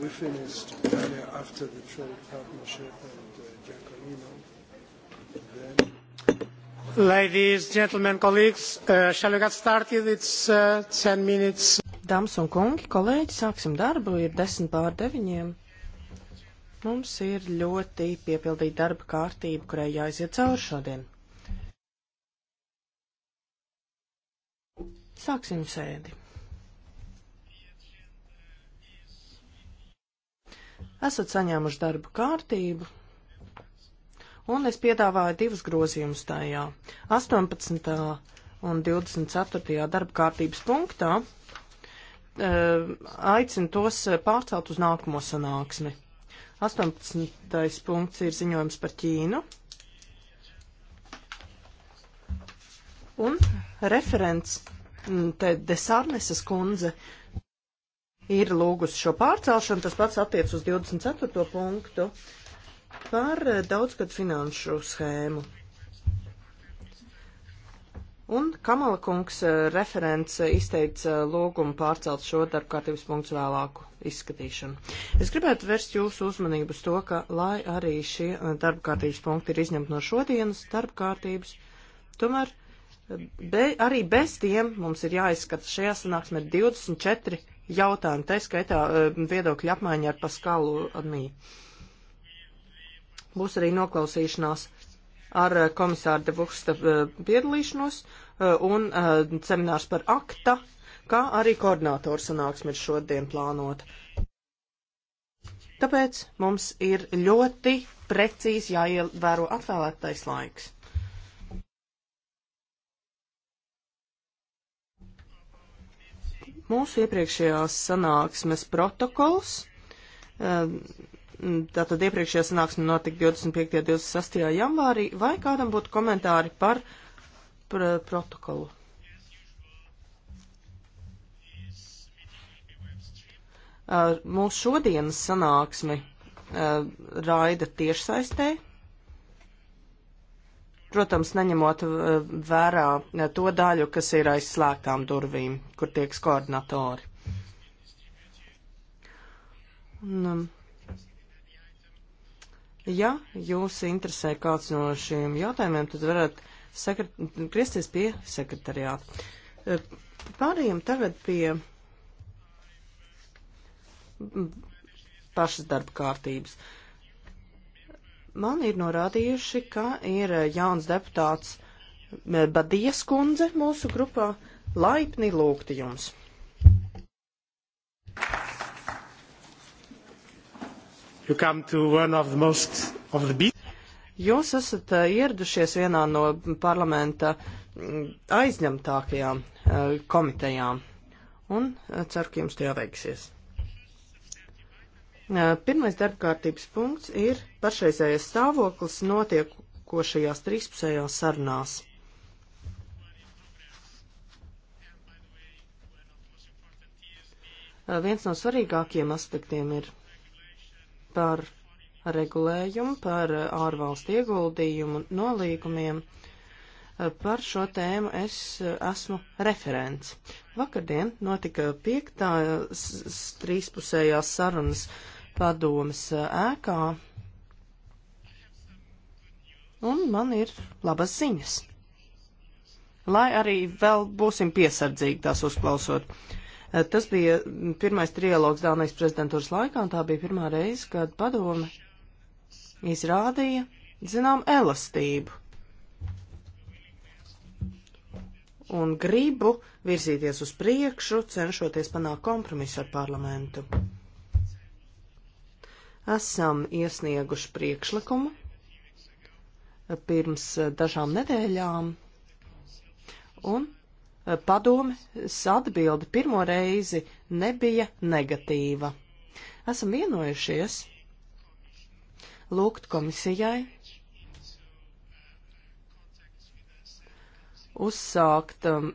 we finished earlier after the trade partnership and uh, Giacolino. Then... Ladies, gentlemen, colleagues, uh, shall we get started? It's uh, 10 minutes. Dāmas un kungi, kolēģi, sāksim darbu, ir 10 pār 9. Mums ir ļoti piepildīta darba kārtība, kurai jāiziet cauri šodien. Sāksim sēdi. Esat saņēmuši darbu kārtību, un es piedāvāju divus grozījumus tajā. 18. un 24. darba kārtības punktā eh, aicinu tos pārcelt uz nākamo sanāksmi. 18. punkts ir ziņojums par Ķīnu. Un referents mm, te Desarneses kundze ir lūgusi šo pārcelšanu, tas pats attiec uz 24. punktu par eh, daudzgad finanšu schēmu. Un Kamala kungs eh, referents eh, izteica lūgumu pārcelt šo darbu kārtības punktu vēlāku izskatīšanu. Es gribētu vērst jūsu uzmanību uz to, ka, lai arī šie darba kārtības punkti ir izņemti no šodienas darba kārtības, tomēr be, arī bez tiem mums ir jāizskata šajā sanāksmē 24 jautājumi, tā skaitā eh, viedokļa apmaiņa ar Paskalu Admī. Būs arī noklausīšanās ar eh, komisāru Debuksta eh, piedalīšanos un seminārs par akta, kā arī koordinātoru sanāksmi ir šodien plānota. Tāpēc mums ir ļoti precīzi jāievēro atvēlētais laiks. Mūsu iepriekšējās sanāksmes protokols, ehm, tātad iepriekšējā sanāksme notika 25. un 26. janvārī, vai kādam būtu komentāri par, par protokolu? Ehm, mūsu šodienas sanāksmi ehm, raida tiešsaistē protams, neņemot eh, vērā eh, to daļu, kas ir aizslēgtām durvīm, kur tieks koordinatori. Un, um, ja jūs interesē kāds no šiem jautājumiem, tad varat sekret... griezties pie sekretariāta. Eh, pārējiem tagad pie mm, pašas darba kārtības. Uh, Man ir norādījuši, ka ir jauns deputāts eh, Badies kundze mūsu grupā. Laipni lūgti jums! Jūs esat eh, ieradušies vienā no parlamenta mm, aizņemtākajām eh, komitejām, un ceru, ka jums tajā veiksies. Pirmais darbkārtības punkts ir pašreizējais stāvoklis notiekošajās 13. sarunās. Viens no svarīgākiem aspektiem ir par regulējumu, par ārvalstu ieguldījumu nolīgumiem. Par šo tēmu es esmu referents. Vakardien notika piektā trīspusējās sarunas uh, padomas ēkā. Un man ir labas ziņas. Lai arī vēl būsim piesardzīgi tās uzklausot. Tas bija pirmais trialogs Dānijas prezidentūras laikā, un tā bija pirmā reize, kad padome izrādīja, zinām, elastību un gribu virzīties uz priekšu, cenšoties panākt kompromisu ar parlamentu esam iesnieguši priekšlikumu pirms dažām nedēļām, un padomes atbildi pirmo reizi nebija negatīva. Esam vienojušies lūgt komisijai uzsākt um,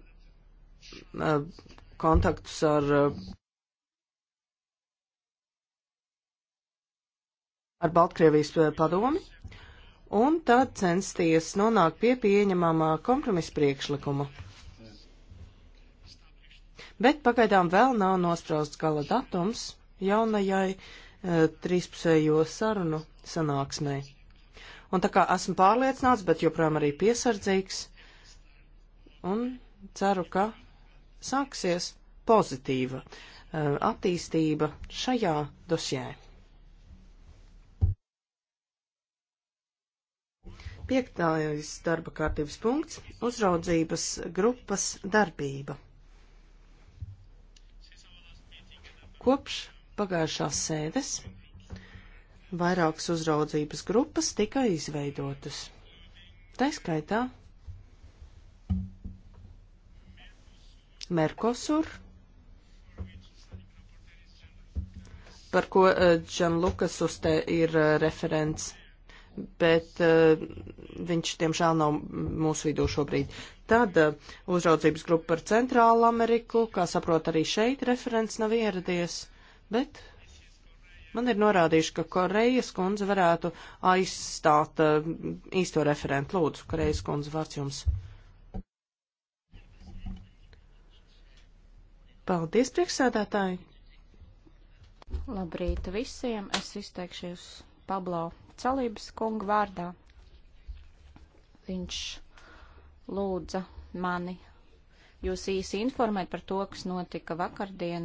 uh, kontaktus ar uh, ar Baltkrievijas eh, padomi, un tad censties nonākt pie pieņemamā kompromisa priekšlikuma. Bet pagaidām vēl nav nosprausts gala datums jaunajai e, trīspusējo sarunu sanāksmē. Un tā kā esmu pārliecināts, bet joprojām arī piesardzīgs, un ceru, ka sāksies pozitīva e, attīstība šajā dosjē. Piektais darba kārtības punkts - uzraudzības grupas darbība. Kopš pagājušās sēdes vairākas uzraudzības grupas tika izveidotas. Tā skaitā Merkosur, par ko Džanlukas eh, uh, uzte ir uh, referents bet uh, viņš tiemžēl nav mūsu vidū šobrīd. Tad uh, uzraudzības grupa par Centrālu Ameriku, kā saprot, arī šeit referents nav ieradies, bet man ir norādījuši, ka Korejas kundze varētu aizstāt uh, īsto referentu. Lūdzu, Korejas kundze, vārds jums. Paldies, priekšsēdētāji! Labrīt visiem! Es izteikšos Pablo Salības kunga vārdā. Viņš lūdza mani jūs īsi informēt par to, kas notika vakardien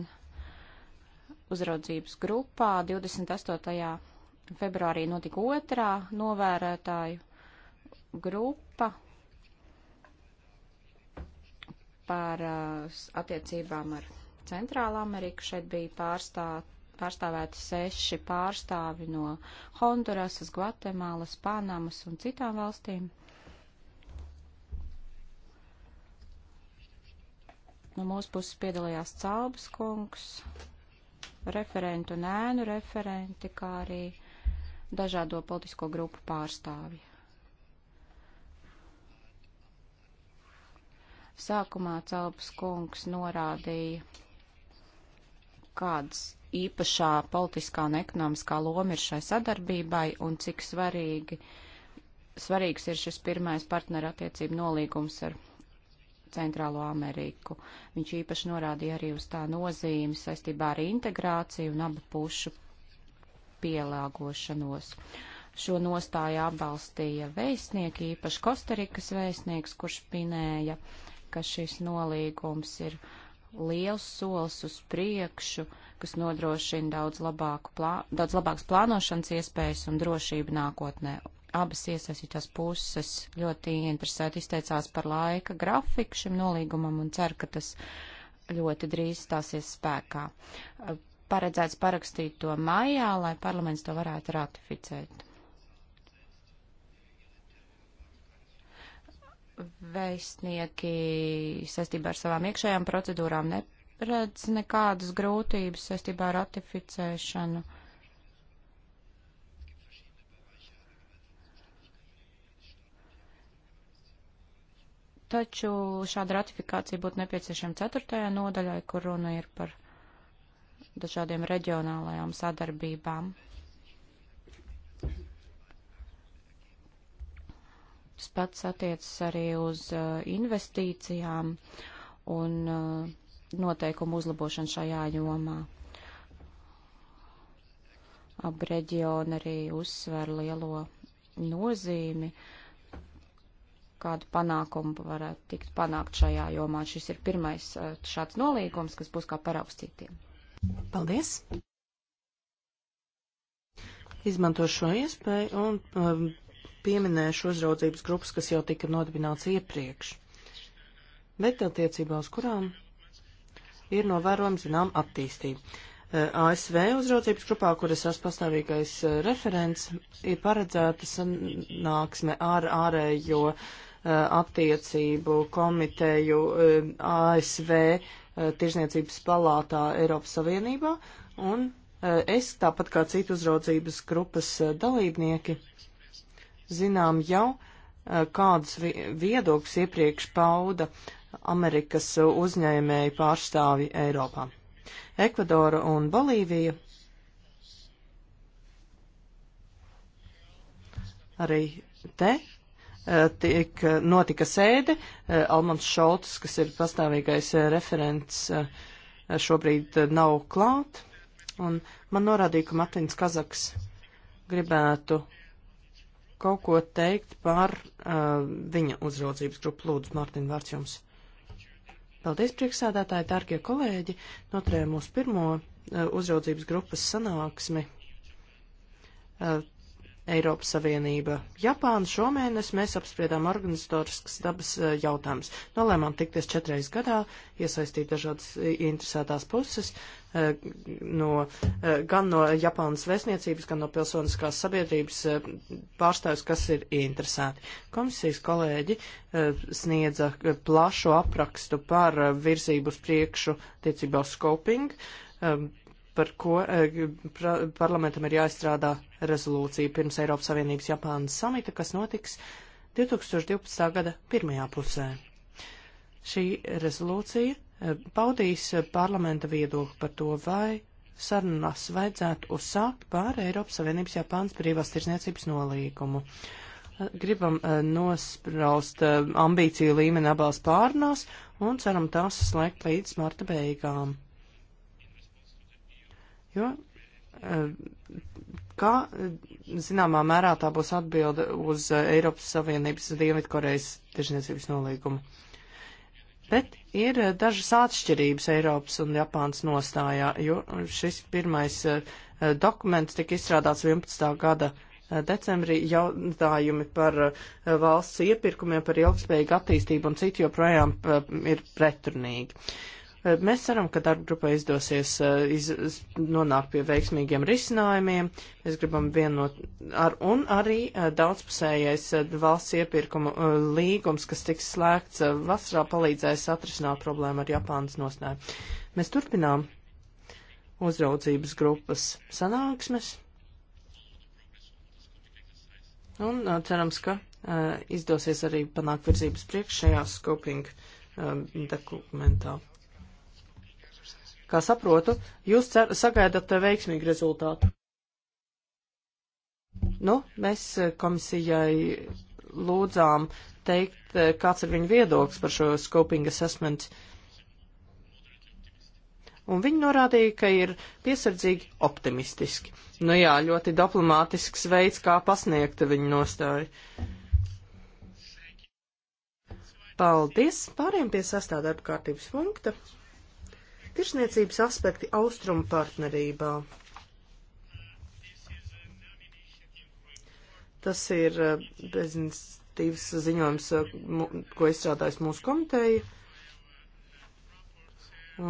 uzraudzības grupā. 28. februārī notika otrā novērētāju grupa par uh, attiecībām ar Centrālā Ameriku. Šeit bija pārstāt pārstāvēti seši pārstāvi no Hondurasas, Gvatemalas, Panamas un citām valstīm. No mūsu puses piedalījās Calbas kungs, referentu un ēnu referenti, kā arī dažādo politisko grupu pārstāvji. Sākumā Calbas kungs norādīja, kādas īpašā politiskā un ekonomiskā loma ir šai sadarbībai un cik svarīgi, svarīgs ir šis pirmais partnerattiecību nolīgums ar Centrālo Ameriku. Viņš īpaši norādīja arī uz tā nozīmi saistībā ar integrāciju un abu pušu pielāgošanos. Šo nostāju atbalstīja vēstnieki, īpaši Kostarikas vēstnieks, kurš pinēja, ka šis nolīgums ir uh, liels solis uz priekšu, kas nodrošina daudz, labāku plā, daudz labākas plānošanas iespējas un drošību nākotnē. Abas iesaistītās puses ļoti interesēti izteicās par laika grafiku šim nolīgumam un cer, ka tas ļoti drīz stāsies spēkā. Paredzēts parakstīt to maijā, lai parlaments to varētu ratificēt. vēstnieki saistībā ar savām iekšējām procedūrām neredz nekādas grūtības saistībā ar ratificēšanu. Taču šāda ratifikācija būtu nepieciešama ceturtajā nodaļai, kur runa ir par dažādiem reģionālajām sadarbībām. Tas pats attiecas arī uz uh, investīcijām un uh, noteikumu uzlabošanu šajā jomā. Ap reģionu arī uzsver lielo nozīmi, kādu panākumu varētu tikt panākt šajā jomā. Šis ir pirmais uh, šāds nolīgums, kas būs kā paraugs citiem. Paldies! Izmantošu šo iespēju un um, pieminēšu uzraudzības grupas, kas jau tika nodibināts iepriekš, bet attiecībā uz kurām ir novērojama zinām attīstība. Eh, ASV uzraudzības grupā, kur es esmu pastāvīgais eh, referents, ir paredzēta sanāksme ar ārējo eh, attiecību komiteju ASV Tirzniecības palātā Eiropas Savienībā, un es, tāpat kā citu uzraudzības grupas dalībnieki, zinām jau, eh, kādus viedokļus iepriekš pauda Amerikas uzņēmēju pārstāvi Eiropā. Ekvadora un Bolīvija arī te eh, tiek eh, notika sēde. Almans Šolts, kas ir pastāvīgais referents, šobrīd nav klāt. Un man norādīja, ka Matins Kazaks gribētu kaut ko teikt par uh, viņa uzraudzības grupu. Lūdzu, Mārtiņ, vārds jums. Paldies, priekšsādātāji, dārgie kolēģi. Noturējām mūsu pirmo uh, uzraudzības grupas sanāksmi. Uh, Eiropas Savienība. Japāna šomēnes mēs apspriedām organizatoriskas dabas eh, jautājumus. Nolēmām tikties četreiz gadā, iesaistīt dažādas eh, interesētās puses, eh, no, gan no Japānas vēstniecības, gan no pilsoniskās sabiedrības pārstāvis, kas ir interesēti. Komisijas kolēģi sniedza plašu aprakstu par virzību uz priekšu tiecībā uz scoping par ko eh, parlamentam ir jāizstrādā rezolūcija pirms Eiropas Savienības Japānas samita, kas notiks 2012. gada pirmajā pusē. Šī rezolūcija eh, paudīs eh, parlamenta viedokli par to, vai sarunas vajadzētu uzsākt pār Eiropas Savienības Japānas brīvās tirzniecības nolīgumu. Gribam nospraust ambīciju līmeni abās pārnās un ceram tās slēgt līdz marta beigām. Jo, eh, kā zināmā mērā tā būs atbilde uz eh, Eiropas Savienības Dienvidkorejas tiešniecības nolīgumu. Bet ir eh, dažas atšķirības Eiropas un Japānas nostājā, jo šis pirmais dokuments tika izstrādāts 11. gada decembrī jautājumi par valsts iepirkumiem, par ilgspējīgu attīstību un citu joprojām ir pretrunīgi. Eh, mēs ceram, ka darba grupai izdosies eh, iz, nonākt pie veiksmīgiem risinājumiem. Mēs gribam vienot ar un arī eh, daudzpusējais valsts iepirkuma līgums, kas tiks slēgts vasarā, palīdzēs atrisināt problēmu ar Japānas nosnēm. Mēs turpinām uzraudzības grupas sanāksmes. Un cerams, ka izdosies arī panākt virzības priekš šajā skopinga dokumentā. Kā saprotu, jūs cer, sagaidat veiksmīgu rezultātu. Nu, mēs komisijai lūdzām teikt, kāds ir viņa viedoklis par šo scoping assessment. Un viņi norādīja, ka ir piesardzīgi optimistiski. Nu jā, ļoti diplomātisks veids, kā pasniegt viņu nostāju. Paldies! Pāriem pie sastāvdarba kārtības punkta. Tirzniecības aspekti austrumu partnerībā. Tas ir eh, bezinstīvs ziņojums, eh, ko izstrādājas mūsu komiteja.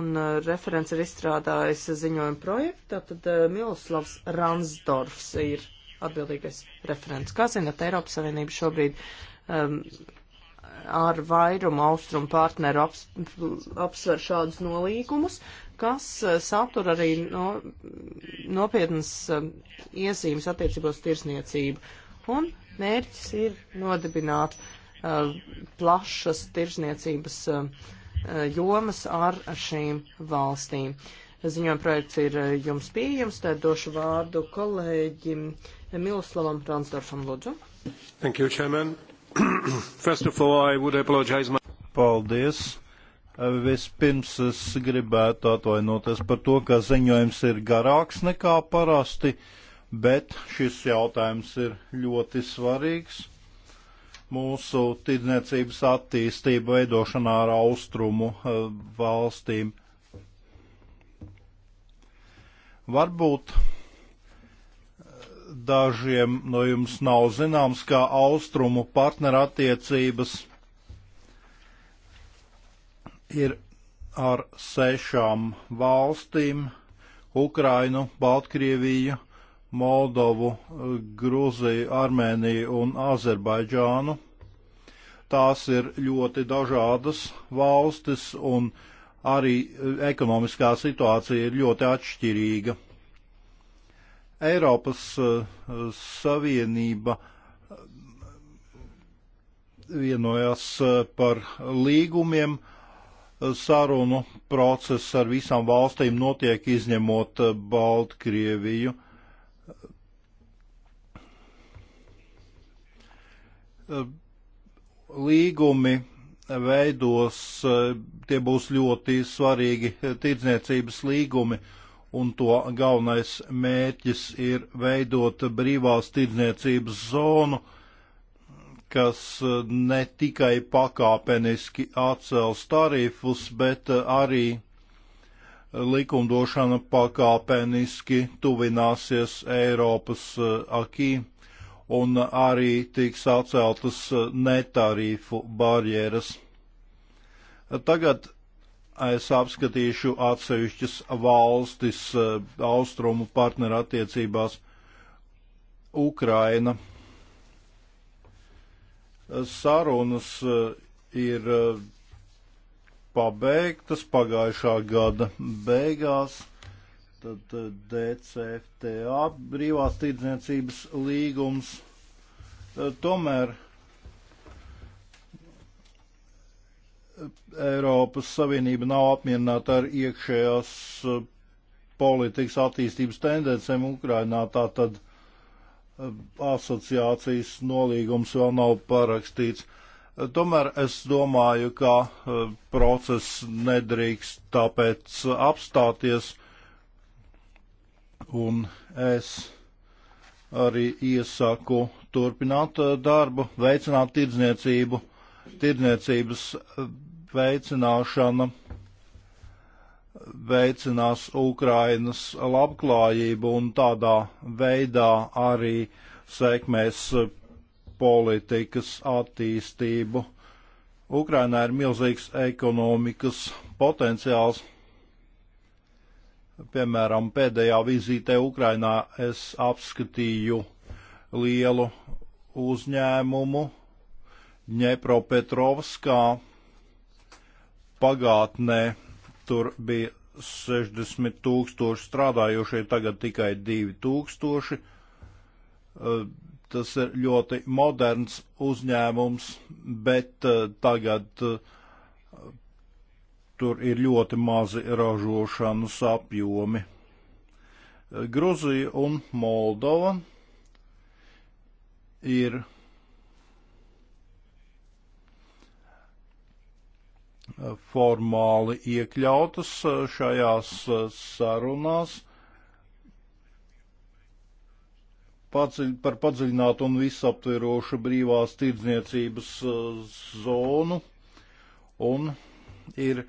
Un eh, referents ir izstrādājis ziņojumu projektu, tātad Miloslavs Ransdorfs ir atbildīgais referents. Kā zinat, Eiropas Savienība šobrīd um, ar vairumu austrumu partneru aps, apsver šādus nolīgumus, kas eh, satur arī no, nopietnas eh, iezīmes attiecībos tirsniecību. Un mērķis ir nodibināt uh, plašas tirsniecības uh, jomas ar šīm valstīm. Ziņojuma projekts ir jums pieejams, tad došu vārdu kolēģim Miloslavam Ransdorfam Lūdzu. Thank you, Chairman all, Paldies! Vispirms es gribētu atvainoties par to, ka ziņojums ir garāks nekā parasti, bet šis jautājums ir ļoti svarīgs. Mūsu tirdzniecības attīstība veidošanā ar austrumu eh, valstīm. Varbūt dažiem no jums nav zināms, kā austrumu partnerattiecības ir ar sešām valstīm - Ukrainu, Baltkrieviju, Moldovu, Gruziju, Armēniju un Azerbaidžānu. Tās ir ļoti dažādas valstis un arī ekonomiskā situācija ir ļoti atšķirīga. Eiropas eh, Savienība eh, vienojās eh, par līgumiem. Sarunu process ar visām valstīm notiek izņemot Baltkrieviju. Līgumi veidos, tie būs ļoti svarīgi tirdzniecības līgumi un to galvenais mērķis ir veidot brīvās tirdzniecības zonu, kas e, ne tikai pakāpeniski atcels tarifus, bet e, arī e, likumdošana pakāpeniski tuvināsies Eiropas akī un arī tiks atceltas netarīfu barjeras. Tagad es apskatīšu atsevišķas valstis eh, austrumu partneru attiecībās. Ukraina. Sarunas eh, ir eh, pabeigtas pagājušā gada beigās. Tad DCFTA brīvās tirdzniecības līgums. Tomēr Eiropas Savienība nav apmierināta ar iekšējās uh, politikas attīstības tendencēm Ukrainā, tā tad uh, asociācijas nolīgums vēl nav parakstīts. Uh, tomēr es domāju, ka process nedrīkst tāpēc apstāties, un es arī iesaku turpināt darbu, veicināt tirdzniecību tirniecības veicināšana veicinās Ukrainas labklājību un tādā veidā arī sekmēs politikas attīstību. Ukrainā ir milzīgs ekonomikas potenciāls. Piemēram, pēdējā vizītē Ukrainā es apskatīju lielu uzņēmumu, Ņepropetrovskā pagātnē tur bija 60 tūkstoši strādājošie, tagad tikai 2 tūkstoši. Tas ir ļoti moderns uzņēmums, bet tagad tur ir ļoti mazi ražošanas apjomi. Gruzija un Moldova ir formāli iekļautas e, šajās e, sarunās padziļ, par padziļinātu un visaptverošu brīvās tirdzniecības e, zonu, un ir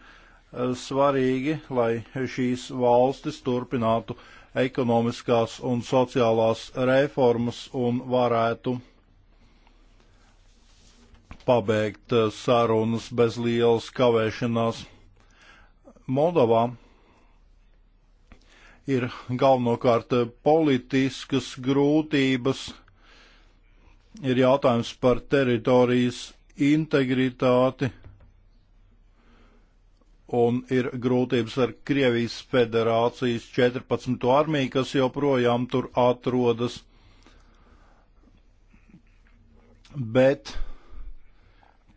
svarīgi, lai šīs valstis turpinātu ekonomiskās un sociālās reformas un varētu pabeigt eh, sarunas bez lielas kavēšanās. Moldovā ir galvenokārt eh, politiskas grūtības, ir jautājums par teritorijas integritāti un ir grūtības ar Krievijas federācijas 14. armiju, kas joprojām tur atrodas. Bet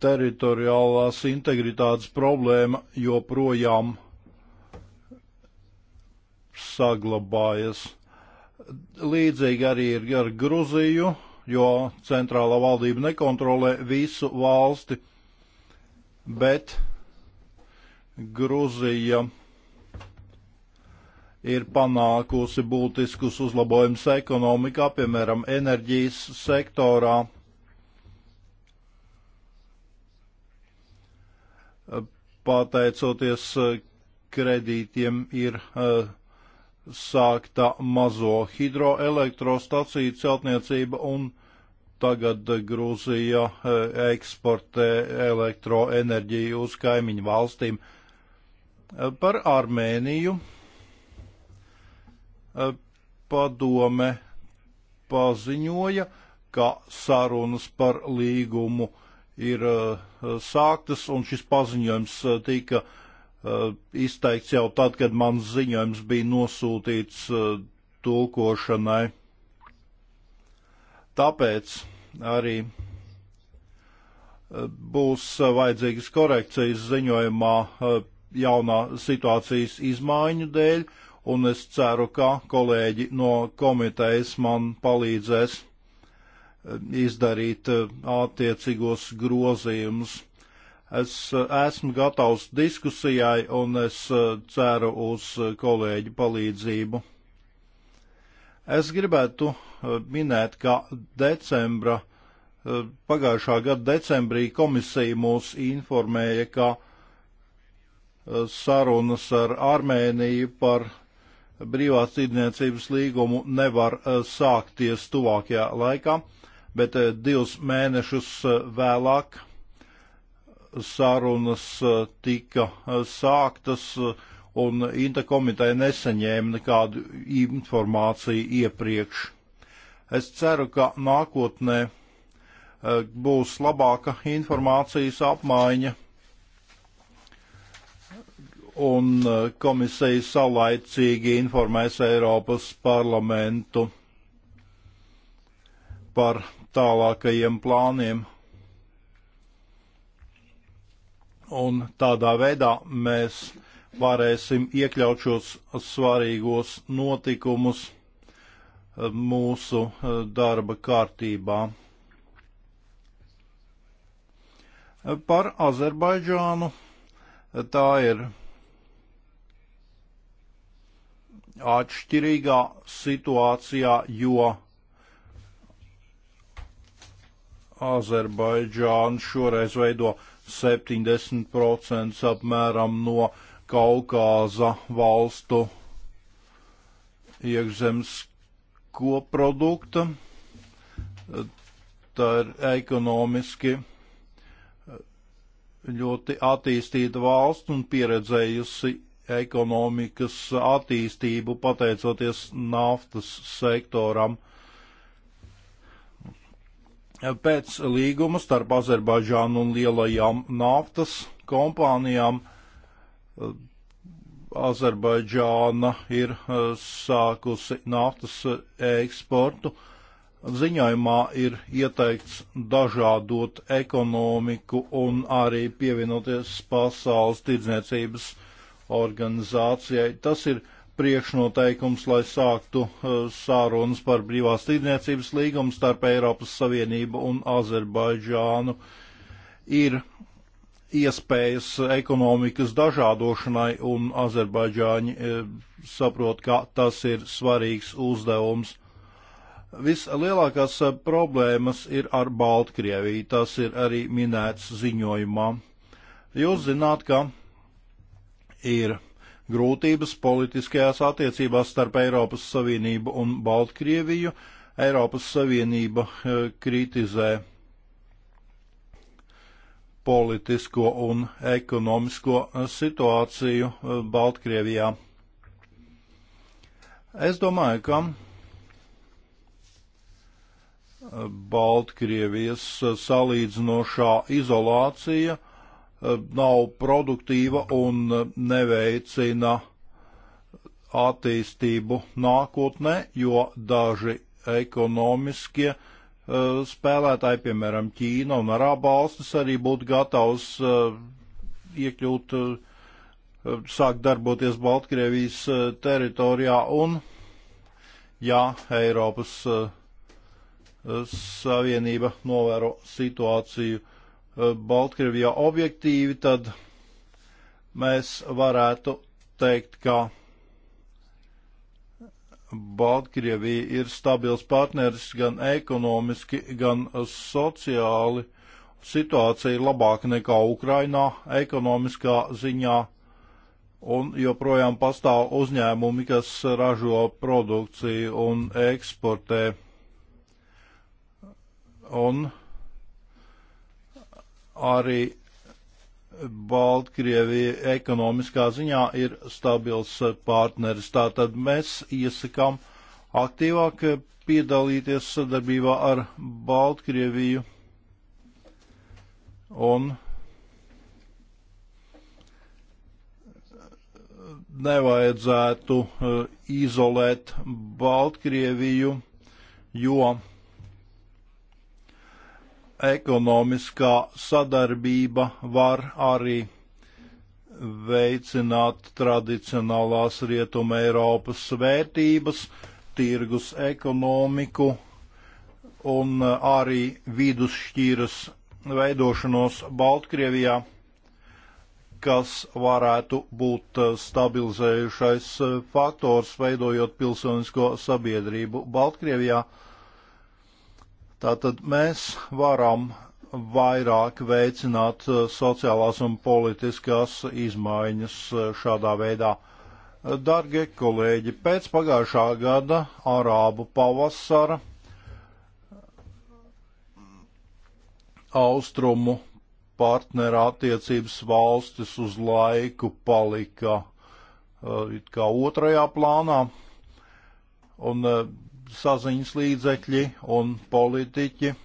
teritoriālās integritātes problēma joprojām saglabājas. Līdzīgi arī ir ar Gruziju, jo centrālā valdība nekontrolē visu valsti, bet Gruzija ir panākusi būtiskus uzlabojumus ekonomikā, piemēram, enerģijas sektorā pateicoties eh, kredītiem, ir eh, sākta mazo hidroelektrostaciju celtniecība un tagad Grūzija eh, eksportē elektroenerģiju uz kaimiņu valstīm. Par Armēniju padome paziņoja, ka sarunas par līgumu uh, ir eh, sāktas, un šis paziņojums eh, tika eh, izteikts jau tad, kad mans ziņojums bija nosūtīts tulkošanai. Tāpēc arī būs vajadzīgas korekcijas ziņojumā jaunā situācijas izmaiņu dēļ, un es ceru, ka kolēģi no komitejas man palīdzēs. Eh, izdarīt eh, attiecīgos grozījumus. Es eh, esmu gatavs diskusijai un es ceru uz kolēģu palīdzību. Es gribētu minēt, ka decembra, pagājušā gada decembrī komisija mūs informēja, ka sarunas ar Armēniju par brīvās tirdzniecības līgumu nevar sākties tuvākajā laikā bet eh, divus mēnešus eh, vēlāk sarunas eh, tika sāktas un Inta komiteja nesaņēma nekādu informāciju iepriekš. Es ceru, ka nākotnē būs labāka informācijas apmaiņa un komisija saulaicīgi informēs Eiropas parlamentu par tālākajiem plāniem. Un tādā veidā mēs varēsim iekļaut šos svarīgos notikumus eh, mūsu eh, darba kārtībā. Eh, par Azerbaidžānu tā ir atšķirīgā situācijā, jo Azerbaidžāna šoreiz veido 70% apmēram no Kaukāza valstu iekšzemes koprodukta. Tā ir ekonomiski ļoti attīstīta valsts un pieredzējusi ekonomikas attīstību pateicoties naftas sektoram. Uh, pēc līguma starp Azerbaidžānu un lielajām naftas kompānijām eh, Azerbaidžāna ir eh, sākusi naftas eh, eksportu. Ziņojumā ir ieteikts dažādot ekonomiku un arī pievienoties pasaules tirdzniecības organizācijai. Tas ir uh, priekšnoteikums, lai sāktu eh, sārunas par brīvās tīrniecības līgumu starp Eiropas Savienību un Azerbaidžānu. Ir iespējas ekonomikas dažādošanai, un Azerbaidžāņi eh, saprot, ka tas ir svarīgs uzdevums. Vislielākās eh, problēmas ir ar Baltkrieviju, tas ir arī minēts ziņojumā. Jūs zināt, ka ir grūtības politiskajās attiecībās starp Eiropas Savienību un Baltkrieviju. Eiropas Savienība eh, kritizē politisko un ekonomisko eh, situāciju eh, Baltkrievijā. Es domāju, ka Baltkrievijas salīdzinošā izolācija – nav produktīva un neveicina attīstību nākotnē, jo daži ekonomiskie e, spēlētāji, piemēram, Ķīna un Arāba valstis, arī būtu gatavs e, iekļūt, e, sākt darboties Baltkrievijas teritorijā un, ja Eiropas Savienība novēro situāciju Eh, Baltkrievijā objektīvi, tad mēs varētu teikt, ka Baltkrievija ir stabils partneris gan ekonomiski, gan sociāli. Situācija ir labāka nekā Ukrainā ekonomiskā ziņā, un joprojām pastāv uzņēmumi, kas ražo produkciju un eksportē. Un arī Baltkrievija ekonomiskā ziņā ir stabils partneris. Tātad mēs iesakām aktīvāk piedalīties sadarbībā ar Baltkrieviju un nevajadzētu uh, izolēt Baltkrieviju, jo ekonomiskā sadarbība var arī veicināt tradicionālās rietuma Eiropas vērtības, tirgus ekonomiku un uh, arī vidusšķīras veidošanos Baltkrievijā, kas varētu būt uh, stabilizējušais uh, faktors veidojot pilsonisko sabiedrību Baltkrievijā. Uh, Tātad mēs varam vairāk veicināt uh, sociālās un politiskās izmaiņas uh, šādā veidā. Uh, Dargie kolēģi, pēc pagājušā gada Arābu pavasara austrumu partnera attiecības valstis uz laiku palika it kā otrajā plānā, un saziņas līdzekļi un politiķi eh,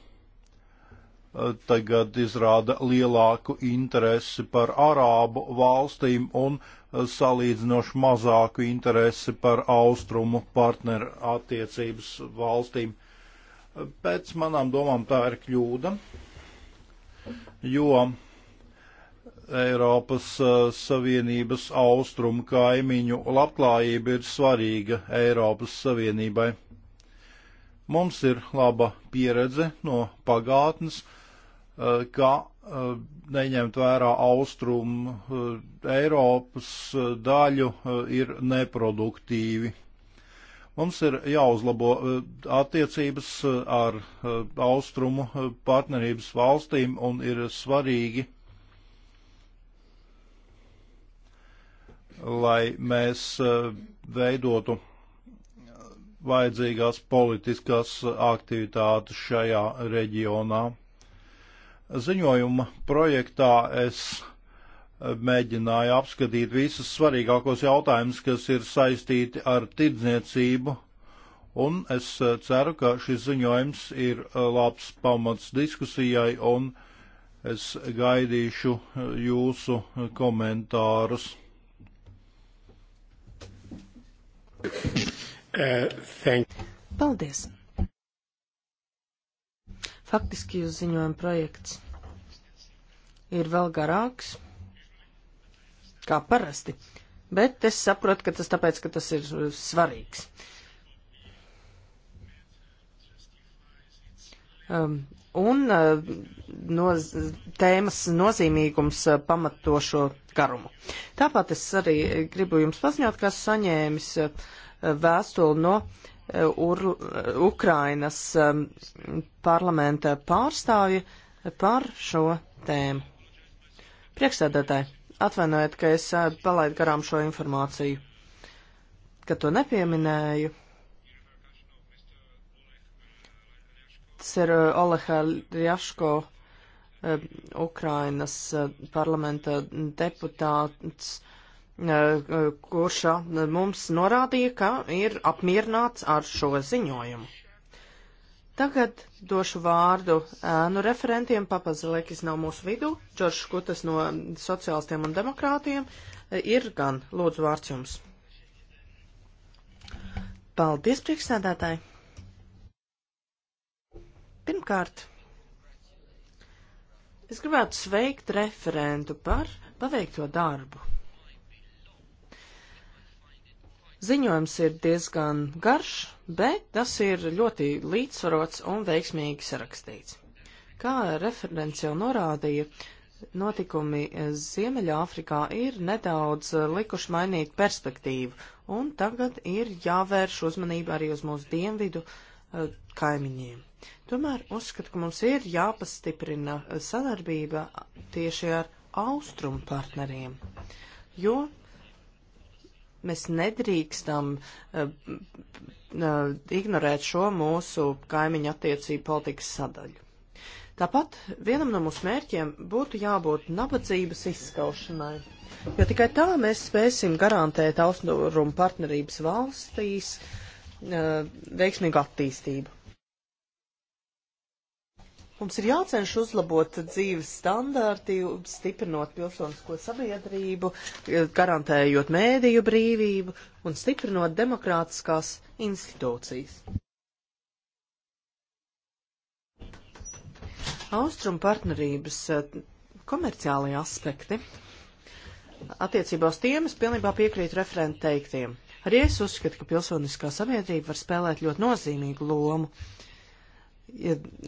tagad izrāda lielāku interesi par arābu valstīm un eh, salīdzinoši mazāku interesi par austrumu partneru attiecības valstīm. Pēc manām domām tā ir kļūda, jo Eiropas eh, Savienības austrumu kaimiņu labklājība ir svarīga Eiropas Savienībai Mums ir laba pieredze no pagātnes, eh, ka eh, neņemt vērā austrumu eh, Eiropas daļu ir neproduktīvi. Mums ir jāuzlabo attiecības ar austrumu partnerības valstīm un ir svarīgi, lai mēs veidotu vajadzīgās politiskās aktivitātes šajā reģionā. Ziņojuma projektā es mēģināju apskatīt visus svarīgākos jautājumus, kas ir saistīti ar tirdzniecību, un es ceru, ka šis ziņojums ir labs pamats diskusijai, un es gaidīšu jūsu komentārus. Uh, thank. Paldies! Faktiski jūs ziņojuma projekts ir vēl garāks, kā parasti, bet es saprotu, ka tas tāpēc, ka tas ir svarīgs. Um, un uh, no, tēmas nozīmīgums uh, pamatošo garumu. Tāpat es arī gribu jums paziņot, ka saņēmis uh, vēstuli no e, Ur Ukrainas e, parlamenta pārstāvja par šo tēmu. Priekšsēdētāji, atvainojiet, ka es e, palaidu garām šo informāciju, ka to nepieminēju. Tas ir Oleha Ljaško, Ukrainas parlamenta deputāts Eh, kurš eh, mums norādīja, ka ir apmierināts ar šo ziņojumu. Tagad došu vārdu ēnu referentiem. Papazilekis nav mūsu vidū. Džordžs Kutas no sociālistiem un demokrātiem eh, ir gan. Lūdzu, vārds jums. Paldies, priekšsēdētāji. Pirmkārt, es gribētu sveikt referentu par paveikto darbu. Ziņojums ir diezgan garš, bet tas ir ļoti līdzsvarots un veiksmīgi sarakstīts. Kā referents jau norādīja, notikumi Ziemeļāfrikā ir nedaudz likuši mainīt perspektīvu, un tagad ir jāvērš uzmanība arī uz mūsu dienvidu eh, kaimiņiem. Tomēr uzskatu, ka mums ir jāpastiprina sadarbība tieši ar austrumu partneriem, jo Mēs nedrīkstam uh, uh, ignorēt šo mūsu kaimiņu attiecību politikas sadaļu. Tāpat vienam no mūsu mērķiem būtu jābūt nabadzības izskaušanai, jo tikai tā mēs spēsim garantēt austrumu partnerības valstīs uh, veiksmīgu attīstību. Mums ir jācenš uzlabot dzīves standārti, stiprinot pilsonisko sabiedrību, garantējot mēdīju brīvību un stiprinot demokrātiskās institūcijas. Austrum partnerības eh, komerciālajie aspekti. Attiecībā uz tiem es pilnībā piekrītu referentu teiktiem. Arī es uzskatu, ka pilsoniskā sabiedrība var spēlēt ļoti nozīmīgu lomu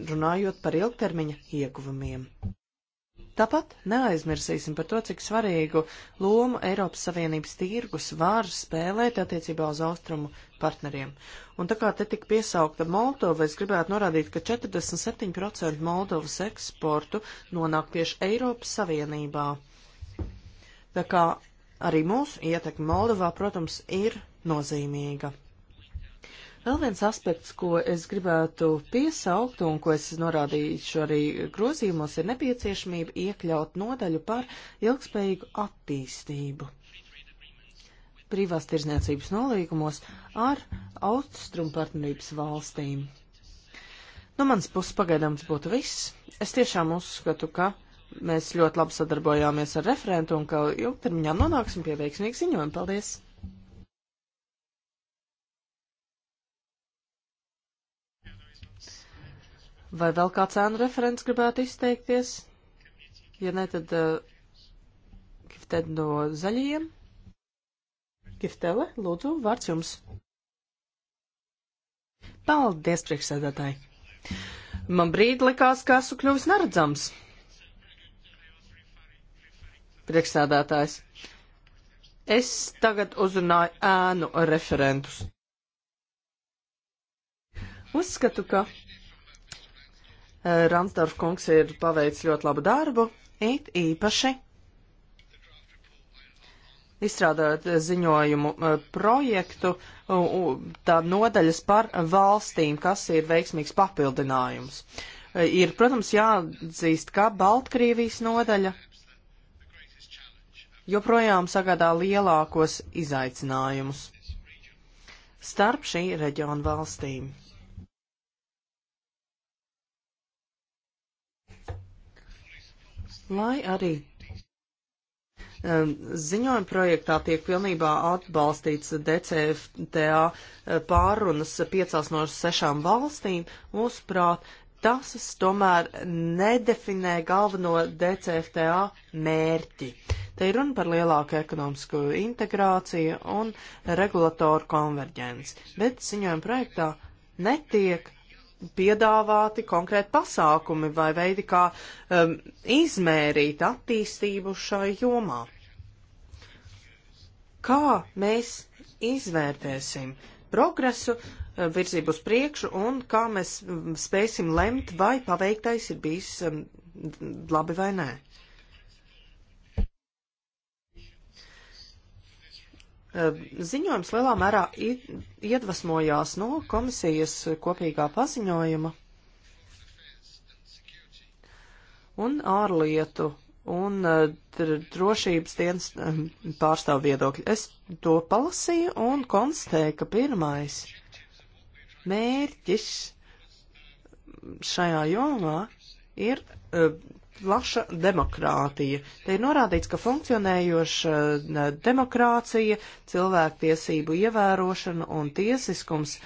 runājot par ilgtermiņa ieguvumiem. Tāpat neaizmirsīsim par to, cik svarīgu lomu Eiropas Savienības tirgus var spēlēt attiecībā uz austrumu partneriem. Un tā kā te tika piesaukta Moldova, es gribētu norādīt, ka 47% Moldovas eksportu nonāk tieši Eiropas Savienībā. Tā kā arī mūsu ietekme Moldovā, protams, ir nozīmīga. Vēl viens aspekts, ko es gribētu piesaukt un ko es norādīšu arī grozījumos, ir nepieciešamība iekļaut nodaļu par ilgspējīgu attīstību privās tirzniecības nolīgumos ar austrumu partnerības valstīm. No manas puses pagaidām tas būtu viss. Es tiešām uzskatu, ka mēs ļoti labi sadarbojāmies ar referentu un ka ilgtermiņā nonāksim pie veiksmīga ziņojuma. Paldies! Vai vēl kāds ēnu referents gribētu izteikties? Ja ne, tad uh, eh, Gifted no zaļajiem. Giftele, lūdzu, vārds jums. Paldies, priekšsēdētāji. Man brīdi likās, ka esmu kļuvis neredzams. Priekšsēdētājs. Es tagad uzrunāju ēnu referentus. Uzskatu, ka Eh, Ramsdorf kungs ir paveicis ļoti labu darbu, it īpaši izstrādājot ziņojumu eh, projektu tā nodaļas par valstīm, kas ir veiksmīgs papildinājums. Eh, ir, protams, jāatzīst, ka Baltkrievijas nodaļa joprojām sagādā lielākos izaicinājumus starp šī reģiona valstīm. lai arī um, Ziņojuma projektā tiek pilnībā atbalstīts DCFTA uh, pārunas piecās no sešām valstīm. Mūsuprāt, tas tomēr nedefinē galveno DCFTA mērķi. Te ir runa par lielāku ekonomisku integrāciju un regulatoru konverģenci, bet ziņojuma projektā netiek piedāvāti konkrēti pasākumi vai veidi, kā um, izmērīt attīstību šai jomā. Kā mēs izvērtēsim progresu, um, virzību uz priekšu un kā mēs um, spēsim lemt, vai paveiktais ir bijis um, labi vai nē. Eh, ziņojums lielā mērā iedvesmojās no komisijas kopīgā paziņojuma un ārlietu un eh, drošības dienas eh, pārstāv viedokļi. Es to palasīju un konstatēju, ka pirmais mērķis šajā jomā ir plaša demokrātija. Te ir norādīts, ka funkcionējoša eh, demokrātija, cilvēktiesību ievērošana un tiesiskums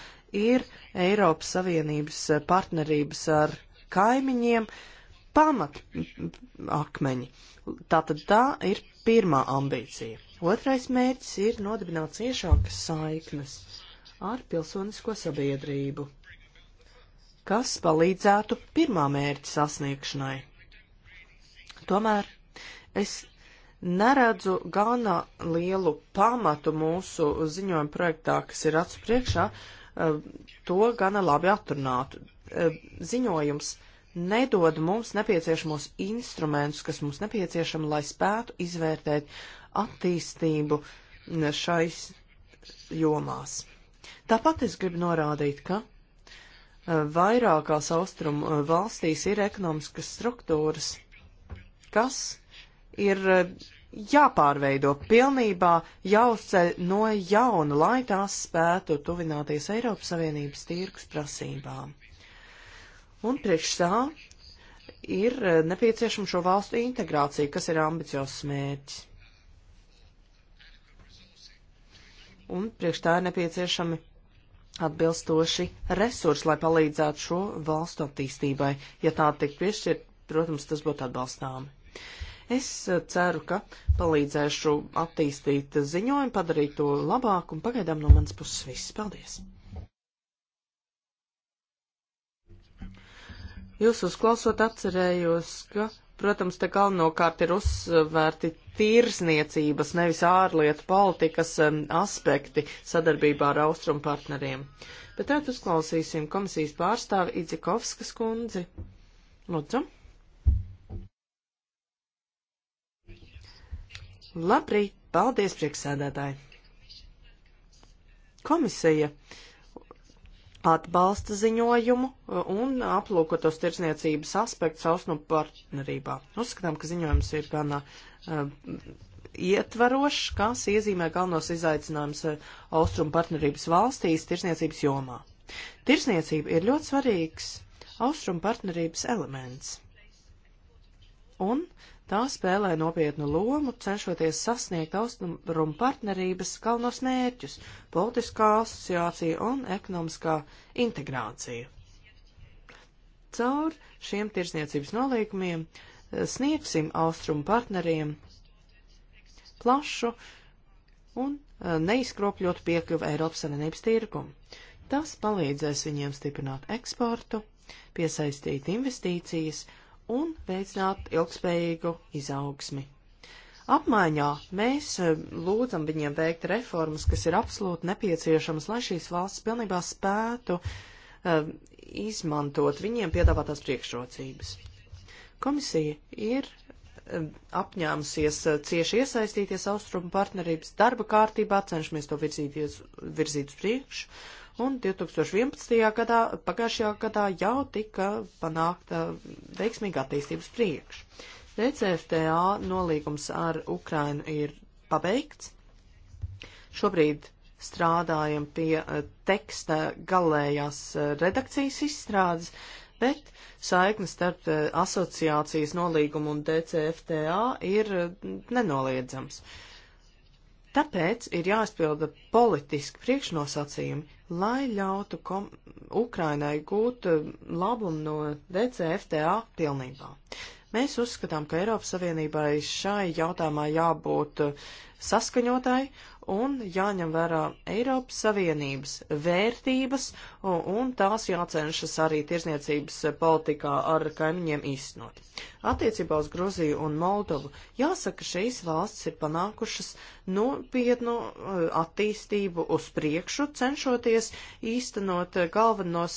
ir Eiropas Savienības eh, partnerības ar kaimiņiem pamat akmeņi. Tātad tā ir pirmā ambīcija. Otrais mērķis ir nodibināt ciešākas saiknes ar pilsonisko sabiedrību, kas palīdzētu pirmā mērķa sasniegšanai Tomēr es neredzu gana lielu pamatu mūsu ziņojuma projektā, kas ir acu priekšā, eh, to gana labi atrunātu. Eh, ziņojums nedod mums nepieciešamos instrumentus, kas mums nepieciešami, lai spētu izvērtēt attīstību šais jomās. Tāpat es gribu norādīt, ka eh, vairākās austrumu valstīs ir ekonomiskas struktūras, kas ir eh, jāpārveido pilnībā, jāuzceļ no jauna, lai tās spētu tuvināties Eiropas Savienības tirgus prasībām. Un priekš tā ir eh, nepieciešama šo valstu integrācija, kas ir ambiciozs mērķis. Un priekš tā ir nepieciešami atbilstoši resursi, lai palīdzētu šo valstu attīstībai. Ja tā tiktu piešķirt, protams, tas būtu atbalstāmi. Es eh, ceru, ka palīdzēšu attīstīt ziņojumu, padarīt to labāk, un pagaidām no manas puses viss. Paldies! Jūs uzklausot atcerējos, ka, protams, te galvenokārt ir uzsvērti tirzniecības, nevis ārlietu politikas aspekti sadarbībā ar austrumu partneriem. Bet tagad uzklausīsim komisijas pārstāvi Idzikovskas kundzi. Lūdzu! Labrīt! Paldies, priekšsēdētāji! Komisija atbalsta ziņojumu uh, un aplūkotos tirsniecības aspektu sausnu partnerībā. Uzskatām, ka ziņojums ir gan uh, ietvarošs, kas iezīmē galvenos izaicinājumus uh, austrumu partnerības valstīs tirsniecības jomā. Tirsniecība ir ļoti svarīgs austrumu partnerības elements. Un uh, Tā spēlē nopietnu lomu, cenšoties sasniegt austrumu partnerības galvenos mērķus - politiskā asociācija un ekonomiskā integrācija. Caur šiem tirsniecības nolīkumiem eh, sniegsim austrumu partneriem plašu un eh, neizkropļot piekļuvu Eiropas Savienības tirgumu. Tas palīdzēs viņiem stiprināt eksportu, piesaistīt investīcijas un veicināt ilgspējīgu izaugsmi. Apmaiņā mēs e, lūdzam viņiem veikt reformas, kas ir absolūti nepieciešamas, lai šīs valsts pilnībā spētu uh, izmantot viņiem piedāvātās priekšrocības. Komisija ir uh, apņēmusies uh, cieši iesaistīties austrumu partnerības darba kārtībā, cenšamies to virzīties, virzīt uz priekšu un 2011. gadā, pagājušajā gadā jau tika panākta veiksmīga attīstības priekš. DCFTA nolīgums ar Ukrainu ir pabeigts. Šobrīd strādājam pie eh, teksta galējās eh, redakcijas izstrādes, bet saikne starp eh, asociācijas nolīgumu un DCFTA ir nenoliedzams. Uh, Tāpēc ir jāizpilda politiski priekšnosacījumi, lai ļautu kom Ukrainai gūt eh, labumu no DCFTA pilnībā. Mēs uzskatām, ka Eiropas Savienībai šai jautājumā jābūt eh, saskaņotai un jāņem vērā Eiropas Savienības vērtības, un, un tās jācenšas arī tirzniecības politikā ar kaimiņiem īstenot. Attiecībā uz Gruziju un Moldovu jāsaka, šīs valsts ir panākušas nopietnu attīstību uz priekšu, cenšoties īstenot galvenos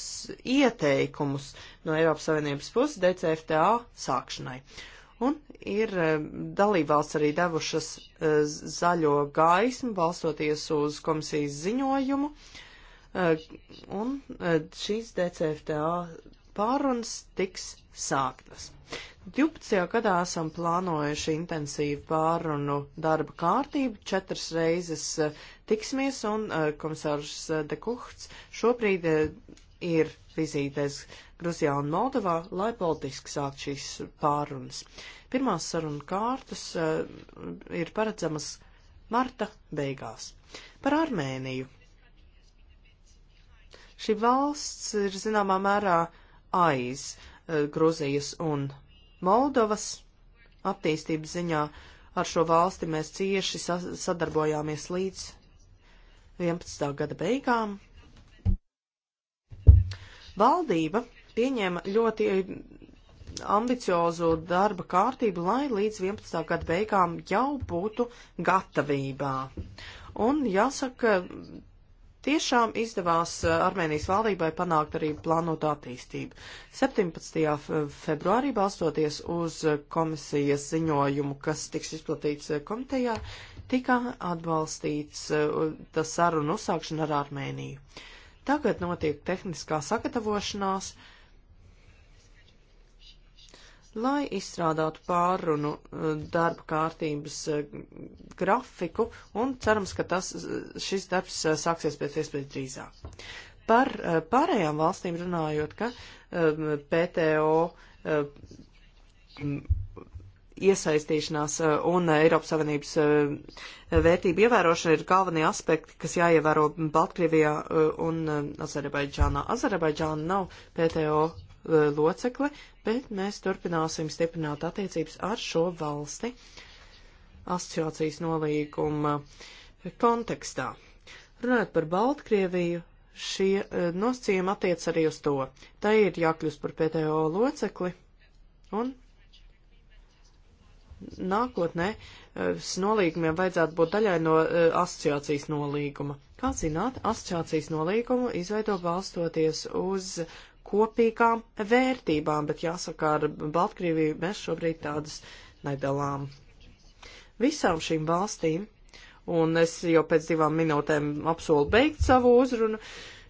ieteikumus no Eiropas Savienības puses DCFTA sākšanai. Uh, Un ir eh, dalībvalsts arī devušas eh, zaļo gaismu, balstoties uz komisijas ziņojumu. Eh, un šīs DCFTA pārunas tiks sāktas. 12. gadā esam plānojuši intensīvu pārunu darba kārtību, četras reizes tiksimies, un komisārs Dekuhts šobrīd ir vizītēs Gruzijā un Moldovā, lai politiski sākt šīs pārunas. Pirmās saruna kārtas uh, ir paredzamas marta beigās. Par Armēniju. Šī valsts ir zināmā mērā aiz uh, Gruzijas un Moldovas attīstības ziņā. Ar šo valsti mēs cieši sa sadarbojāmies līdz 11. gada beigām, Valdība pieņēma ļoti ambiciozu darba kārtību, lai līdz 11. gada beigām jau būtu gatavībā. Un jāsaka, tiešām izdevās Armēnijas valdībai panākt arī plānotu attīstību. 17. februārī, balstoties uz komisijas ziņojumu, kas tiks izplatīts komitejā, tika atbalstīts uh, tas sarunu uzsākšana ar Armēniju. Tagad notiek tehniskā sagatavošanās, lai izstrādātu pārrunu eh, darba kārtības eh, grafiku, un cerams, ka tas, eh, šis darbs sāksies pēc iespējas drīzāk. Par pārējām valstīm runājot, ka PTO iesaistīšanās eh, un eh, Eiropas Savienības eh, vērtību ievērošana ir galvenie aspekti, kas jāievēro Baltkrievijā un Azerbaidžānā. Azerbaidžāna nav PTO locekle, bet mēs turpināsim stiprināt attiecības ar šo valsti asociācijas nolīguma kontekstā. Runājot par Baltkrieviju, šie nosacījumi attiec arī uz to. Tā ir jākļūst par PTO locekli, un nākotnē eh, nolīgumiem vajadzētu būt daļai no eh, asociācijas nolīguma. Kā zināt, asociācijas nolīgumu izveido balstoties uz kopīgām vērtībām, bet jāsaka, ar Baltkrieviju mēs šobrīd tādas nedalām. Visām šīm valstīm, un es jau pēc divām minūtēm apsolu beigt savu uzrunu,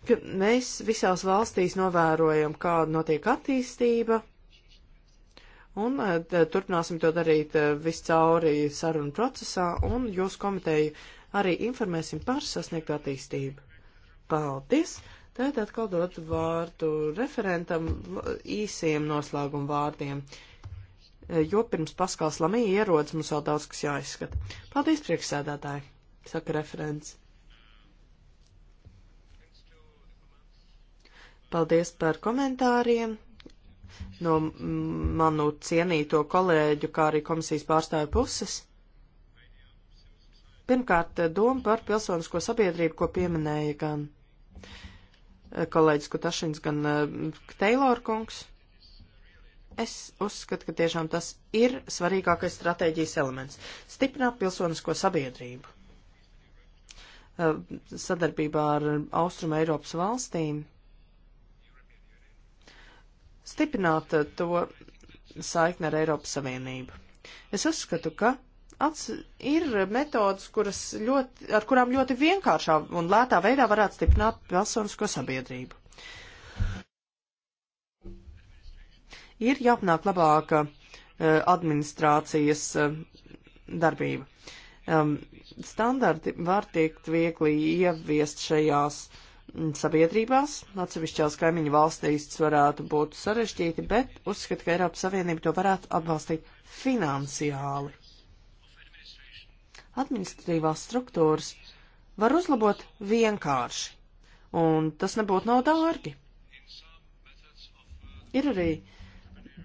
ka mēs visās valstīs novērojam, kāda notiek attīstība, Un eh, turpināsim to darīt eh, viscauri sarunu procesā, un jūs komiteju arī informēsim par sasniegtu attīstību. Paldies! Tad atkal dot vārdu referentam īsiem noslēguma vārdiem, eh, jo pirms Paskals Lamī ierodas mums vēl daudz kas jāizskata. Paldies, priekšsēdētāji, saka referents. Paldies par komentāriem no manu cienīto kolēģu, kā arī komisijas pārstāju puses. Pirmkārt, doma par pilsonisko sabiedrību, ko pieminēja gan eh, kolēģis Kutašins, gan eh, Teilor kungs. Es uzskatu, ka tiešām tas ir svarīgākais stratēģijas elements - stiprināt pilsonisko sabiedrību. Eh, sadarbībā ar Austrum Eiropas valstīm stiprināt eh, to saikni ar Eiropas Savienību. Es uzskatu, ka Ats ir metodas, kuras ļoti, ar kurām ļoti vienkāršā un lētā veidā varētu stiprināt pilsonisko sabiedrību. Ir jāpanāk labāka eh, administrācijas eh, darbība. Ehm, standarti var tiekt viegli ieviest šajās uh, Mm, sabiedrībās, atsevišķās kaimiņu valstīs tas varētu būt sarežģīti, bet uzskatu, ka Eiropas Savienība to varētu atbalstīt finansiāli. Administratīvās struktūras var uzlabot vienkārši, un tas nebūtu nav dārgi. Ir arī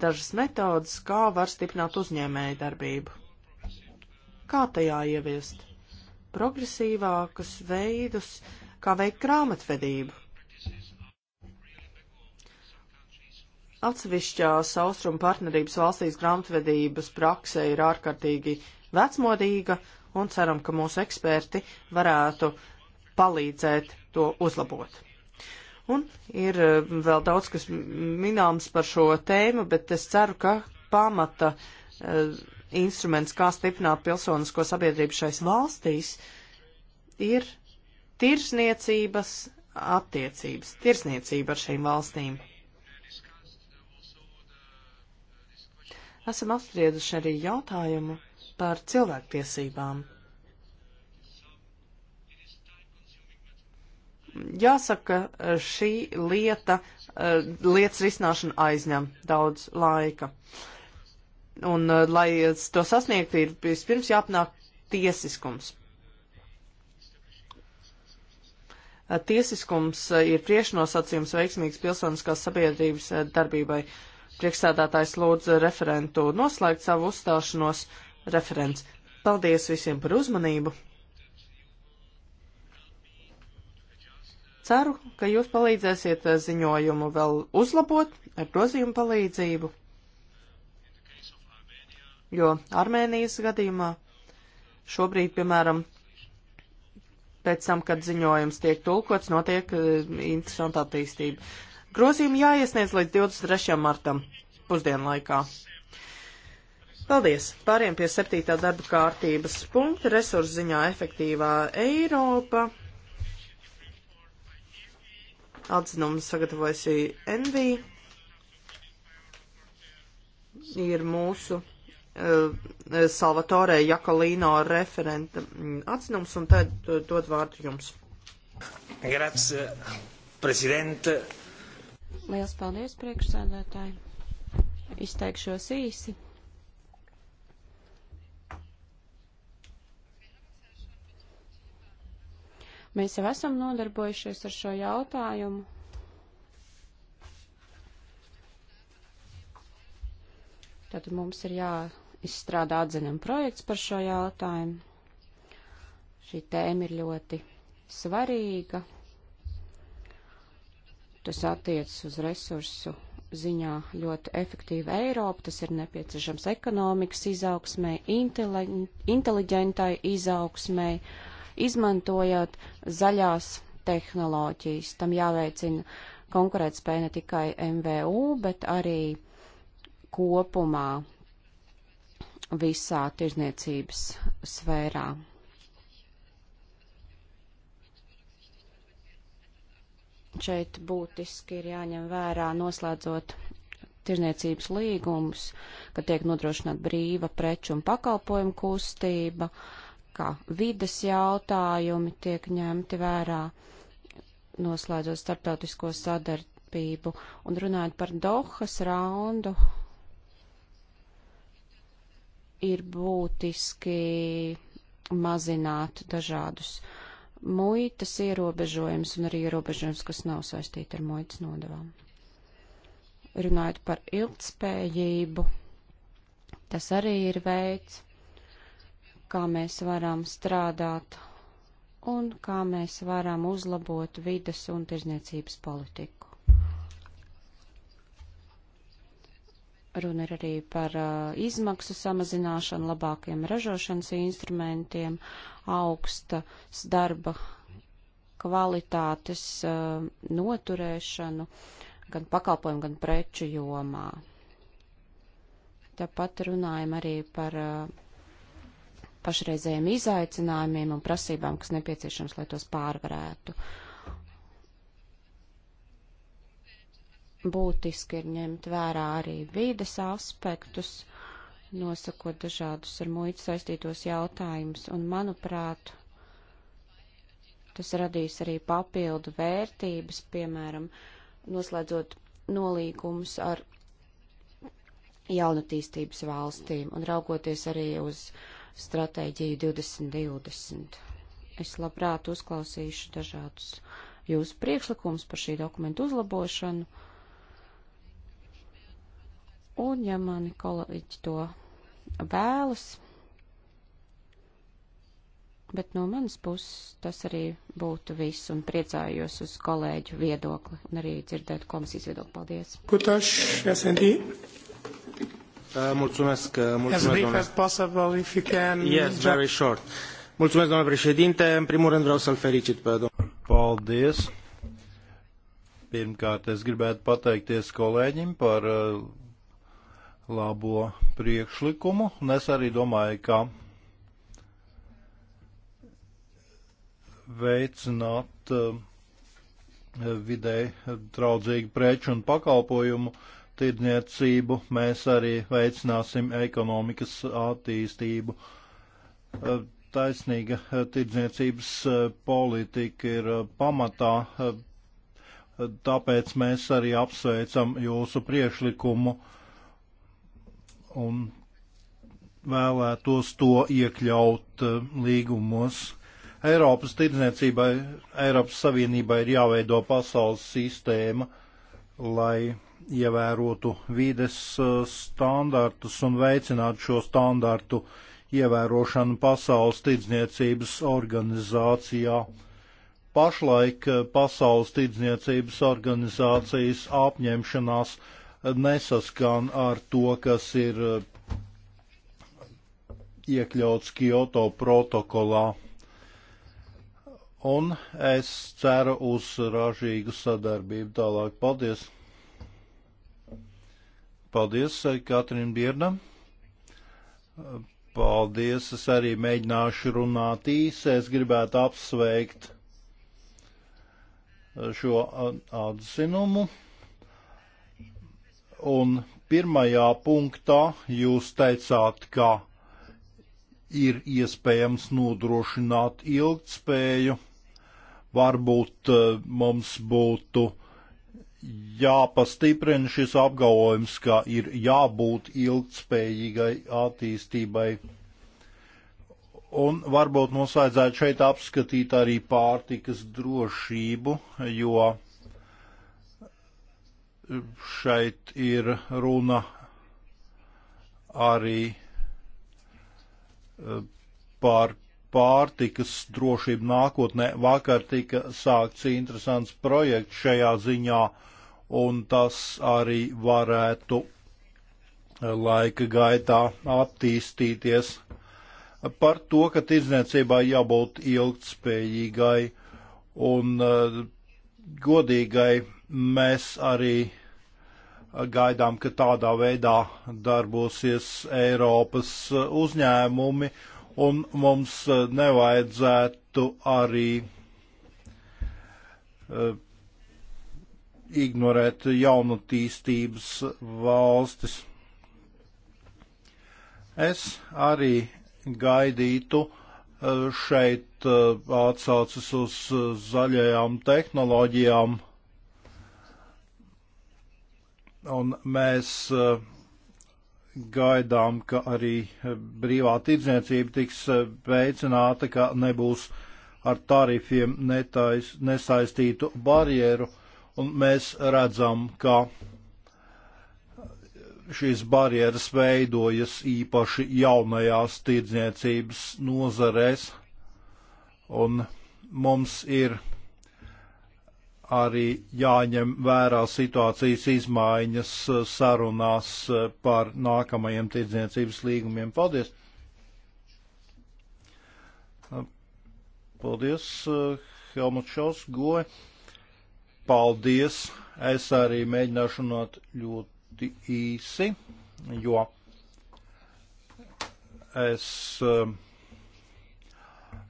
dažas metodas, kā var stiprināt uzņēmēju darbību. Kā tajā ieviest progresīvākus veidus, uh, kā veikt grāmatvedību. Atsevišķās austrumu partnerības valstīs grāmatvedības prakse ir ārkārtīgi vecmodīga, un ceram, ka mūsu eksperti varētu palīdzēt to uzlabot. Un ir eh, vēl daudz, kas minēms par šo tēmu, bet es ceru, ka pamata uh, instruments, kā stiprināt pilsonisko sabiedrību šais valstīs, ir tirsniecības attiecības, tirsniecība ar šīm valstīm. Esam apsprieduši arī jautājumu par cilvēktiesībām. Jāsaka, šī lieta, eh, lietas risināšana aizņem daudz laika. Un, eh, lai to sasniegtu, ir vispirms jāpanāk tiesiskums. Tiesiskums ir priešnosacījums veiksmīgas pilsoniskās sabiedrības darbībai. Priekšsēdātājs lūdz referentu noslēgt savu uzstāšanos referents. Paldies visiem par uzmanību! Ceru, ka jūs palīdzēsiet ziņojumu vēl uzlabot ar grozījumu palīdzību, jo Armēnijas gadījumā šobrīd, piemēram, pēc tam, kad ziņojums tiek tulkots, notiek uh, interesanta attīstība. Grozījumi jāiesniedz līdz 23. martam pusdienlaikā. Paldies! Pāriem pie septītā darba kārtības punkta - resursu ziņā efektīvā Eiropa. Atzinumu sagatavojusi NV. Ir mūsu Eh, Salvatore Jakolino referenta mm, atzinums, un tad eh, dod vārdu jums. Grazie, prezidente. Liels paldies, priekšsēdētāji. Izteikšos īsi. Mēs jau esam nodarbojušies ar šo jautājumu, Tātad mums ir jāizstrādā atzinam projekts par šo jautājumu. Šī tēma ir ļoti svarīga. Tas attiecas uz resursu ziņā ļoti efektīva Eiropa, tas ir nepieciešams ekonomikas izaugsmai, intele, inteliģentai izaugsmai, izmantojot zaļās tehnoloģijas. Tam jāveicina konkurētspēja ne tikai MVU, bet arī kopumā visā tirzniecības sfērā. Šeit būtiski ir jāņem vērā noslēdzot tirzniecības līgumus, ka tiek nodrošināta brīva preču un pakalpojumu kustība, ka vides jautājumi tiek ņemti vērā, noslēdzot starptautisko sadarbību un runājot par Dohas raundu ir būtiski mazināt dažādus muitas ierobežojumus un arī ierobežojumus, kas nav saistīti ar muitas nodevām. Runājot par ilgtspējību, tas arī ir veids, kā mēs varam strādāt un kā mēs varam uzlabot vides un tirzniecības politiku. Runa ir arī par uh, izmaksu samazināšanu, labākiem ražošanas instrumentiem, augstas darba kvalitātes uh, noturēšanu gan pakalpojumu, gan preču jomā. Tāpat runājam arī par uh, pašreizējiem izaicinājumiem un prasībām, kas nepieciešams, lai tos pārvarētu. Uh, būtiski ir ņemt vērā arī vīdes aspektus, nosakot dažādus ar muitu saistītos jautājumus, un, manuprāt, tas radīs arī papildu vērtības, piemēram, noslēdzot nolīgumus ar jaunatīstības valstīm un raugoties arī uz stratēģiju 2020. Es labprāt uzklausīšu dažādus jūsu priekšlikumus par šī dokumentu uzlabošanu Un, ja mani kolēģi to vēlas, bet no manas puses tas arī būtu viss, un priecājos uz kolēģu viedokli un arī dzirdēt komisijas viedokli. Paldies! Cutaș, SND. Uh, mulțumesc, uh, mulțumesc, As brief as possible, if you can... Yes, very short. Mulțumesc, doamnă președinte. În primul rând vreau să-l felicit pe domnul. Paldies! Pirmkārt, es gribētu pateikties kolēģim par uh, labo priekšlikumu, un es arī domāju, ka veicināt eh, vidē draudzīgu preču un pakalpojumu tirdzniecību, mēs arī veicināsim ekonomikas attīstību. Eh, taisnīga eh, tirdzniecības politika ir pamatā, tāpēc mēs arī apsveicam jūsu priekšlikumu uh, un vēlētos to iekļaut eh, līgumos. Eiropas tirdzniecībai, Eiropas Savienībai ir jāveido pasaules sistēma, lai ievērotu vides eh, standartus un veicinātu šo standartu ievērošanu Pasaules tirdzniecības organizācijā. Pašlaik eh, Pasaules tirdzniecības organizācijas apņemšanās uh, nesaskan ar to, kas ir eh, iekļauts Kyoto protokolā. Un es ceru uz ražīgu sadarbību tālāk. Paldies! Paldies eh, Katrin Biernam! Paldies! Es arī mēģināšu runāt īsi. Es gribētu apsveikt eh, šo atzinumu. Un pirmajā punktā jūs teicāt, ka ir iespējams nodrošināt ilgtspēju. Varbūt eh, mums būtu jāpastiprina šis apgalvojums, ka ir jābūt ilgtspējīgai attīstībai. Un varbūt mums vajadzētu šeit apskatīt arī pārtikas drošību, jo šeit ir runa arī e, par pārtikas drošību nākotnē. Vakar tika sākts interesants projekts šajā ziņā, un tas arī varētu e, laika gaitā attīstīties par to, ka tirdzniecībai jābūt ilgtspējīgai un e, godīgai. Mēs arī gaidām, ka tādā veidā darbosies Eiropas uzņēmumi, un mums e, nevajadzētu arī e, ignorēt jaunatīstības valstis. Es arī gaidītu e, šeit atsaucas uz zaļajām tehnoloģijām Un mēs eh, gaidām, ka arī eh, brīvā tirdzniecība tiks eh, veicināta, ka nebūs ar tarifiem netais, nesaistītu barjeru. Un mēs redzam, ka šīs barjeras veidojas īpaši jaunajās tirdzniecības nozarēs. Un mums ir arī jāņem vērā situācijas izmaiņas eh, sarunās eh, par nākamajiem tirdzniecības līgumiem. Paldies! Eh, paldies, Helmut Šaus, goja. Paldies! Es arī mēģināšu runāt ļoti īsi, jo es. Uh,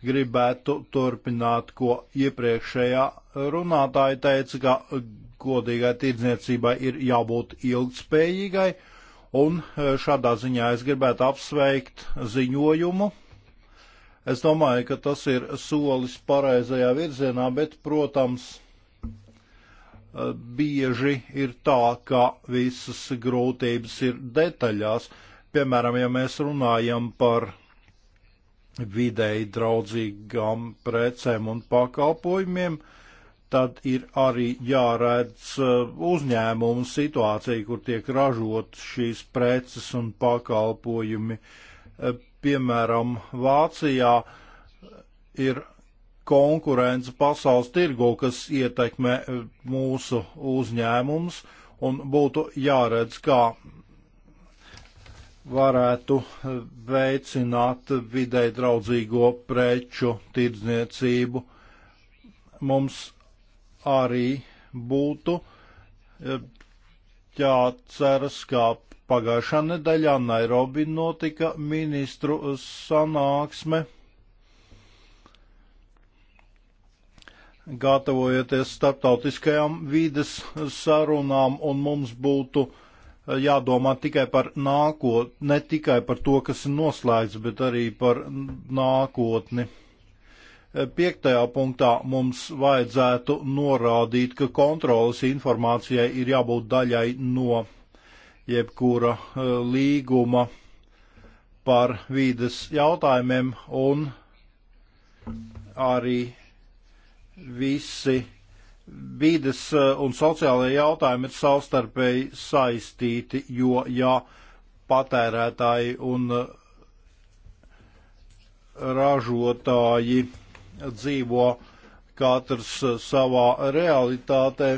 gribētu turpināt, ko iepriekšējā runātāja teica, ka godīgai tirdzniecībai ir jābūt ilgspējīgai, un e, šādā ziņā es gribētu apsveikt ziņojumu. Es domāju, ka tas ir solis pareizajā virzienā, bet, protams, e, bieži ir tā, ka visas grūtības ir detaļās. Piemēram, ja mēs runājam par videi draudzīgām precēm un pakalpojumiem, tad ir arī jāredz uh, uzņēmumu situācija, kur tiek ražot šīs preces un pakalpojumi. Uh, piemēram, Vācijā ir konkurence pasaules tirgu, kas ietekmē uh, mūsu uzņēmums, un būtu jāredz, kā varētu veicināt vidē draudzīgo preču tirdzniecību. Mums arī būtu e, jāceras, kā pagājušā nedēļā Nairobi notika ministru sanāksme. Gatavojoties starptautiskajām vīdes sarunām, un mums būtu uh, jādomā tikai par nākotni, ne tikai par to, kas ir noslēgts, bet arī par nākotni. Piektajā punktā mums vajadzētu norādīt, ka kontrolas informācijai ir jābūt daļai no jebkura eh, līguma par vīdes jautājumiem un arī visi vides eh, un sociālajie jautājumi ir savstarpēji saistīti, jo ja patērētāji un eh, ražotāji dzīvo katrs eh, savā realitātē,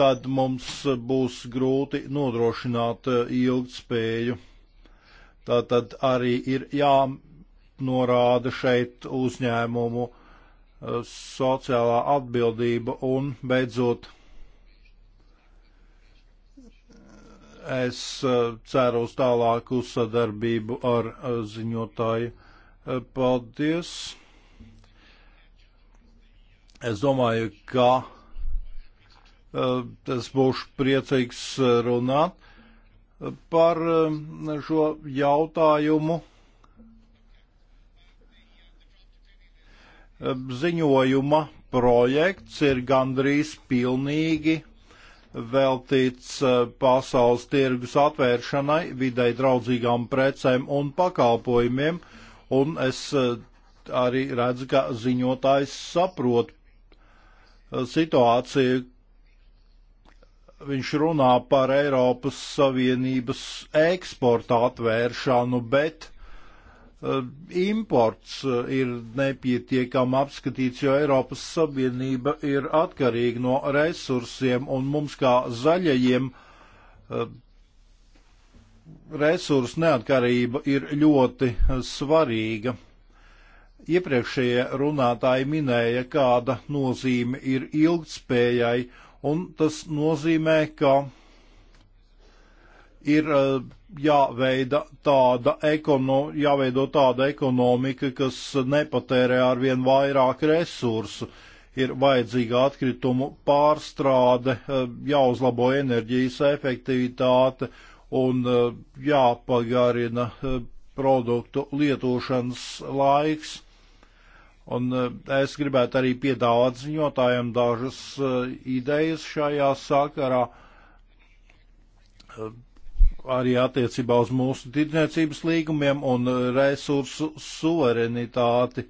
tad mums būs grūti nodrošināt ilgtspēju. Tātad arī ir jānorāda šeit uzņēmumu uh, sociālā atbildība un beidzot es eh, ceru uz tālāku sadarbību ar eh, ziņotāju. Eh, paldies! Es domāju, ka es būšu priecīgs runāt par šo jautājumu. ziņojuma projekts ir gandrīz pilnīgi veltīts eh, pasaules tirgus atvēršanai, videi draudzīgām precēm un pakalpojumiem, un es eh, arī redzu, ka ziņotājs saprot eh, situāciju. Viņš runā par Eiropas Savienības eksporta atvēršanu, bet Eh, imports eh, ir nepietiekami apskatīts, jo Eiropas Savienība ir atkarīga no resursiem un mums kā zaļajiem eh, resursu neatkarība ir ļoti svarīga. Iepriekšējie runātāji minēja, kāda nozīme ir ilgtspējai, un tas nozīmē, ka ir eh, jāveida tāda, ekono, jāveido tāda ekonomika, kas nepatērē arvien vairāk resursu. Ir vajadzīga atkritumu pārstrāde, eh, jāuzlabo enerģijas efektivitāte un eh, jāpagarina produktu lietošanas laiks. Un es gribētu arī piedāvāt ziņotājiem dažas idejas šajā sakarā arī attiecībā uz mūsu tirdzniecības līgumiem un resursu suverenitāti.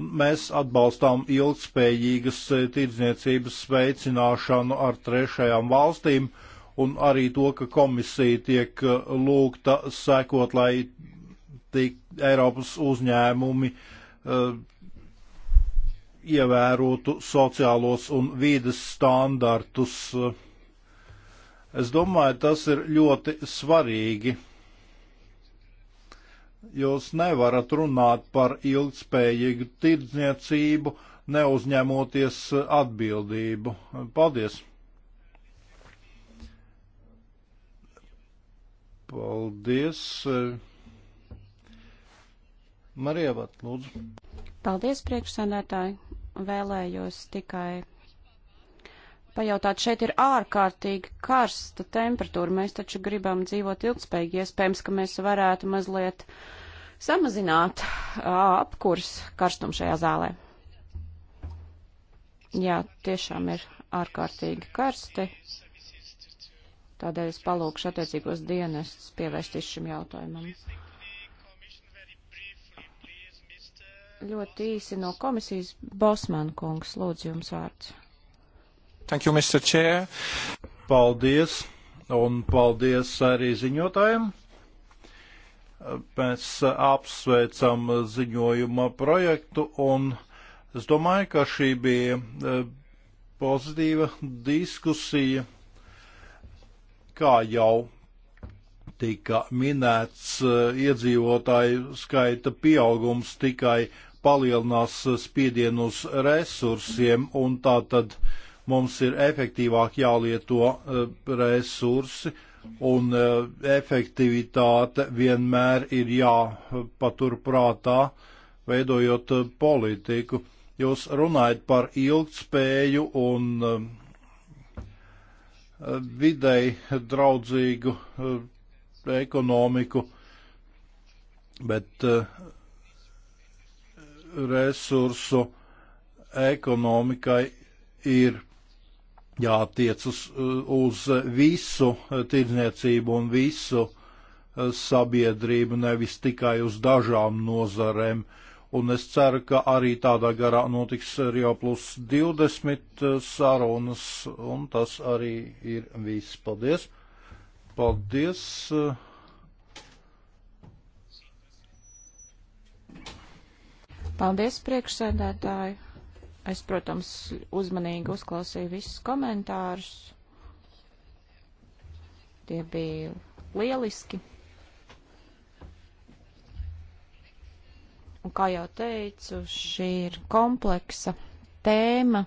Un mēs atbalstām ilgspējīgas e, tirdzniecības veicināšanu ar trešajām valstīm un arī to, ka komisija tiek e, lūgta sekot, lai tik Eiropas uzņēmumi uh, ievērotu sociālos un vīdes standartus. Uh, Es domāju, tas ir ļoti svarīgi. Jūs nevarat runāt par ilgspējīgu tirdzniecību, neuzņemoties atbildību. Paldies! Paldies! Marievat, lūdzu. Paldies, priekšsēdētāji. Vēlējos tikai pajautāt, šeit ir ārkārtīgi karsta temperatūra. Mēs taču gribam dzīvot ilgspējīgi. Iespējams, ka mēs varētu mazliet samazināt apkurs karstumu šajā zālē. Jā, tiešām ir ārkārtīgi karsti. Tādēļ es palūkšu attiecīgos dienestus pievērsties šim jautājumam. Ļoti īsi no komisijas Bosman kungs, lūdzu jums vārds. Thank you, Mr. Chair. Paldies, un paldies arī ziņotājiem. Mēs apsveicam ziņojuma projektu, un es domāju, ka šī bija e, pozitīva diskusija, kā jau tika minēts, e, iedzīvotāju skaita pieaugums tikai palielinās spiedienu uz resursiem, un tā tad uh, Mums ir efektīvāk jālieto eh, resursi, un eh, efektivitāte vienmēr ir jāpaturprātā, veidojot eh, politiku. Jūs runājat par ilgtspēju un videi draudzīgu ekonomiku, bet resursu ekonomikai ir jātiec uz, uz visu tirdzniecību un visu eh, sabiedrību, nevis tikai uz dažām nozarēm. Un es ceru, ka arī tādā garā notiks Rio plus 20 eh, sarunas, un tas arī ir viss. Paldies! Paldies! Paldies, priekšsēdētāji! Es, protams, uzmanīgi uzklausīju visus komentārus. Tie bija lieliski. Un, kā jau teicu, šī ir kompleksa tēma,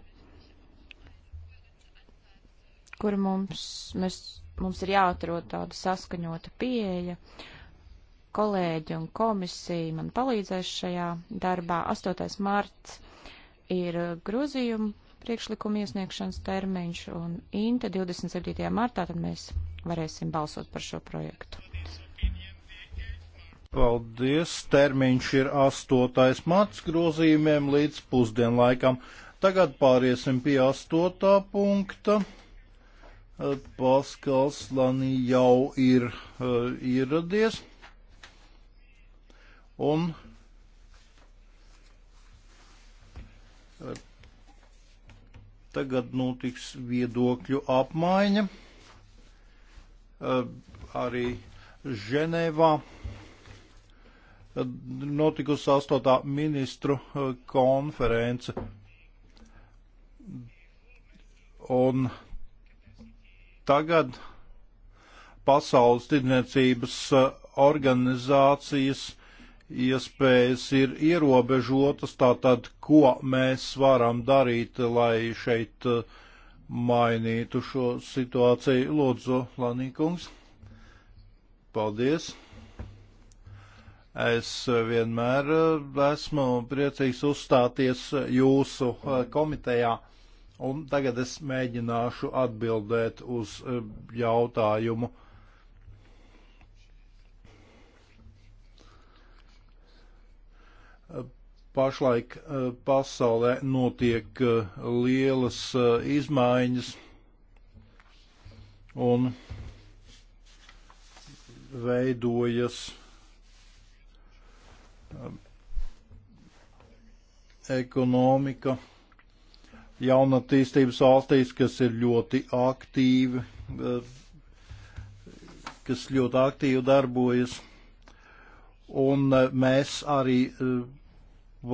kur mums, mēs, mums ir jāatrod tāda saskaņota pieeja. Kolēģi un komisija man palīdzēs šajā darbā. 8. marts ir uh, grozījumu priekšlikumu iesniegšanas termiņš, un Inte 27. martā tad mēs varēsim balsot par šo projektu. Paldies! Termiņš ir 8. marts grozījumiem līdz pusdienlaikam. Tagad pāriesim pie 8. punkta. Uh, Paskals Lani jau ir uh, ieradies. Un Tagad notiks viedokļu apmaiņa eh, arī Ženēvā. Notikusi 8. ministru eh, konference. Un tagad Pasaules tirdzniecības eh, organizācijas iespējas ir ierobežotas, tātad, ko mēs varam darīt, lai šeit uh, mainītu šo situāciju. Lūdzu, Lanīkungs, paldies! Es vienmēr uh, esmu priecīgs uzstāties jūsu uh, komitejā, un tagad es mēģināšu atbildēt uz jautājumu. Uh, pašlaik eh, pasaulē notiek eh, lielas eh, izmaiņas un veidojas ekonomika jaunatīstības valstīs, kas ir ļoti aktīvi, kas ļoti aktīvi darbojas. Un mēs arī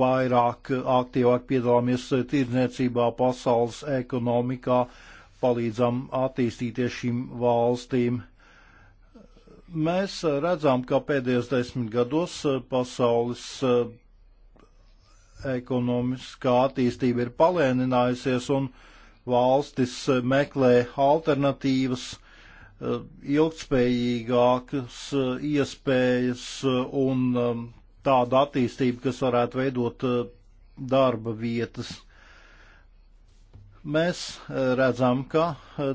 vairāk aktīvāk piedalāmies eh, tirdzniecībā, pasaules ekonomikā, palīdzam attīstīties šīm valstīm. Mēs eh, redzam, ka pēdējos desmit gados eh, pasaules ekonomiskā attīstība ir palēninājusies un valstis meklē alternatīvas, ilgtspējīgākas iespējas un um, tādu attīstību, kas varētu veidot eh, darba vietas. Mēs eh, redzam, ka eh,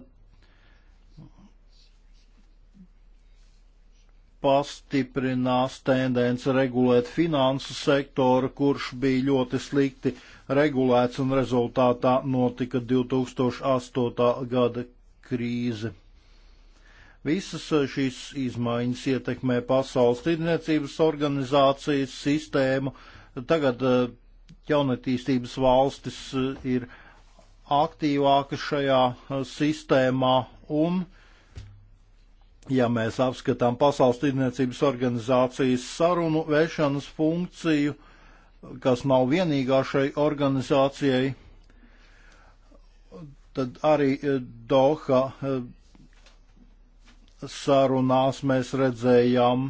pastiprinās tendence regulēt finansu sektoru, kurš bija ļoti slikti regulēts un rezultātā notika 2008. gada krīze. Visas eh, šīs izmaiņas ietekmē Pasaules tirdzniecības organizācijas sistēmu. Tagad eh, jaunatīstības valstis eh, ir aktīvākas šajā sistēmā un, ja mēs apskatām Pasaules tirdzniecības organizācijas sarunu vešanas funkciju, kas nav vienīgā šai organizācijai, tad arī Doha sarunās mēs redzējām,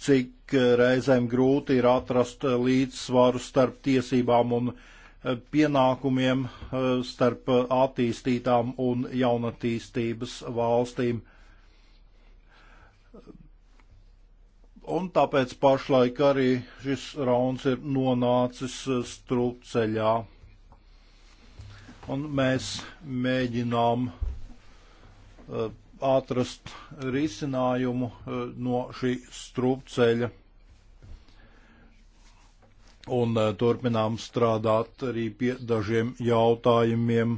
cik reizēm grūti ir atrast līdzsvaru starp tiesībām un eh, pienākumiem, eh, starp attīstītām un jaunatīstības valstīm. Un tāpēc pašlaik arī šis rauns ir nonācis eh, strupceļā. Un mēs mēģinām uh, atrast risinājumu eh, no šī strupceļa. Un eh, turpinām strādāt arī pie dažiem jautājumiem.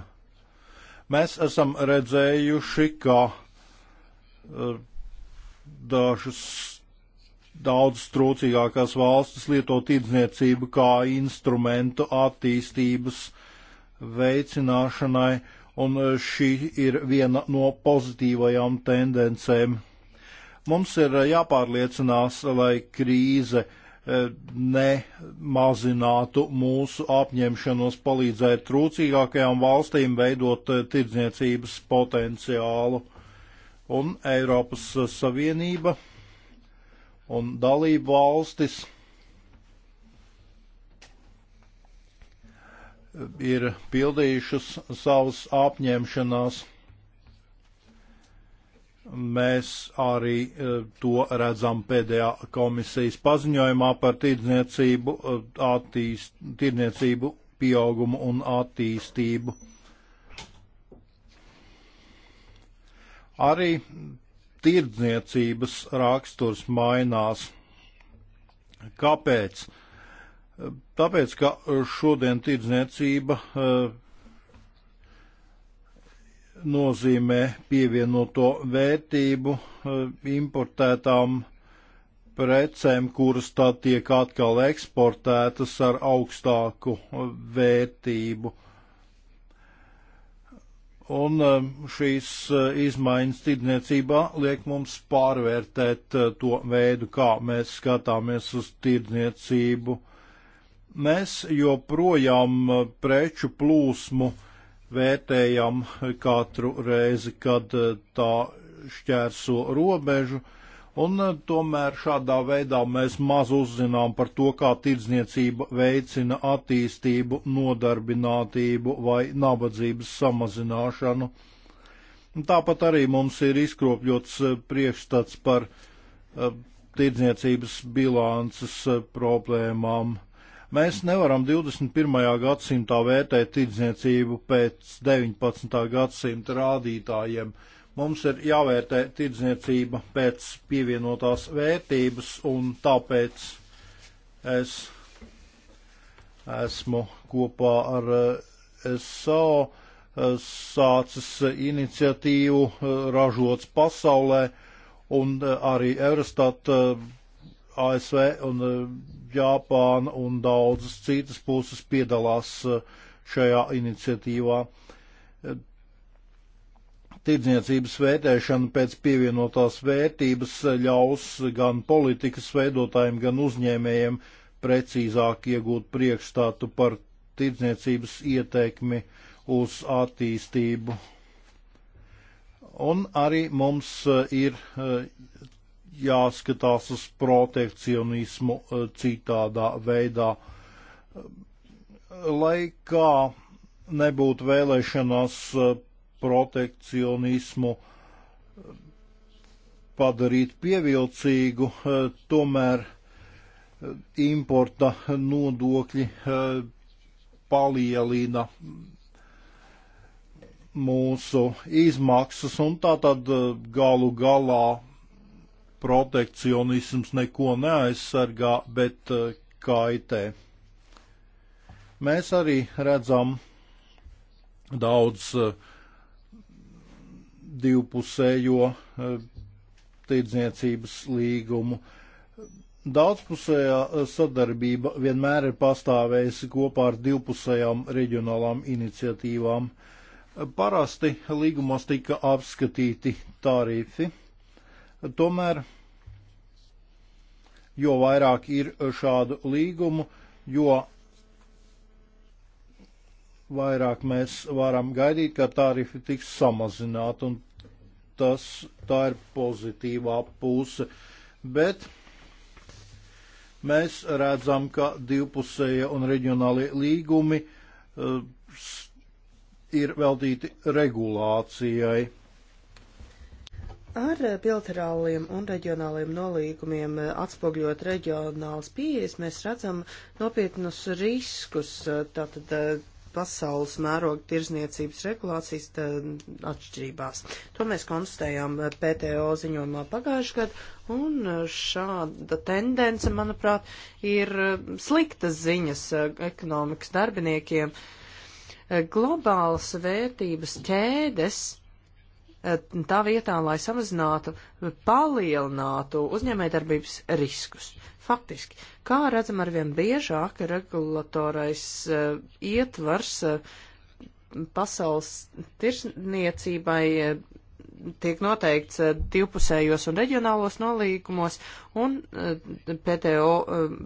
Mēs esam redzējuši, ka eh, dažas daudz trūcīgākās valstis lieto tirdzniecību kā instrumentu attīstības veicināšanai un eh, šī ir viena no pozitīvajām tendencēm. Mums ir eh, jāpārliecinās, lai krīze eh, nemazinātu mūsu apņemšanos palīdzēt trūcīgākajām valstīm veidot tirdzniecības potenciālu. Un Eiropas Savienība un dalību valstis ir pildījušas savas apņemšanās. Mēs arī e, to redzam pēdējā komisijas paziņojumā par tirdzniecību, e, attīst, tirdzniecību pieaugumu un attīstību. Arī tirdzniecības raksturs mainās. Kāpēc? Tāpēc, ka šodien tirdzniecība eh, nozīmē pievienoto vērtību eh, importētām precēm, kuras tā tiek atkal eksportētas ar augstāku eh, vērtību. Un šīs izmaiņas tirdzniecībā liek mums pārvērtēt to veidu, kā mēs skatāmies uz tirdzniecību. Mēs joprojām eh, preču plūsmu vērtējam katru reizi, kad eh, tā šķērso robežu, un eh, tomēr šādā veidā mēs maz uzzinām par to, kā tirdzniecība veicina attīstību, nodarbinātību vai nabadzības samazināšanu. Tāpat arī mums ir izkropļots priekšstats par tirdzniecības bilances problēmām. Mēs nevaram 21. gadsimtā vērtēt tirdzniecību pēc 19. gadsimta rādītājiem. Mums ir jāvērtē tirdzniecība pēc pievienotās vērtības, un tāpēc es esmu kopā ar eh, SAO eh, sācis iniciatīvu eh, ražots pasaulē, un arī Eurostat ASV un e, Japāna un daudzas citas puses piedalās e, šajā iniciatīvā. E, tirdzniecības vērtēšana pēc pievienotās vērtības ļaus gan politikas veidotājiem, gan uzņēmējiem precīzāk iegūt priekšstātu par tirdzniecības ieteikmi uz attīstību. Un arī mums ir jāskatās uz protekcionismu e, citādā veidā. Lai kā nebūtu vēlēšanās e, protekcionismu e, padarīt pievilcīgu, tomēr importa nodokļi palielina mūsu izmaksas un tātad galu galā protekcionisms neko neaizsargā, bet eh, kaitē. Mēs arī redzam daudz eh, divpusējo eh, tirdzniecības līgumu. Daudzpusējā sadarbība vienmēr ir pastāvējusi kopā ar divpusējām reģionālām iniciatīvām. Parasti līgumos tika apskatīti tarifi, Tomēr, jo vairāk ir šādu līgumu, jo vairāk mēs varam gaidīt, ka tarifi tiks samazināti, un tas, tā ir pozitīvā puse. Bet mēs redzam, ka divpusēja un reģionālie līgumi uh, ir veltīti regulācijai. Ar bilaterāliem un reģionāliem nolīgumiem eh, atspogļot reģionālas pieejas, mēs redzam nopietnus riskus eh, tātad eh, pasaules mēroga tirzniecības regulācijas tā, mm, atšķirībās. To mēs konstatējām PTO ziņojumā pagājušajā gadā, un šāda tendence, manuprāt, ir sliktas ziņas ekonomikas darbiniekiem. Globālas vērtības ķēdes tā vietā, lai samazinātu, palielinātu uzņēmējdarbības riskus. Faktiski, kā redzam, arvien biežāk regulatorais uh, ietvars uh, pasaules tirsniecībai uh, tiek noteikts eh, divpusējos un reģionālos nolīgumos un eh, PTO eh,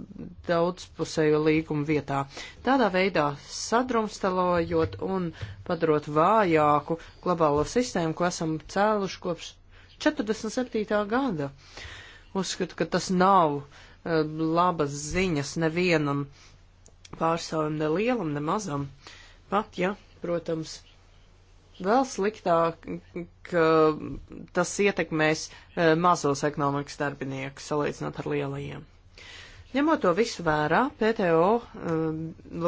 daudzpusējo līgumu vietā. Tādā veidā sadrumstalojot un padarot vājāku globālo sistēmu, ko esam cēluši kopš 47. gada. Uzskatu, ka tas nav labas ziņas nevienam pārstāvim, ne lielam, ne mazam. Pat, ja, protams, Vēl sliktāk, ka tas ietekmēs e, mazos ekonomikas darbiniekus salīdzinot ar lielajiem. Ņemot to visu vērā, PTO e,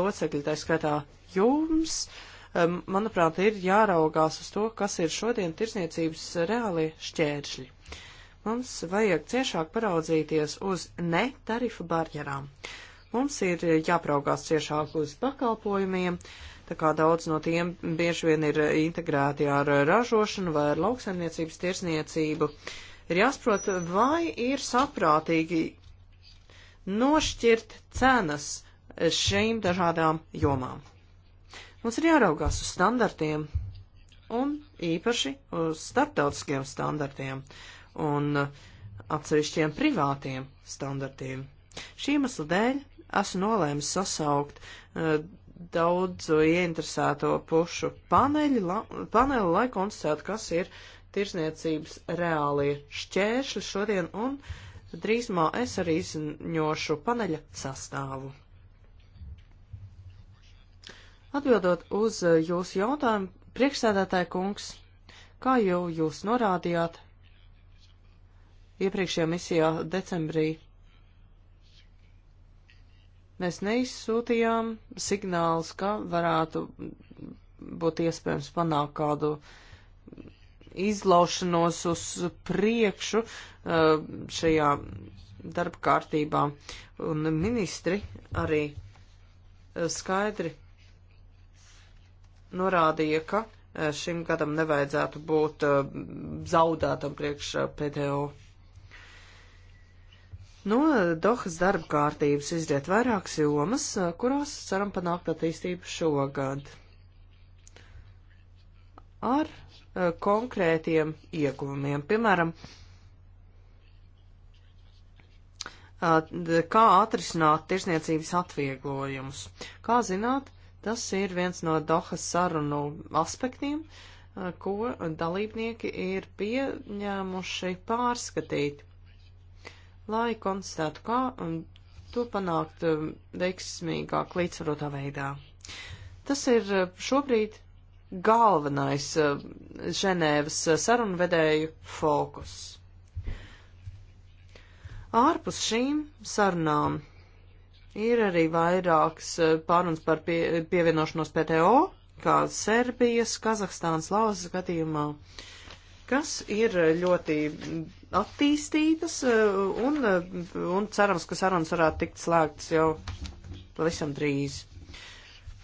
locekļi tā skatā jums, e, manuprāt, ir jāraugās uz to, kas ir šodien tirsniecības reāli šķēršļi. Mums vajag ciešāk paraudzīties uz netarifu barjerām. Mums ir jāpraugās ciešāk uz pakalpojumiem, uh, tā kā daudz no tiem bieži vien ir integrēti ar ražošanu vai ar lauksaimniecības tirsniecību, ir jāsaprot, vai ir saprātīgi nošķirt cenas šīm dažādām jomām. Mums ir jāraugās uz standartiem un īpaši uz starptautiskiem standartiem un atsevišķiem privātiem standartiem. Šī iemesla dēļ esmu nolēmis sasaukt uh, daudzu ieinteresēto pušu paneļi, la, paneli, lai konstatētu, kas ir tirsniecības reālie šķēršļi šodien, un drīzumā es arī izņošu paneļa sastāvu. Atbildot uz jūsu jautājumu, priekšsēdētāja kungs, kā jau jūs norādījāt, iepriekšējā misijā decembrī Mēs neizsūtījām signālus, ka varētu būt iespējams panākt kādu izlaušanos uz priekšu uh, šajā darba kārtībā. Un ministri arī uh, skaidri norādīja, ka uh, šim gadam nevajadzētu būt zaudētam priekš PDO. No Dohas darba kārtības izriet vairākas jomas, kurās ceram panākt attīstību šogad. Ar e, konkrētiem ieguvumiem. Piemēram, kā atrisināt tirsniecības atvieglojumus. Kā zināt, tas ir viens no Dohas sarunu aspektiem, ko dalībnieki ir pieņēmuši pārskatīt lai konstatētu, kā um, to panākt um, veiksmīgāk, līdzsvarotā veidā. Tas ir uh, šobrīd galvenais uh, Ženēvas uh, sarunvedēju fokus. Ārpus šīm sarunām ir arī vairākas uh, pārunas par pie, pievienošanos PTO, kā Serbijas, Kazahstānas, Lausas gadījumā, kas ir ļoti attīstītas, eh, un, eh, un cerams, ka sarunas varētu tikt slēgtas jau pavisam drīz.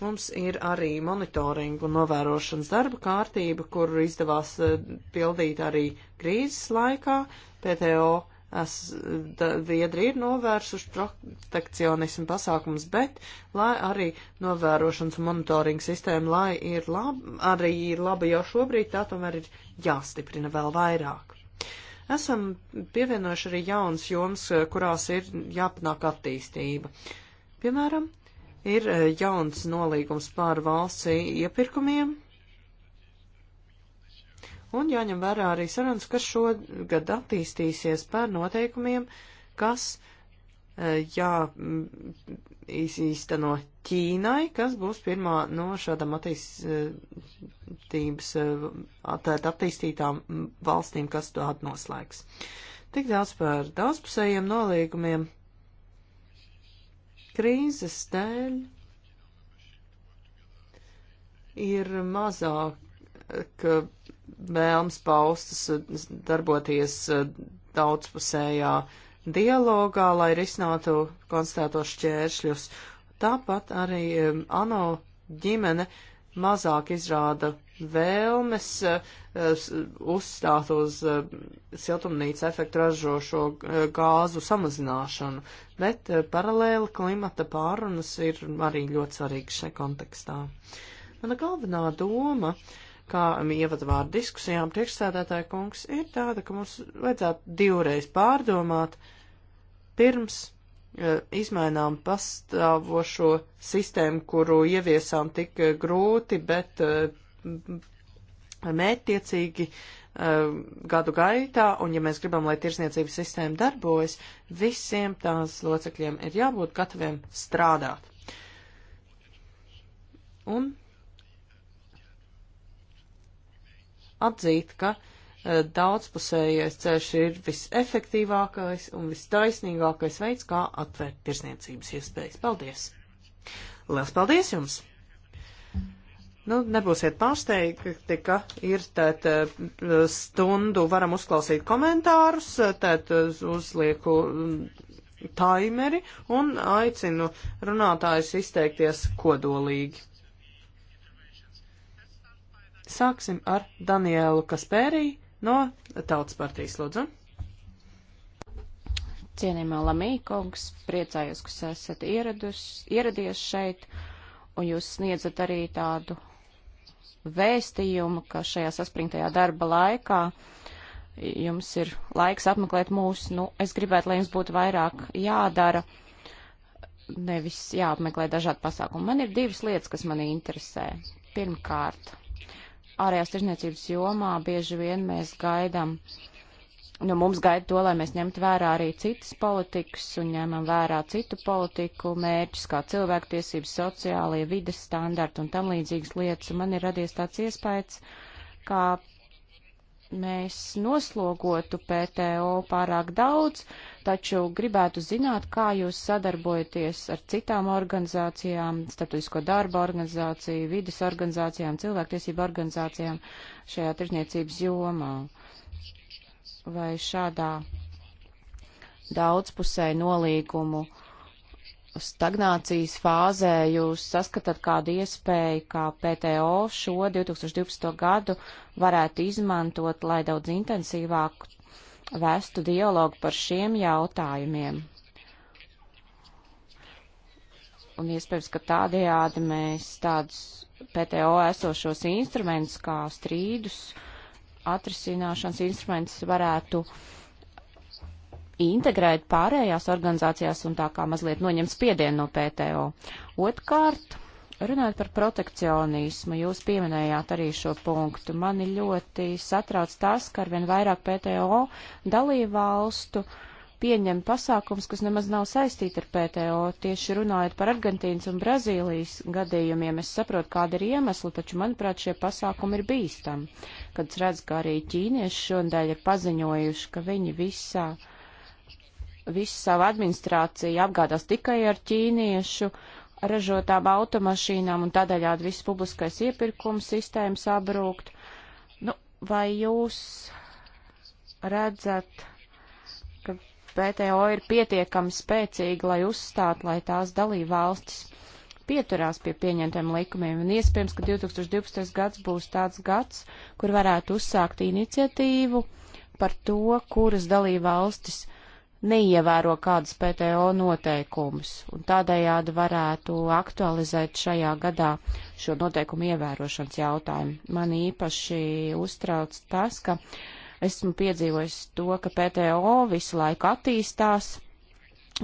Mums ir arī monitoringa un novērošanas darba kārtība, kuru izdevās eh, pildīt arī krīzes laikā. PTO es, da, viedri ir novērsuši protekcionismu pasākums, bet lai arī novērošanas un monitoringa sistēma, lai ir lab, arī ir laba jau šobrīd, tā tomēr ir jāstiprina vēl vairāk. Esam pievienojuši arī jaunas jomas, eh, kurās ir jāpanāk attīstība. Piemēram, ir eh, jauns nolīgums pār valsts iepirkumiem. Un jāņem vērā arī sarunas, kas šogad attīstīsies pār noteikumiem, kas uh, jāīsteno Ķīnai, kas būs pirmā no šādām attīstības, attīstītām valstīm, kas to atnoslēgs. Tik daudz par daudzpusējiem nolīgumiem. Krīzes dēļ ir mazāk vēlms paustas darboties daudzpusējā uh, dialogā, lai risinātu konstatētos šķēršļus. Tāpat arī um, ANO ģimene mazāk izrāda vēlmes uh, uzstāt uz uh, siltumnīca efektu ražošo uh, gāzu samazināšanu, bet paralēli klimata pārunas ir arī ļoti svarīgas šai kontekstā. Mana galvenā doma, kā ievadvārdu diskusijām priekšsēdētāja kungs, ir tāda, ka mums vajadzētu divreiz pārdomāt, uh, pirms e, izmainām pastāvošo sistēmu, kuru ieviesām tik e, grūti, bet e, mērķtiecīgi gadu gaitā, un ja mēs gribam, lai tirsniecības sistēma darbojas, visiem tās locekļiem ir jābūt gataviem strādāt. Un atzīt, ka uh, Eh, daudzpusējais ceļš ir visefektīvākais un vistaisnīgākais veids, kā atvērt tirsniecības iespējas. Paldies! Lielas paldies jums! Nu, nebūsiet pārsteigti, ka ir tēt eh, stundu varam uzklausīt komentārus, tēt uzlieku mm, taimeri un aicinu runātājus izteikties kodolīgi. Sāksim ar Danielu Kaspēriju no Tautas partijas lūdzu. Cienījumā Lamīkungs, priecājos, ka esat ieradus, ieradies šeit, un jūs sniedzat arī tādu vēstījumu, ka šajā saspringtajā darba laikā jums ir laiks apmeklēt mūs. Nu, es gribētu, lai jums būtu vairāk jādara, nevis jāapmeklē dažādi pasākumi. Man ir divas lietas, kas mani interesē. Pirmkārt, ārējās tirzniecības jomā bieži vien mēs gaidām, nu mums gaida to, lai mēs ņemtu vērā arī citas politikas un ņemam vērā citu politiku mērķus, kā cilvēktiesības, sociālie vides standarti un tam līdzīgas lietas. Un man ir radies tāds iespējas, kā mēs noslogotu PTO pārāk daudz, taču gribētu zināt, kā jūs sadarbojaties ar citām organizācijām, starptautisko darba organizāciju, vidas organizācijām, cilvēktiesību organizācijām šajā tirzniecības jomā. Vai šādā daudzpusē nolīgumu uh, stagnācijas fāzē jūs saskatāt kādu iespēju, kā PTO šo 2012. gadu varētu izmantot, lai daudz intensīvāk vestu dialogu par šiem jautājumiem? Un iespējams, ka tādējādi mēs tādus PTO esošos instrumentus kā strīdus, atrisināšanas instrumentus varētu uh, integrēt pārējās organizācijās un tā kā mazliet noņemt spiedienu no PTO. Otkārt, runājot par protekcionismu, jūs pieminējāt arī šo punktu. Mani ļoti satrauc tas, ka arvien vairāk PTO dalībvalstu pieņem pasākums, kas nemaz nav saistīti ar PTO. Tieši runājot par Argentīnas un Brazīlijas gadījumiem, es saprotu, kāda ir iemesla, taču, manuprāt, šie pasākumi ir bīstami. Kad es redzu, ka arī ķīnieši šodien ir paziņojuši, ka viņi visā uh, visu savu administrāciju apgādās tikai ar ķīniešu ražotām automašīnām un tādējādi viss publiskais iepirkums sistēmas sabrūkt. Nu, vai jūs redzat, ka PTO ir pietiekami spēcīga, lai uzstātu, lai tās dalība valstis pieturās pie pieņemtiem likumiem, un iespējams, ka 2012. gads būs tāds gads, kur varētu uzsākt iniciatīvu par to, kuras dalība valstis neievēro kādus PTO noteikumus, un tādējādi varētu aktualizēt šajā gadā šo noteikumu ievērošanas jautājumu. Man īpaši uztrauc tas, ka esmu piedzīvojis to, ka PTO visu laiku attīstās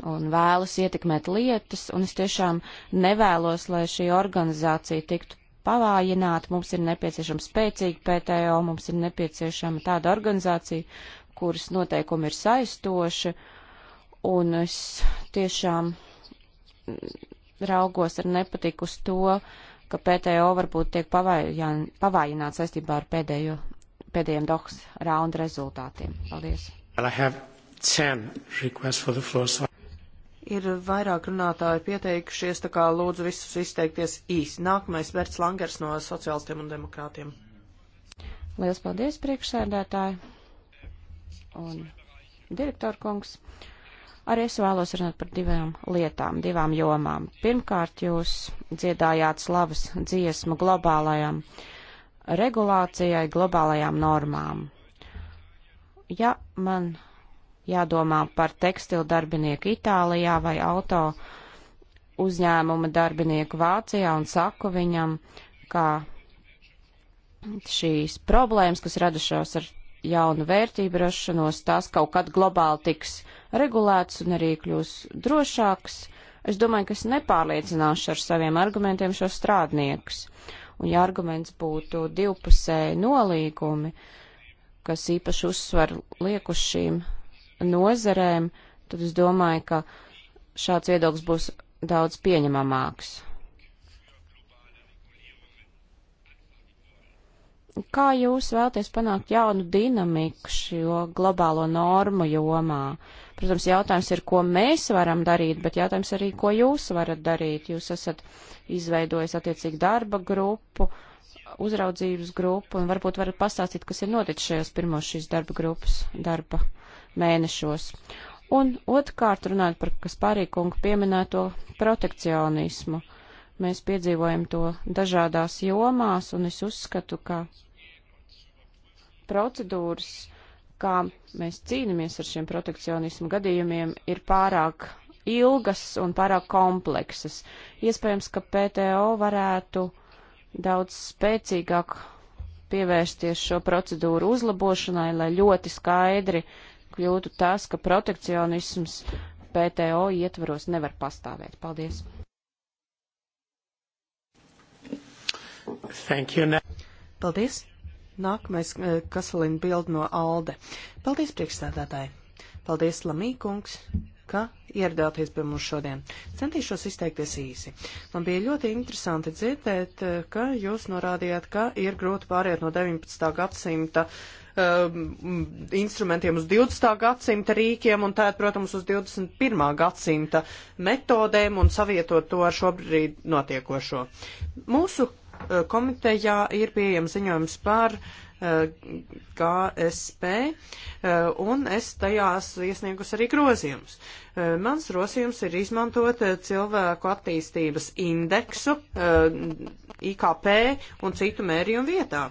un vēlas ietekmēt lietas, un es tiešām nevēlos, lai šī organizācija tiktu pavājināta. Mums ir nepieciešama spēcīga PTO, mums ir nepieciešama tāda organizācija, kuras noteikumi ir saistoši, un es tiešām raugos ar nepatiku uz to, ka PTO varbūt tiek pavājināts saistībā ar pēdējo, pēdējiem doks raunda rezultātiem. Paldies. Floor, so... Ir vairāk runātāji pieteikušies, tā kā lūdzu visus izteikties īsi. Nākamais Berts Langers no sociālistiem un demokrātiem. Lielas paldies, priekšsēdētāji! un direktoru kungs. Arī es vēlos runāt par divām lietām, divām jomām. Pirmkārt, jūs dziedājāt slavas dziesmu globālajām regulācijai, globālajām normām. Ja man jādomā par tekstilu darbinieku Itālijā vai auto uzņēmuma darbinieku Vācijā un saku viņam, ka šīs problēmas, kas radušās ar jaunu vērtību rašanos, tās kaut kad globāli tiks regulēts un arī kļūs drošāks. Es domāju, ka es nepārliecināšu ar saviem argumentiem šos strādniekus. Un ja arguments būtu divpusēji nolīgumi, kas īpaši uzsver liek uz šīm nozerēm, tad es domāju, ka šāds viedoklis būs daudz pieņemamāks. Kā jūs vēlaties panākt jaunu dinamiku šo globālo normu jomā? Protams, jautājums ir, ko mēs varam darīt, bet jautājums arī, ko jūs varat darīt. Jūs esat izveidojis attiecīgi darba grupu, uzraudzības grupu, un varbūt varat pastāstīt, kas ir noticis šajos pirmos šīs darba grupas darba mēnešos. Un otrkārt runājot par Kaspārīkungu pieminēto protekcionismu. Mēs piedzīvojam to dažādās jomās, un es uzskatu, ka procedūras, kā mēs cīnāmies ar šiem protekcionismu gadījumiem, ir pārāk ilgas un pārāk kompleksas. Iespējams, ka PTO varētu daudz spēcīgāk pievērsties šo procedūru uzlabošanai, lai ļoti skaidri kļūtu tas, ka protekcionisms PTO ietvaros nevar pastāvēt. Paldies! Thank you. Paldies! Nākamais eh, Kasalina bildi no Alde. Paldies, priekšstādātāji! Paldies, Lamīkungs, ka ieradāties pie mums šodien. Centīšos izteikties īsi. Man bija ļoti interesanti dzirdēt, eh, ka jūs norādījāt, ka ir grūti pāriet no 19. gadsimta um, instrumentiem uz 20. gadsimta rīkiem un tēt, protams, uz 21. gadsimta metodēm un savietot to ar šobrīd notiekošo. Mūsu Eh, komitejā ir pieejams ziņojums par KSP, eh, eh, un es tajās iesniegus arī grozījumus. Mans rosījums ir izmantot cilvēku attīstības indeksu IKP un citu mērījumu vietā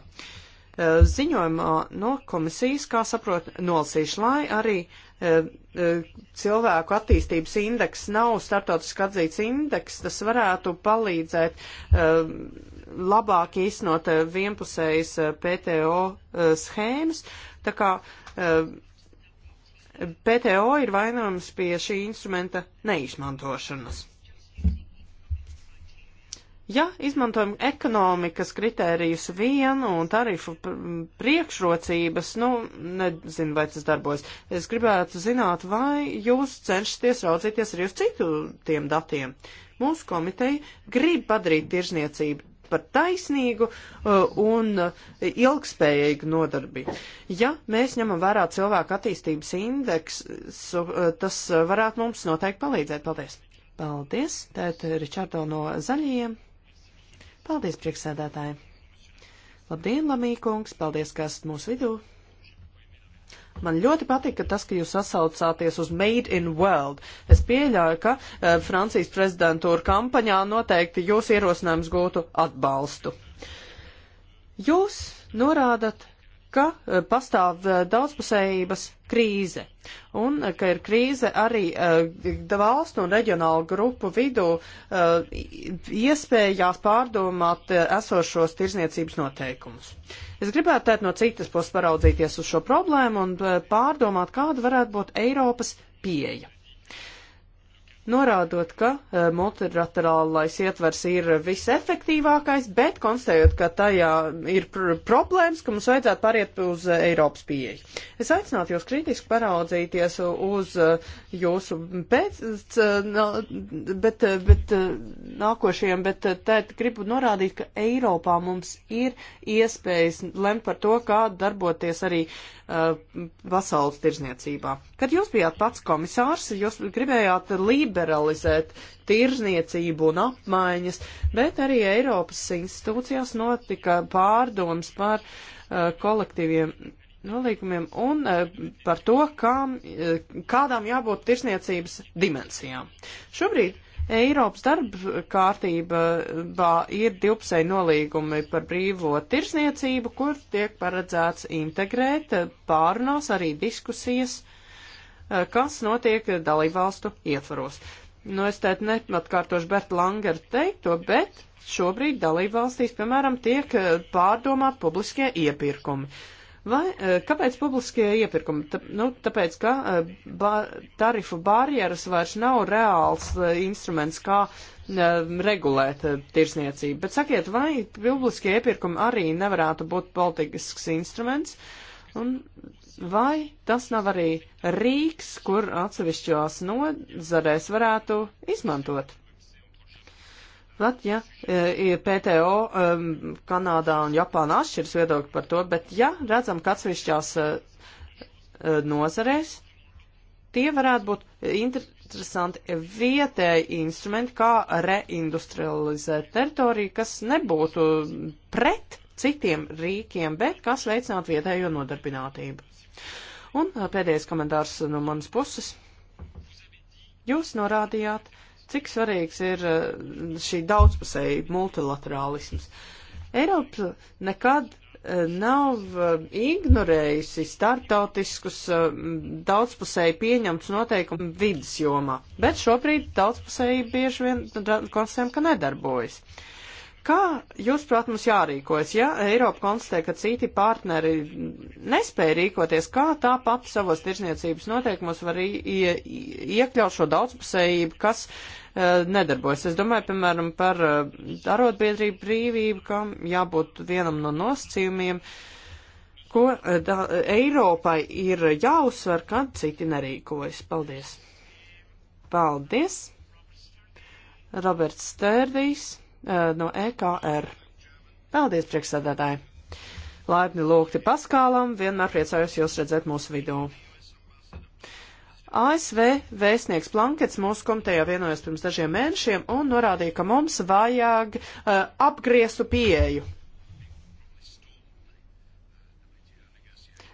ziņojumā no komisijas, kā saprot, nolasīšu, lai arī e, e, cilvēku attīstības indeks nav startautiski atzīts indeks, tas varētu palīdzēt e, labāk īstenot eh, vienpusējas eh, PTO eh, schēmas, tā kā PTO ir vainojums pie šī instrumenta neizmantošanas. Ja izmantojam ekonomikas kritērijus vienu un tarifu priekšrocības, nu, nezinu, vai tas darbojas. Es gribētu zināt, vai jūs cenšaties raudzīties arī uz citu tiem datiem. Mūsu komiteja grib padarīt tirzniecību par taisnīgu uh, un uh, ilgspējīgu nodarbi. Ja mēs ņemam vērā cilvēku attīstības indeksu, uh, tas varētu mums noteikti palīdzēt. Paldies! Paldies! Tēta Ričardo no Zaļajiem. Paldies, priekšsēdētāji! Labdien, Lamīkungs! Paldies, kas mūsu vidū! Man ļoti patika tas, ka jūs sasaucāties uz Made in World. Es pieļauju, ka e, Francijas prezidentūra kampaņā noteikti jūs ierosinājums gūtu atbalstu. Jūs norādat, ka e, pastāv e, daudzpusējības krīze un e, ka ir krīze arī valstu un reģionālu grupu vidū iespējās pārdomāt esošos tirzniecības noteikumus. Es gribētu tēt no citas puses paraudzīties uz šo problēmu un pārdomāt, kāda varētu būt Eiropas pieeja norādot, ka eh, multilaterālais ietvers ir visefektīvākais, bet konstatējot, ka tajā ir pr problēmas, ka mums vajadzētu pāriet uz eh, Eiropas pieeju. Es aicinātu jūs kritiski paraudzīties uz eh, jūsu pēc, bet, bet nākošajiem, bet tēt gribu norādīt, ka Eiropā mums ir iespējas lemt par to, kā darboties arī uh, pasaules tirzniecībā. Kad jūs bijāt pats komisārs, jūs gribējāt lībe liberalizēt tirzniecību un apmaiņas, bet arī Eiropas institūcijās notika pārdoms par uh, kolektīviem nolīkumiem un uh, par to, kām, uh, kādām jābūt tirsniecības dimensijām. Šobrīd Eiropas darba kārtībā ir divpusēji nolīgumi par brīvo tirsniecību, kur tiek paredzēts integrēt uh, pārunās arī diskusijas uh, Eh, kas notiek dalībvalstu ietvaros. Nu, es tēt neatkārtošu Berta Langera teikto, bet šobrīd dalībvalstīs, piemēram, tiek eh, pārdomāt publiskie iepirkumi. Vai, eh, kāpēc publiskie iepirkumi? Ta, nu, tāpēc, ka ba, tarifu barjeras vairs nav reāls instruments, kā regulēt tirsniecību. Bet sakiet, vai publiskie iepirkumi arī nevarētu būt politisks instruments? Un Vai tas nav arī rīks, kur atsevišķos nozarēs varētu izmantot? Pat, ja e, ir PTO um, e, Kanādā un Japāna atšķiras viedokļi par to, bet ja redzam, ka atsevišķās uh, nozarēs, tie varētu būt interesanti vietēji instrumenti, kā reindustrializēt teritoriju, kas nebūtu pret citiem rīkiem, bet kas veicinātu vietējo nodarbinātību. Un pēdējais komentārs no manas puses. Jūs norādījāt, cik svarīgs ir šī daudzpusēja multilaterālisms. Eiropa nekad nav ignorējusi startautiskus daudzpusēji pieņemts noteikumu vidas jomā, bet šobrīd daudzpusēji bieži vien konstatējam, ka nedarbojas. Uh, Kā jūs, prāt, mums jārīkojas, ja Eiropa konstatē, ka citi partneri nespēja rīkoties, kā tā pati savos tirsniecības noteikumos var iekļaut šo daudzpusējību, kas uh, nedarbojas? Es domāju, piemēram, par uh, arotbiedrību brīvību, kam jābūt vienam no nosacījumiem, ko uh, da, Eiropai ir jāuzsver, kad citi nerīkojas. Paldies! Paldies! Roberts Stērdīs Uh, no EKR. Paldies, priekšsēdētāji! Laipni lūgti Paskālam, vienmēr priecājos jūs redzēt mūsu vidū. ASV vēstnieks Plankets mūsu komitejā vienojas pirms dažiem mēnešiem un norādīja, ka mums vajag uh, apgriestu pieeju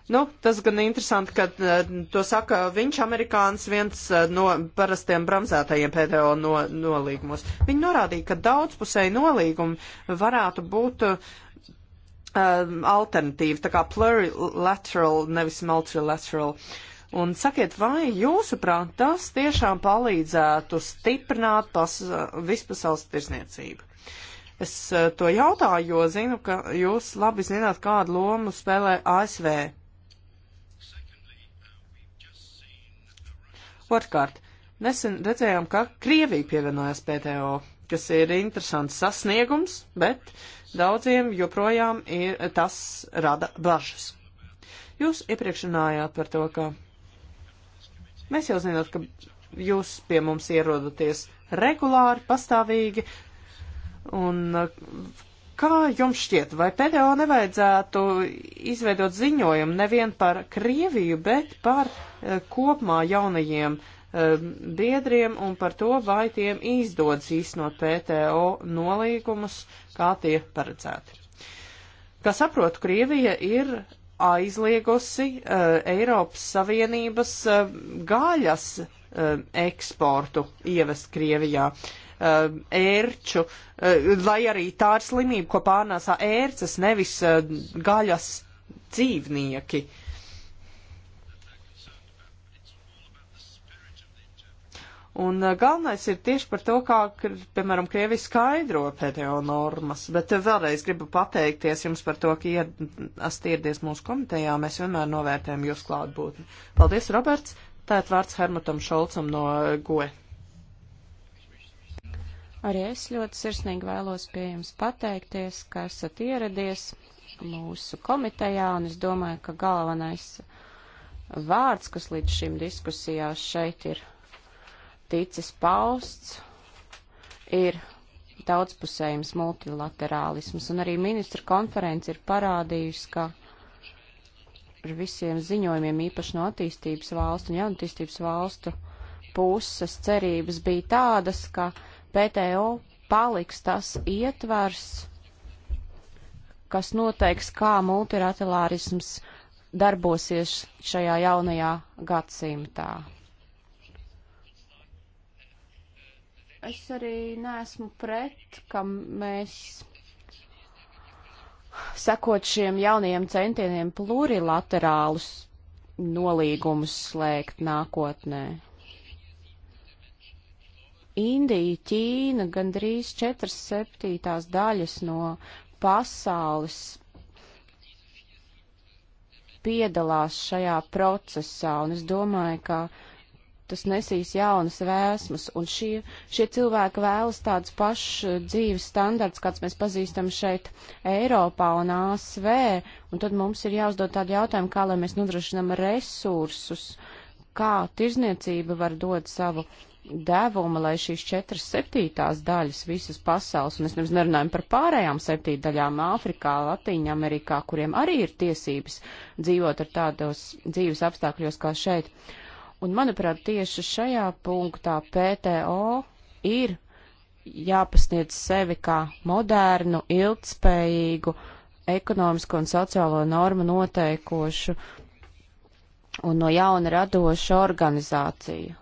Nu, tas gan interesanti, ka eh, to saka viņš, amerikānis, viens eh, no parastiem bramzētajiem PTO no, nolīgumos. Viņi norādīja, ka daudzpusēji nolīgumi varētu būt um, alternatīvi, tā kā plurilateral, nevis multilateral. Un sakiet, vai jūsuprāt tas tiešām palīdzētu stiprināt pas, vispasaules tirsniecību? Es uh, to jautāju, jo zinu, ka jūs labi zināt, kādu lomu spēlē ASV Otkārt, nesen redzējām, ka Krievija pievienojās PTO, kas ir interesants sasniegums, bet daudziem joprojām ir, tas rada bažas. Jūs iepriekšinājāt par to, ka mēs jau zinām, ka jūs pie mums ierodaties regulāri, pastāvīgi, un Kā jums šķiet, vai PDO nevajadzētu izveidot ziņojumu nevien par Krieviju, bet par uh, kopumā jaunajiem uh, biedriem un par to, vai tiem izdodas īstenot PTO nolīgumus, kā tie paredzēti? Kā saprotu, Krievija ir aizliegusi uh, Eiropas Savienības uh, gaļas uh, eksportu ievest Krievijā. Uh, Eh, ērču, eh, lai arī tā ir slimība, ko pārnāsā ērces, nevis eh, gaļas dzīvnieki. Un galvenais ir tieši par to, kā, piemēram, Krievi skaidro PTO normas. Bet vēlreiz gribu pateikties jums par to, ka esat ieradies mūsu komitejā. Mēs vienmēr novērtējam jūsu klātbūtni. Paldies, Roberts! Tēt vārds Hermatam Šolcam no GOE. Arī es ļoti sirsnīgi vēlos pie jums pateikties, ka esat ieradies mūsu komitejā, un es domāju, ka galvenais vārds, kas līdz šim diskusijās šeit ir ticis pausts, ir daudzpusējums multilaterālisms, un arī ministra konference ir parādījusi, ka ar visiem ziņojumiem, īpaši no attīstības valstu un jaunatīstības valstu puses, cerības bija tādas, ka uh, PTO paliks tas ietvars, kas noteiks, kā multilaterālisms darbosies šajā jaunajā gadsimtā. Es arī neesmu pret, ka mēs sekot šiem jaunajiem centieniem plurilaterālus nolīgumus slēgt nākotnē. Indija, Ķīna gandrīz 4 septītās daļas no pasaules piedalās šajā procesā, un es domāju, ka tas nesīs jaunas vēsmas, un šie, šie cilvēki vēlas tādus pašus dzīves standarts, kāds mēs pazīstam šeit Eiropā un ASV, un tad mums ir jāuzdod tādu jautājumu, kā lai mēs nodrošinam resursus, kā tirzniecība var dot savu devuma, lai šīs četras septītās daļas visas pasaules, un es nemaz nerunāju par pārējām septītdaļām Āfrikā, Latīņā, Amerikā, kuriem arī ir tiesības dzīvot ar tādos dzīves apstākļos kā šeit. Un, manuprāt, tieši šajā punktā PTO ir jāpasniedz sevi kā modernu, ilgtspējīgu, ekonomisko un sociālo normu noteikošu un no jauna radošu organizāciju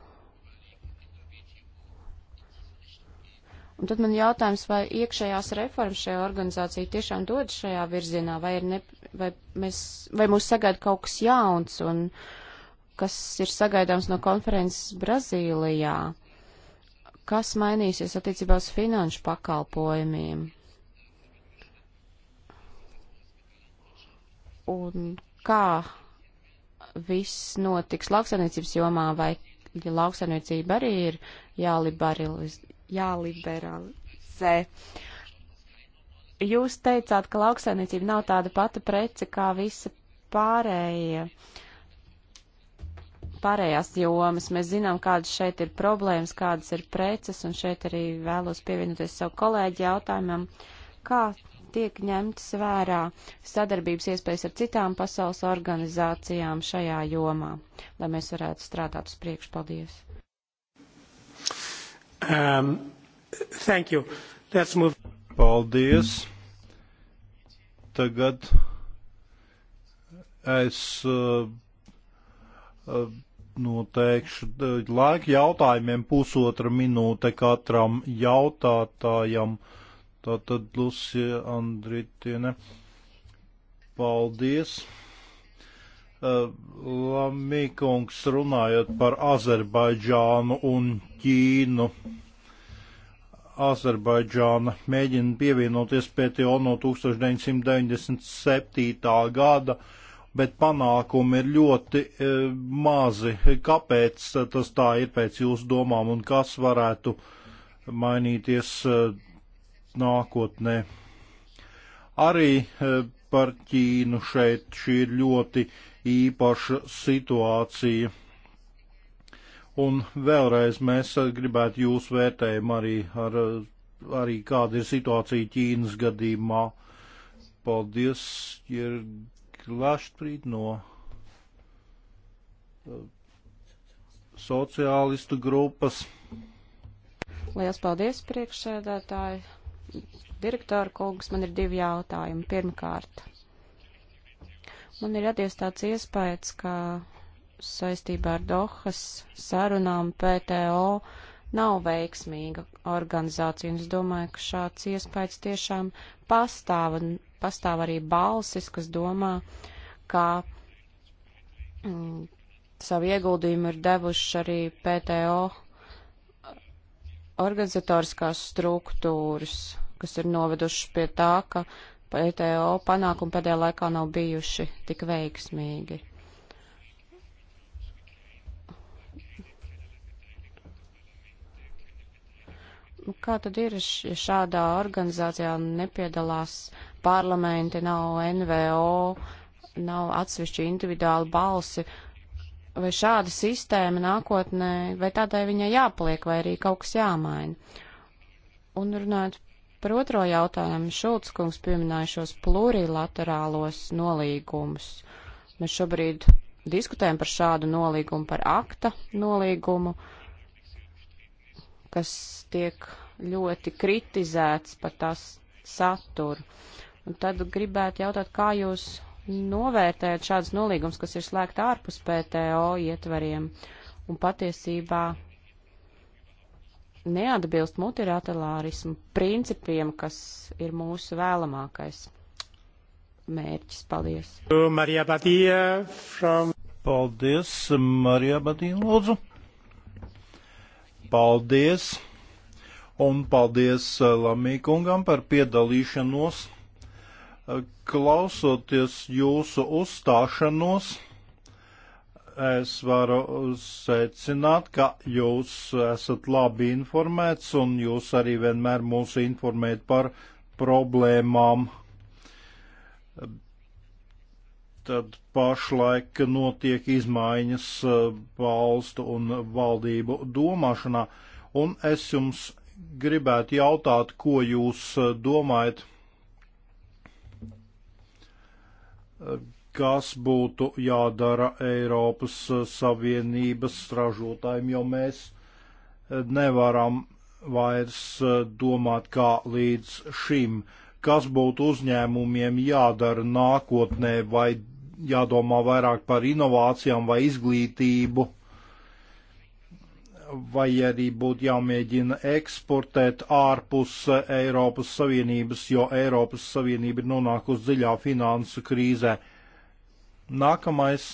Un tad man jautājums, vai iekšējās reformas šajā organizācijā tiešām dod šajā virzienā, vai, ne, vai, mēs, vai mūs sagaida kaut kas jauns un kas ir sagaidāms no konferences Brazīlijā, kas mainīsies attiecībā uz finanšu pakalpojumiem. Un kā viss notiks lauksaimniecības jomā, vai ja lauksaimniecība arī ir jāliberaliz, jāliberalizē. Jūs teicāt, ka lauksainiecība nav tāda pati prece kā visa pārējie. Pārējās jomas. Mēs zinām, kādas šeit ir problēmas, kādas ir preces, un šeit arī vēlos pievienoties savu kolēģi jautājumam, kā tiek ņemtas vērā sadarbības iespējas ar citām pasaules organizācijām šajā jomā, lai mēs varētu strādāt uz priekšu. Paldies! Um, thank you. Let's move. Paldies. Tagad es uh, uh, noteikšu uh, laika jautājumiem pusotra minūte katram jautātājam. Tātad Lucija Andritiene. Paldies. Lamīkungs runājot par Azerbaidžānu un Ķīnu. Azerbaidžāna mēģina pievienoties PTO no 1997. gada, bet panākumi ir ļoti e, mazi. Kāpēc tas tā ir pēc jūsu domām un kas varētu mainīties e, nākotnē? Arī e, par Ķīnu šeit šī ir ļoti īpaša situācija. Un vēlreiz mēs gribētu jūs vērtējumu arī, ar, arī kāda ir situācija Ķīnas gadījumā. Paldies, ir Glaštprīt no uh, sociālistu grupas. Lielas paldies, priekšsēdētāji. Direktora kungs, man ir divi jautājumi. Pirmkārt, Man ir radies tāds iespējas, ka saistībā ar Dohas sarunām PTO nav veiksmīga organizācija, un es domāju, ka šāds iespējas tiešām pastāv, un pastāv arī balsis, kas domā, ka mm, savu ieguldījumu ir devuši arī PTO organizatoriskās struktūras, kas ir novedušas pie tā, ka PTO e panākumi pēdējā laikā nav bijuši tik veiksmīgi. Kā tad ir, ja šādā organizācijā nepiedalās parlamenti, nav NVO, nav atsevišķi individuāli balsi? vai šāda sistēma nākotnē, vai tādai viņai jāpaliek, vai arī kaut kas jāmaina. Un runājot Par otro jautājumu Šulc kungs pieminēja šos plurilaterālos nolīgumus. Mēs šobrīd diskutējam par šādu nolīgumu, par akta nolīgumu, kas tiek ļoti kritizēts par tās saturu. Un tad gribētu jautāt, kā jūs novērtējat šādas nolīgums, kas ir slēgta ārpus PTO ietvariem un patiesībā neatbilst multilaterālismu principiem, kas ir mūsu vēlamākais mērķis. Paldies! Marija Badija from... Paldies, Marija Badija, lūdzu! Paldies! Un paldies eh, Lamīkungam par piedalīšanos. Eh, Klausoties jūsu uzstāšanos, es varu secināt, ka jūs esat labi informēts un jūs arī vienmēr mūs informēt par problēmām. Tad pašlaik notiek izmaiņas e, valstu un valdību domāšanā, un es jums gribētu jautāt, ko jūs e, domājat e, kas būtu jādara Eiropas eh, Savienības ražotājiem, jo mēs eh, nevaram vairs eh, domāt kā līdz šim, kas būtu uzņēmumiem jādara nākotnē vai jādomā vairāk par inovācijām vai izglītību, vai arī būtu jāmēģina eksportēt ārpus Eiropas Savienības, jo Eiropas Savienība ir nonākusi dziļā finansu krīzē. Uh, Nākamais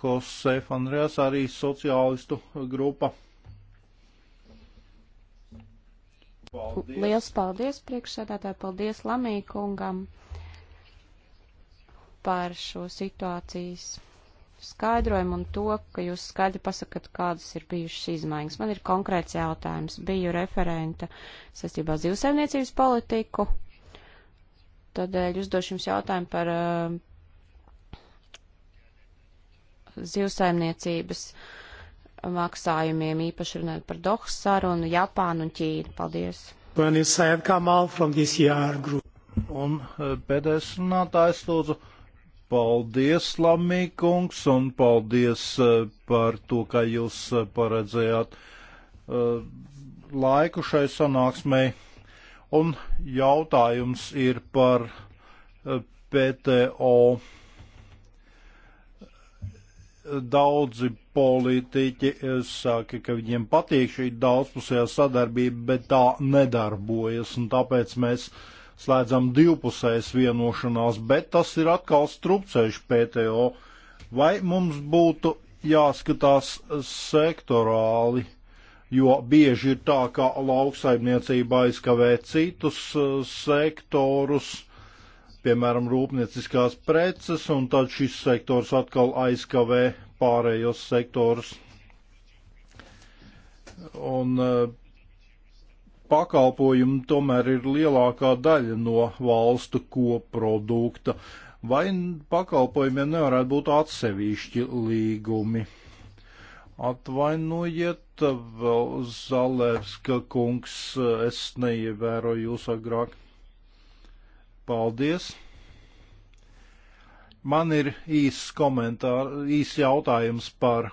Jose Fanrejas arī sociālistu grupa. Paldies. Liels paldies priekšsēdētāji, paldies Lamīkungam par šo situācijas skaidrojumu un to, ka jūs skaidri pasakat, kādas ir bijušas izmaiņas. Man ir konkrēts jautājums. Biju referenta saistībā zivsaimniecības politiku. Tādēļ uzdošu jums jautājumu par uh, zivsaimniecības maksājumiem, īpaši runājot par Dohas sarunu, Japānu un Ķīnu. Paldies! Un e, pēdējais runātājs lūdzu. Paldies, Lamīkungs, un paldies e, par to, ka jūs e, paredzējāt laiku šai sanāksmei. Un jautājums ir par PTO Daudzi politiķi saka, ka viņiem patīk šī daudzpusējā sadarbība, bet tā nedarbojas, un tāpēc mēs slēdzam divpusējas vienošanās, bet tas ir atkal strupceļš PTO. Vai mums būtu jāskatās sektorāli, jo bieži ir tā, ka lauksaimniecībā aizkavē citus eh, sektorus, piemēram, rūpnieciskās preces, un tad šis sektors atkal aizkavē pārējos sektors. Un eh, pakalpojumi tomēr ir lielākā daļa no valstu koprodukta. Vai pakalpojumiem nevarētu būt atsevišķi līgumi? Atvainojiet, vēl Zalevska kungs, eh, es neievēroju jūs agrāk. Paldies! Man ir īsts komentārs, īsts jautājums par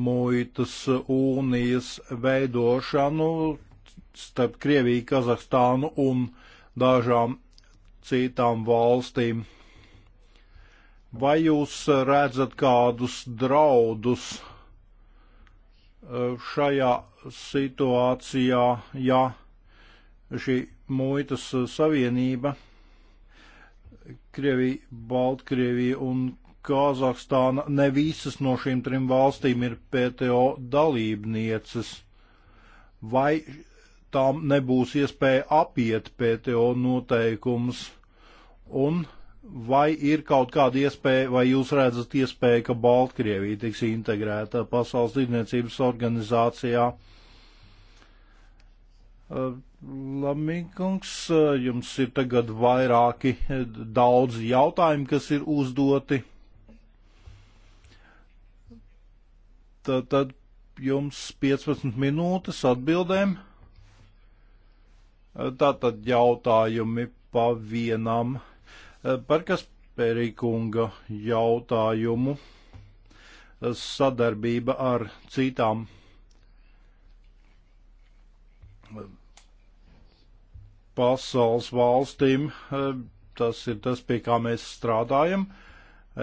muitas unijas veidošanu starp Krieviju, Kazahstānu un dažām citām valstīm. Vai jūs redzat kādus draudus eh, šajā situācijā, ja šī muitas savienība Krievija, Baltkrievija un Kazahstāna ne visas no šīm trim valstīm ir PTO dalībnieces. Vai tām nebūs iespēja apiet PTO noteikumus un vai ir kaut kāda iespēja, vai jūs redzat iespēju, ka Baltkrievija tiks integrēta Pasaules tirdzniecības organizācijā? Uh, Lamīkungs, uh, jums ir tagad vairāki eh, daudzi jautājumi, kas ir uzdoti. Tad, tad jums 15 minūtes atbildēm. Uh, tātad jautājumi pa vienam Eh, par Kaspērīkunga jautājumu eh, sadarbība ar citām eh, pasaules valstīm, tas ir tas, pie kā mēs strādājam.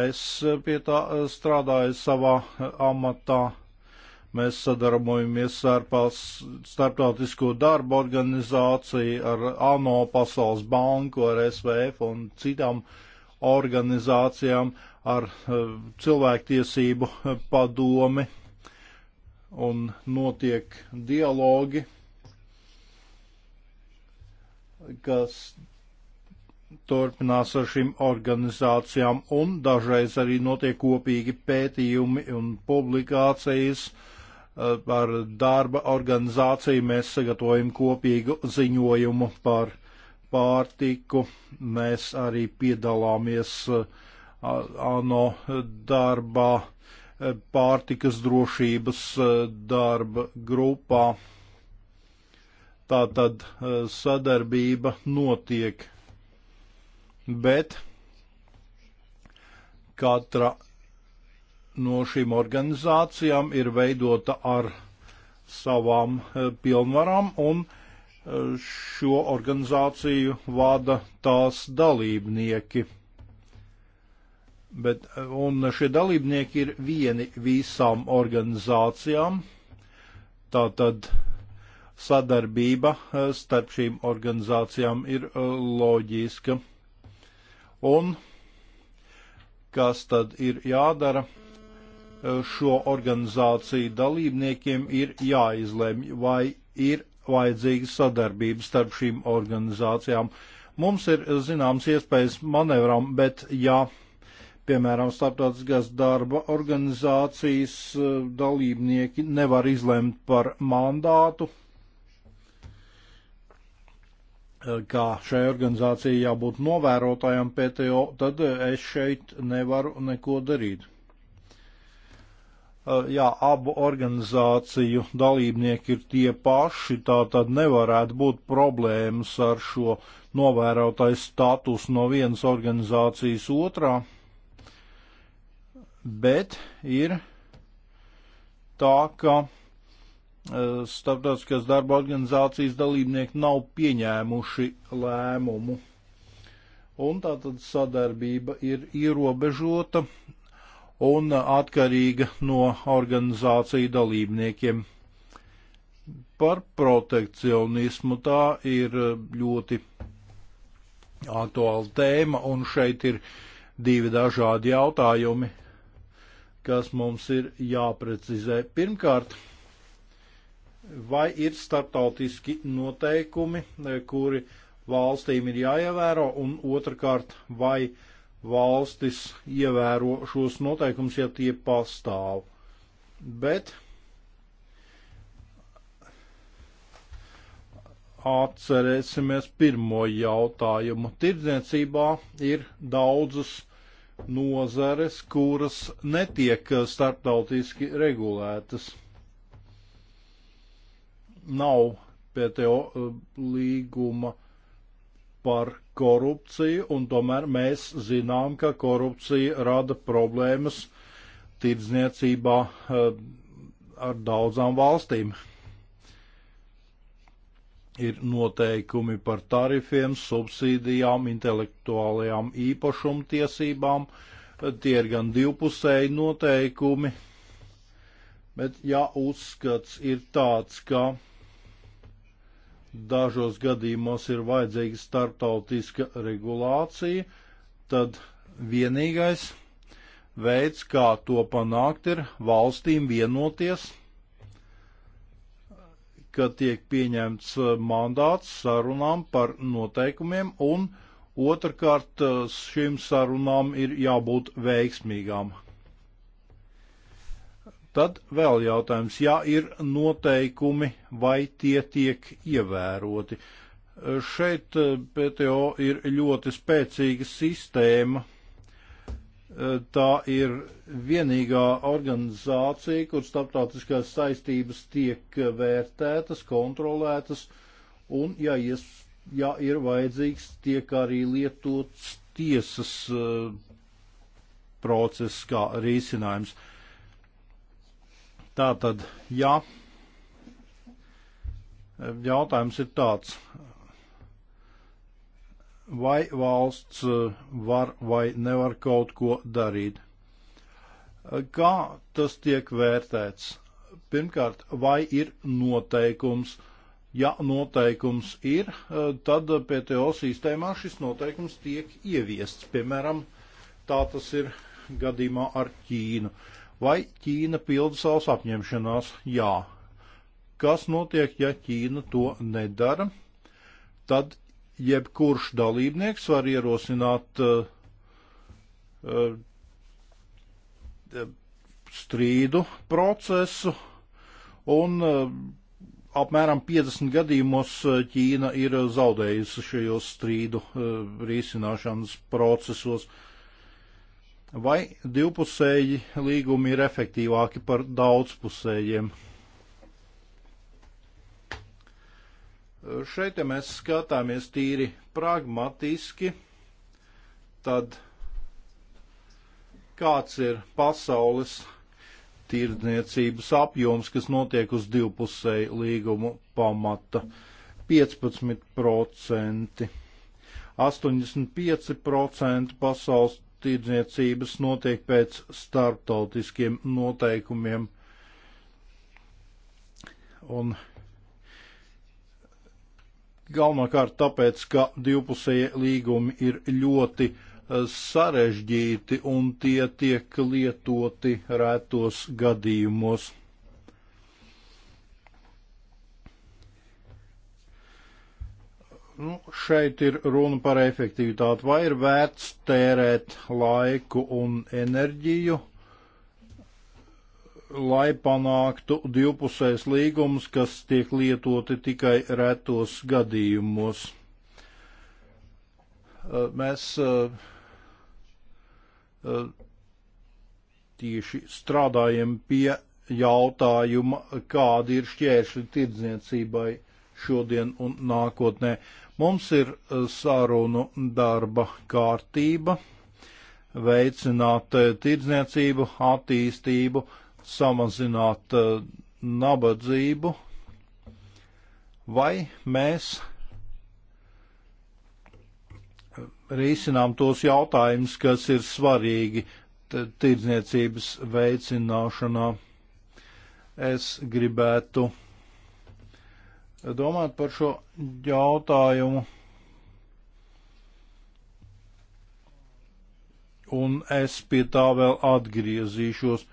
Es pie tā strādāju savā amatā Mēs sadarbojamies ar Startautisko darba organizāciju, ar ANO, Pasaules banku, ar SVF un citām organizācijām, ar eh, cilvēktiesību eh, padomi un notiek dialogi, kas turpinās ar šīm organizācijām, un dažreiz arī notiek kopīgi pētījumi un publikācijas Eh, ar darba organizāciju mēs sagatavojam kopīgu ziņojumu par pārtiku. Mēs arī piedalāmies eh, ANO darbā eh, pārtikas drošības darba grupā. Tātad sadarbība notiek, bet katra no šīm organizācijām ir veidota ar savām e, pilnvarām, un e, šo organizāciju vada tās dalībnieki. Bet, e, un šie dalībnieki ir vieni visām organizācijām. Tātad sadarbība starp šīm organizācijām ir loģiska. Un kas tad ir jādara? E, šo organizāciju dalībniekiem ir jāizlemj, vai ir vajadzīga sadarbība starp šīm organizācijām. Mums ir zināms iespējas manevram, bet ja, piemēram, starptautiskās darba organizācijas e, dalībnieki nevar izlemt par mandātu, e, kā šai organizācijai jābūt novērotājam PTO, tad es šeit nevaru neko darīt. Uh, jā, abu organizāciju dalībnieki ir tie paši, tā tad nevarētu būt problēmas ar šo novērotais status no vienas organizācijas otrā, bet ir tā, ka uh, starptautiskās darba organizācijas dalībnieki nav pieņēmuši lēmumu. Un tātad sadarbība ir ierobežota un atkarīga no organizāciju dalībniekiem. Par protekcionismu tā ir ļoti aktuāla tēma, un šeit ir divi dažādi jautājumi, kas mums ir jāprecizē. Pirmkārt, vai ir startautiski noteikumi, kuri valstīm ir jāievēro, un otrkārt, vai uh, valstis ievēro šos noteikumus, ja tie pastāv. Bet atcerēsimies pirmo jautājumu. Tirdzniecībā ir daudzas nozares, kuras netiek starptautiski regulētas. Nav PTO eh, līguma par korupciju, un tomēr mēs zinām, ka korupcija rada problēmas tirdzniecībā eh, ar daudzām valstīm. Ir noteikumi par tarifiem, subsīdijām, intelektuālajām īpašumtiesībām, eh, tie ir gan divpusēji noteikumi, bet ja uzskats ir tāds, ka dažos gadījumos ir vajadzīga starptautiska regulācija, tad vienīgais veids, kā to panākt, ir valstīm vienoties, ka tiek pieņemts eh, mandāts sarunām par noteikumiem, un otrkārt eh, šīm sarunām ir jābūt veiksmīgām. Tad vēl jautājums, ja ir noteikumi, vai tie tiek ievēroti. Šeit eh, PTO ir ļoti spēcīga sistēma. Eh, tā ir vienīgā organizācija, kur starptautiskās saistības tiek vērtētas, kontrolētas, un, ja, ies, ja ir vajadzīgs, tiek arī lietots tiesas eh, process kā risinājums. Uh, Tātad, jā, jautājums ir tāds, vai valsts eh, var vai nevar kaut ko darīt. Kā tas tiek vērtēts? Pirmkārt, vai ir noteikums? Ja noteikums ir, eh, tad PTO sistēmā šis noteikums tiek ieviests. Piemēram, tā tas ir gadījumā ar Ķīnu. Uh, Vai Ķīna pilda savas apņemšanās? Jā. Kas notiek, ja Ķīna to nedara? Tad jebkurš dalībnieks var ierosināt uh, uh, strīdu procesu, un uh, apmēram 50 gadījumos Ķīna ir zaudējusi šajos strīdu risināšanas procesos. Uh, Vai divpusēji līgumi ir efektīvāki par daudzpusējiem? Šeit, ja mēs skatāmies tīri pragmatiski, tad kāds ir pasaules tirdzniecības apjoms, kas notiek uz divpusēju līgumu pamata? 15%. 85% pasaules tirdzniecības notiek pēc starptautiskiem noteikumiem. Un galvenokārt tāpēc, ka divpusējie līgumi ir ļoti eh, sarežģīti un tie tiek lietoti rētos gadījumos. Nu, šeit ir runa par efektivitāti. Vai ir vērts tērēt laiku un enerģiju, lai panāktu divpusējs līgums, kas tiek lietoti tikai retos gadījumos? Mēs tieši strādājam pie jautājuma, kādi ir šķēršļi tirdzniecībai šodien un nākotnē. Uh, Mums ir eh, sārunu darba kārtība, veicināt eh, tirdzniecību, attīstību, samazināt eh, nabadzību, vai mēs risinām tos jautājumus, kas ir svarīgi tirdzniecības veicināšanā. Es gribētu domāt par šo jautājumu. Un es pie tā vēl atgriezīšos.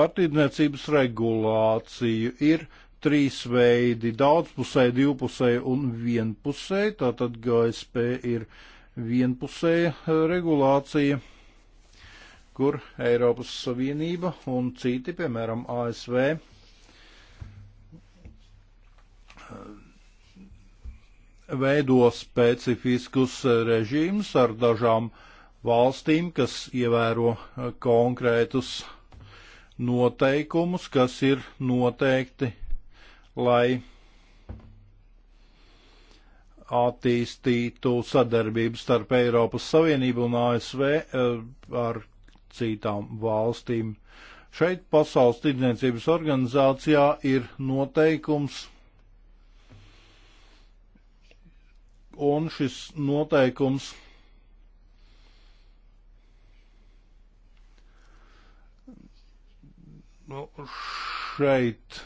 Partīdniecības regulācija ir trīs veidi - daudzpusēji, divpusēji un vienpusēji. Tātad GSP ir vienpusēja regulācija kur Eiropas Savienība un citi, piemēram, ASV, veido specifiskus režīmus ar dažām valstīm, kas ievēro konkrētus noteikumus, kas ir noteikti, lai attīstītu sadarbību starp Eiropas Savienību un ASV eh, ar citām valstīm. Šeit Pasaules tirdzniecības organizācijā ir noteikums, un šis noteikums nu, šeit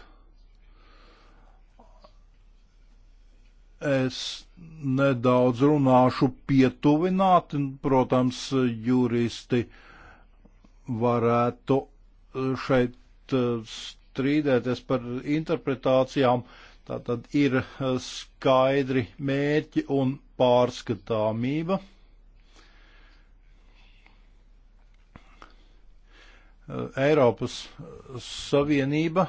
es nedaudz runāšu pietuvināti, protams, juristi uh, varētu e, šeit e, strīdēties par interpretācijām. Tā tad ir e, skaidri mērķi un pārskatāmība. Eiropas Savienība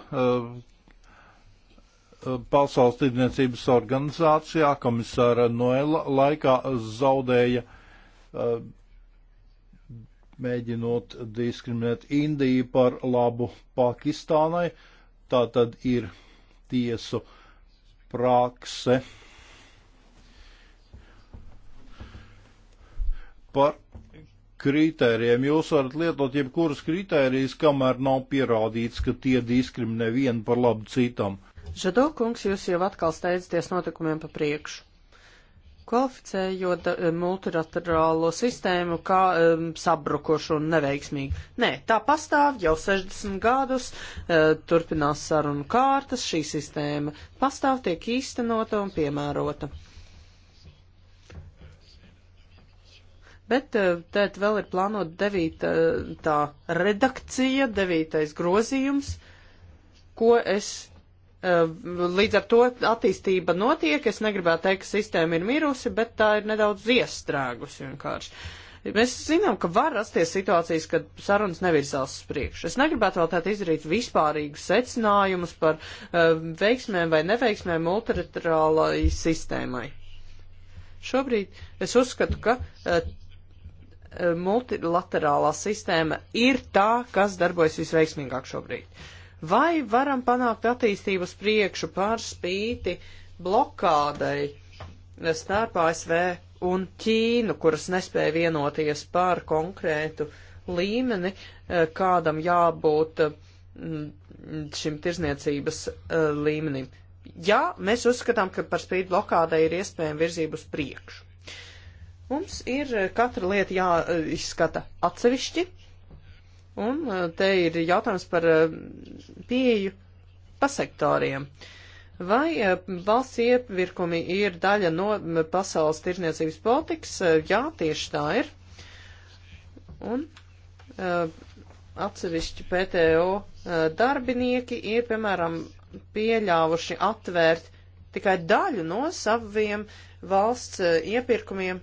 Pasaules tirdzniecības organizācijā komisāra Noela laikā zaudēja mēģinot diskriminēt Indiju par labu Pakistānai. Tā tad ir tiesu prakse. Par kritērijiem jūs varat lietot jebkuras kritērijas, kamēr nav pierādīts, ka tie diskriminē vienu par labu citam. Žado kungs, jūs jau atkal steidzaties notikumiem pa priekšu kvalificējot eh, multilaterālo sistēmu kā um, sabrukošu un neveiksmīgu. Nē, tā pastāv jau 60 gadus, uh, turpinās sarunu kārtas, šī sistēma pastāv, tiek īstenota un piemērota. Bet uh, tēt vēl ir plānota devīta tā redakcija, devītais grozījums, ko es Eh, līdz ar to attīstība notiek. Es negribētu teikt, ka sistēma ir mirusi, bet tā ir nedaudz iestrēgusi vienkārši. Mēs zinām, ka var rasties situācijas, kad sarunas nevirzās uz priekšu. Es negribētu vēl tādā izdarīt vispārīgus secinājumus par uh, veiksmēm vai neveiksmēm multilaterālai sistēmai. Šobrīd es uzskatu, ka uh, multilaterālā sistēma ir tā, kas darbojas visveiksmīgāk šobrīd. Uh, vai varam panākt attīstību uz priekšu pār spīti blokādai starp ASV un Ķīnu, kuras nespēja vienoties par konkrētu līmeni, eh, kādam jābūt eh, šim tirzniecības eh, līmenim. Jā, mēs uzskatām, ka par spīti blokādai ir iespējama virzība uz priekšu. Mums ir katra lieta jāizskata atsevišķi, Un eh, te ir jautājums par eh, pieju pa sektoriem. Vai eh, valsts iepirkumi ir daļa no pasaules tirzniecības politikas? Jā, tieši tā ir. Un atsevišķi PTO darbinieki ir, piemēram, pieļāvuši atvērt tikai daļu no saviem valsts iepirkumiem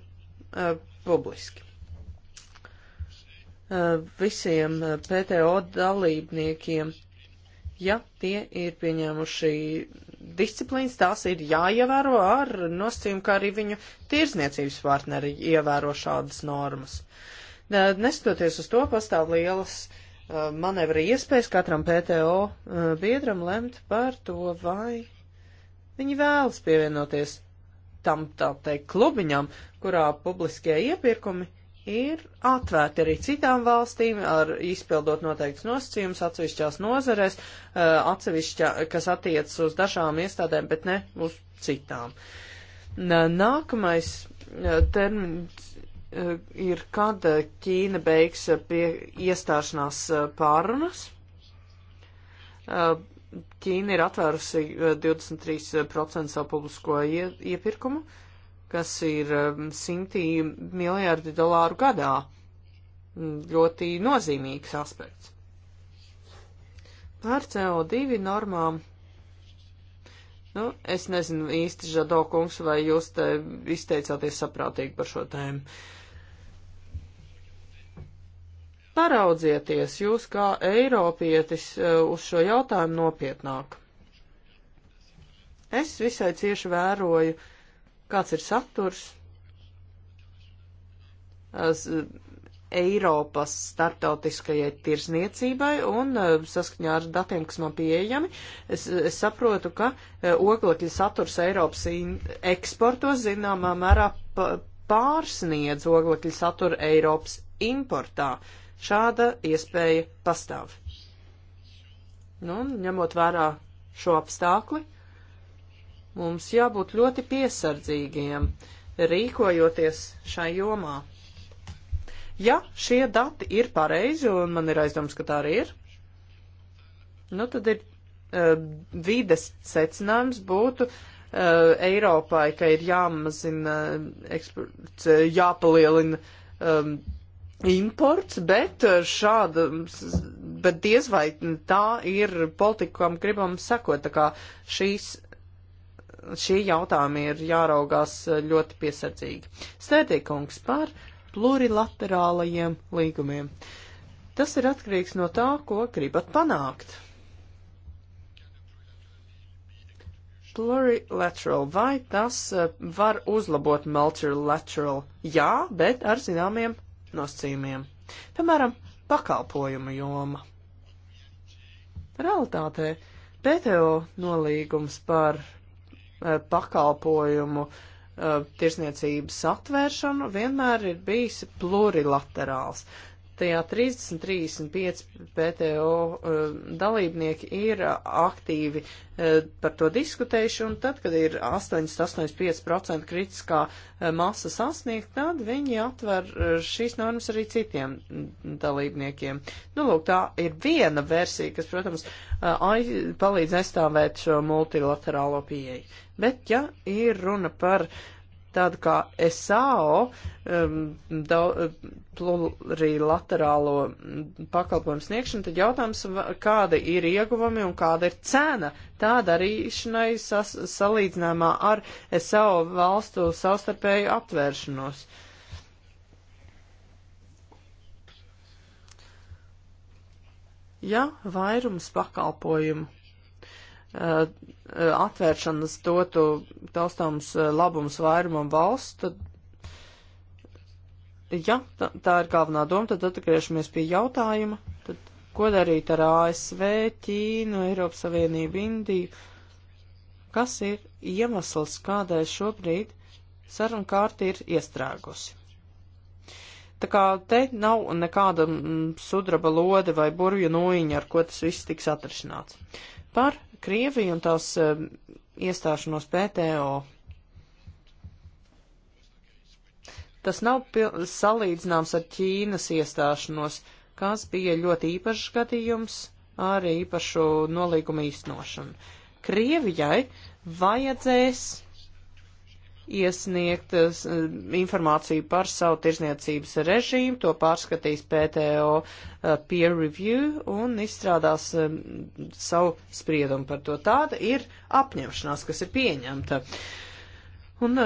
publiski. Uh, visiem uh, PTO dalībniekiem. Ja tie ir pieņēmuši disciplīnas, tās ir jāievēro ar nosacījumu, ka arī viņu tirzniecības partneri ievēro šādas normas. Neskatoties uz to, pastāv lielas uh, manevra iespējas katram PTO biedram lemt par to, vai viņi vēlas pievienoties tam tā teikt klubiņam, kurā publiskie iepirkumi ir atvērti arī citām valstīm, ar izpildot noteikts nosacījums atsevišķās nozarēs, eh, atsevišķā, kas attiecas uz dažām iestādēm, bet ne uz citām. Nākamais eh, termins eh, ir, kad Ķīna beigs pie iestāšanās pārunas. Ķīna ir atvērusi 23% savu publisko iepirkumu kas ir um, simtī miljardi dolāru gadā. Mm, ļoti nozīmīgs aspekts. Par CO2 normām. Nu, es nezinu īsti, Žado kungs, vai jūs te izteicāties saprātīgi par šo tēmu. Paraudzieties jūs kā eiropietis uh, uz šo jautājumu nopietnāk. Es visai cieši vēroju uh, kāds ir saturs es, Eiropas startautiskajai tirsniecībai un eh, saskaņā ar datiem, kas man pieejami, es, es saprotu, ka eh, oglekļa saturs Eiropas eksportos zināmā mērā pārsniedz oglekļa saturu Eiropas importā. Šāda iespēja pastāv. Nu, ņemot vērā šo apstākli, Mums jābūt ļoti piesardzīgiem, rīkojoties šai jomā. Ja šie dati ir pareizi, un man ir aizdoms, ka tā arī ir, nu tad ir uh, vides secinājums būtu uh, Eiropai, ka ir jāmazina eh, eksports, uh, jāpalielina um, imports, bet šāda, bet diez vai tā ir politika, kam gribam sekot, tā kā šīs šī jautājuma ir jāraugās eh, ļoti piesardzīgi. Stētīkungs par plurilaterālajiem līgumiem. Tas ir atkarīgs no tā, ko gribat panākt. Plurilateral, vai tas eh, var uzlabot multilateral? Jā, bet ar zināmiem nosacījumiem. Piemēram, pakalpojumu joma. Realtātē PTO nolīgums par Eh, pakalpojumu eh, tirsniecības atvēršanu vienmēr ir bijis plurilaterāls tajā 30-35 PTO eh, dalībnieki ir aktīvi eh, par to diskutējuši, un tad, kad ir 80-85% kritiskā eh, masa sasniegt, tad viņi atver šīs normas arī citiem mm, dalībniekiem. Nu, lūk, tā ir viena versija, kas, protams, aiz, palīdz aizstāvēt šo multilaterālo pieeju. Bet, ja ir runa par uh, tāda kā SAO, um, plurilaterālo pakalpojumu sniegšanu, tad jautājums, kāda ir ieguvumi un kāda ir cena tā darīšanai sas, salīdzināmā ar SAO valstu savstarpēju aptvēršanos. Ja vairums pakalpojumu Uh, atvēršanas dotu taustāms uh, labums vairumam valsts, tad, ja tā, tā ir galvenā doma, tad atgriežamies pie jautājuma, tad ko darīt ar ASV, Ķīnu, Eiropas Savienību, Indiju, kas ir iemesls, kādēļ šobrīd saruna kārta ir iestrēgusi. Tā kā te nav nekāda mm, sudraba lode vai burvju nūjiņa, ar ko tas viss tiks atrišināts. Par Krieviju un tās um, eh, iestāšanos PTO. Tas nav salīdzināms ar Ķīnas iestāšanos, kas bija ļoti īpašs gadījums ar īpašu nolīgumu īstenošanu. Krievijai vajadzēs iesniegt eh, informāciju par savu tirzniecības režīmu, to pārskatīs PTO eh, peer review un izstrādās eh, savu spriedumu par to. Tāda ir apņemšanās, kas ir pieņemta. Un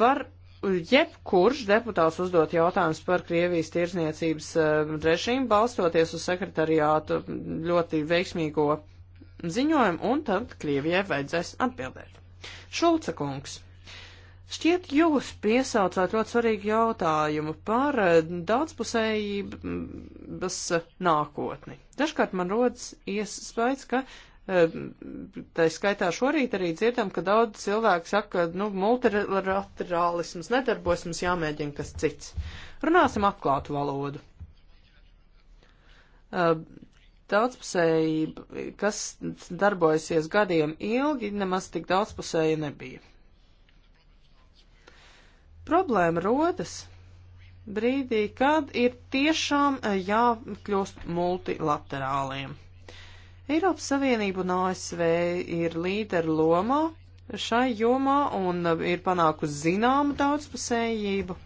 var jebkurš deputāts uzdot jautājumus par Krievijas tirzniecības režīmu, balstoties uz sekretariātu ļoti veiksmīgo ziņojumu, un tad Krievijai vajadzēs atbildēt. Šulca kungs. Šķiet, jūs piesaucāt ļoti svarīgu jautājumu par eh, daudzpusējības eh, nākotni. Dažkārt man rodas iespējas, ka eh, tā skaitā šorīt arī dzirdam, ka daudz cilvēku saka, ka nu, multilaterālisms nedarbojas, mums jāmēģina kas cits. Runāsim atklātu valodu. Daudzpusējība, kas darbojasies gadiem ilgi, nemaz tik daudzpusēja nebija. Problēma rodas brīdī, kad ir tiešām eh, jākļūst multilaterāliem. Eiropas Savienība un ASV ir līderi lomā šai jomā un eh, ir panākusi zināmu daudzpusējību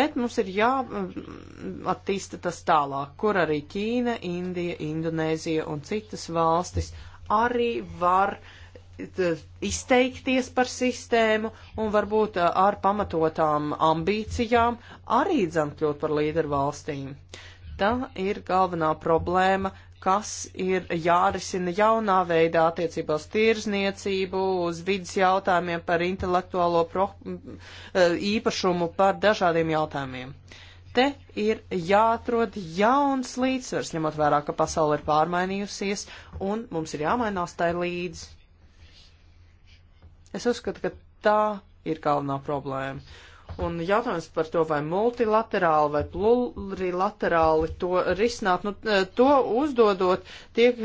bet mums ir jāattīsta mm, tas tālāk, kur arī Ķīna, Indija, Indonēzija un citas valstis arī var izteikties par sistēmu un varbūt ar pamatotām ambīcijām arī dzem kļūt par līderu valstīm. Tā ir galvenā problēma, kas ir jārisina jaunā veidā attiecībā uz tirzniecību, uz vidas jautājumiem, par intelektuālo pro, īpašumu, par dažādiem jautājumiem. Te ir jāatrod jauns līdzsvars, ņemot vērā, ka pasaule ir pārmainījusies un mums ir jāmainās tai līdzi. Es uzskatu, ka tā ir galvenā problēma. Un jautājums par to, vai multilaterāli vai plurilaterāli to risināt, nu, to uzdodot, tiek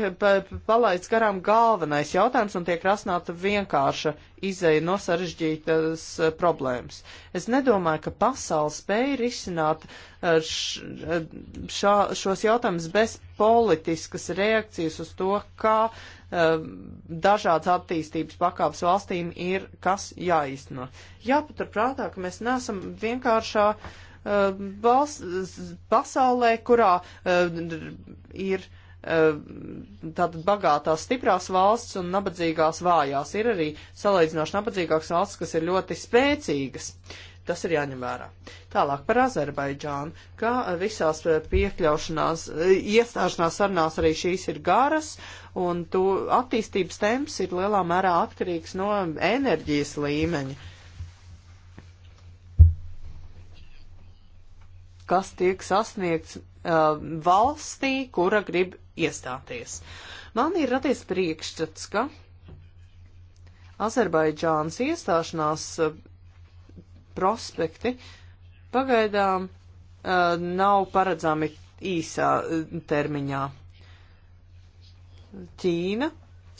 palaists garām galvenais jautājums un tiek rasnāta vienkārša izēja no sarežģītas eh, problēmas. Es nedomāju, ka pasauli spēja risināt eh, eh, šā, šos jautājumus bez politiskas reakcijas uz to, kā dažādas attīstības pakāpes valstīm ir kas jāizno. Jāpaturprātā, ka mēs neesam vienkāršā valsts, pasaulē, kurā ir Eh, tātad bagātās stiprās valsts un nabadzīgās vājās. Ir arī salīdzinoši nabadzīgākas valsts, kas ir ļoti spēcīgas. Tas ir jāņem vērā. Tālāk par Azerbaidžānu, kā visās piekļaušanās, iestāšanās sarunās arī šīs ir garas, un to attīstības temps ir lielā mērā atkarīgs no enerģijas līmeņa. Kas tiek sasniegts uh, valstī, kura grib iestāties. Man ir radies priekšstats, ka Azerbaidžānas iestāšanās uh, prospekti pagaidām uh, nav paredzami īsā uh, termiņā. Ķīna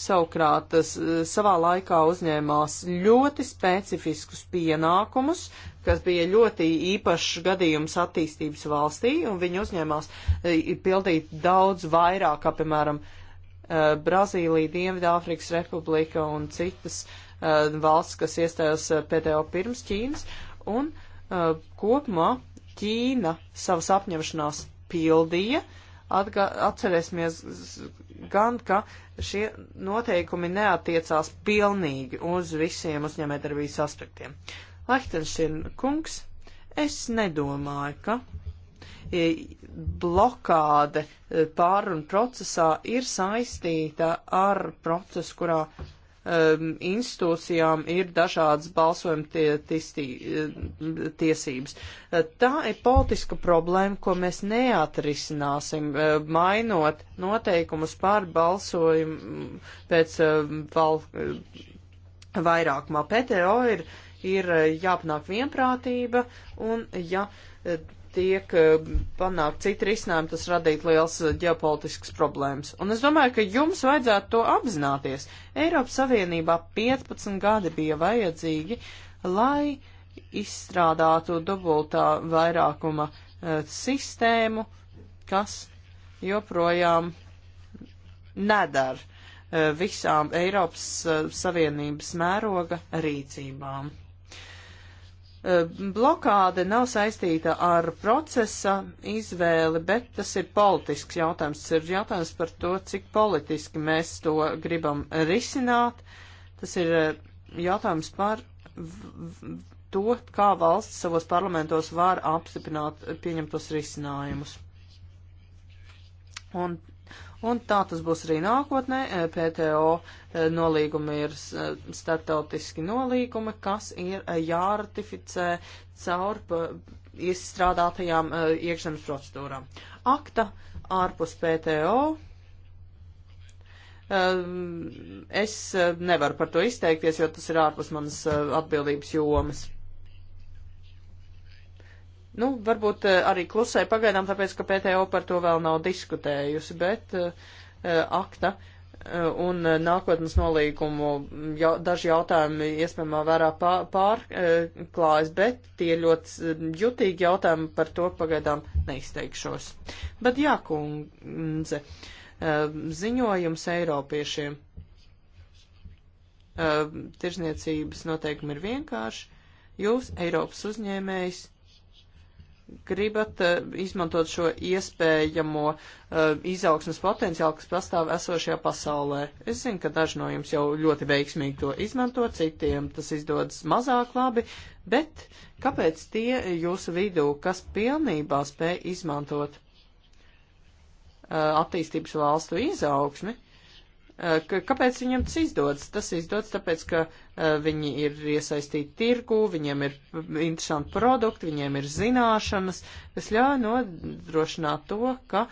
savukārt savā laikā uzņēmās ļoti specifiskus pienākumus, kas bija ļoti īpašs gadījums attīstības valstī, un viņi uzņēmās e, pildīt daudz vairāk, kā piemēram e, Brazīlija, Dienvidāfrikas Republika un citas e, valsts, kas iestājās pēdējo pirms Ķīnas, un kopumā Ķīna savas apņemšanās pildīja, uh, Atga atcerēsimies gan, ka šie noteikumi neatiecās pilnīgi uz visiem uzņēmējdarbības aspektiem. Lehtenšina kungs, es nedomāju, ka e, blokāde e, pārunu procesā ir saistīta ar procesu, kurā um, institūcijām ir dažādas balsojuma tie, tistī, um, tiesības. Uh, tā ir politiska problēma, ko mēs neatrisināsim, uh, mainot noteikumus par balsojumu pēc um, val, uh, vairākumā. PTO ir, ir jāpanāk vienprātība un ja tiek eh, panākt citi risinājumi, tas radītu liels eh, ģeopolitisks problēmas. Un es domāju, ka jums vajadzētu to apzināties. Eiropas Savienībā 15 gadi bija vajadzīgi, lai izstrādātu dubultā vairākuma eh, sistēmu, kas joprojām nedara visām Eiropas Savienības mēroga rīcībām. Eh, blokāde nav saistīta ar procesa izvēli, bet tas ir politisks jautājums. Tas ir jautājums par to, cik politiski mēs to gribam risināt. Tas ir eh, jautājums par to, kā valsts savos parlamentos var apstiprināt eh, pieņemtos risinājumus. Un Un tā tas būs arī nākotnē. E, PTO e, nolīgumi ir e, startautiski nolīgumi, kas ir jāratificē caur izstrādātajām iekšzemes procedūrām. Akta ārpus PTO. Es nevaru par to izteikties, jo tas ir ārpus manas atbildības jomas. Nu, varbūt eh, arī klusē pagaidām, tāpēc, ka PTO par to vēl nav diskutējusi, bet uh, akta un nākotnes nolīgumu jau, daži jautājumi iespējamā vērā pārklājas, bet tie ļoti jutīgi jautājumi par to pagaidām neizteikšos. Bet jā, kundze, ziņojums Eiropiešiem. Tirzniecības noteikumi ir vienkārši. Jūs, Eiropas uzņēmējs, gribat eh, izmantot šo iespējamo eh, izaugsmas potenciālu, kas pastāv esošajā pasaulē? Es zinu, ka daži no jums jau ļoti veiksmīgi to izmanto, citiem tas izdodas mazāk labi, bet kāpēc tie jūsu vidū, kas pilnībā spēj izmantot eh, attīstības valstu izaugsmi, Eh, K kāpēc viņiem tas izdodas? Tas izdodas tāpēc, ka uh, viņi ir iesaistīti tirgu, viņiem ir interesanti produkti, viņiem ir zināšanas, kas ļauj nodrošināt to, ka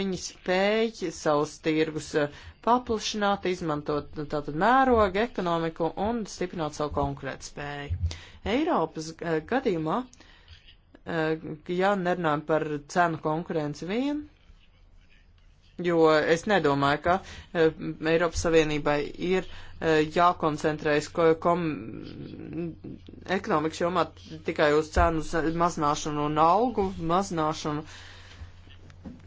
viņi spēj savus tirgus uh, paplašināt, izmantot nu, tātad mērogu, ekonomiku un stiprināt savu konkurētspēju. Eiropas uh, gadījumā, ja nerunājam par cenu konkurenci vienu, jo es nedomāju, ka uh, Eiropas Savienībai ir uh, jākoncentrējas ko, kom, ekonomikas jomā tikai uz cenu mazināšanu un algu mazināšanu.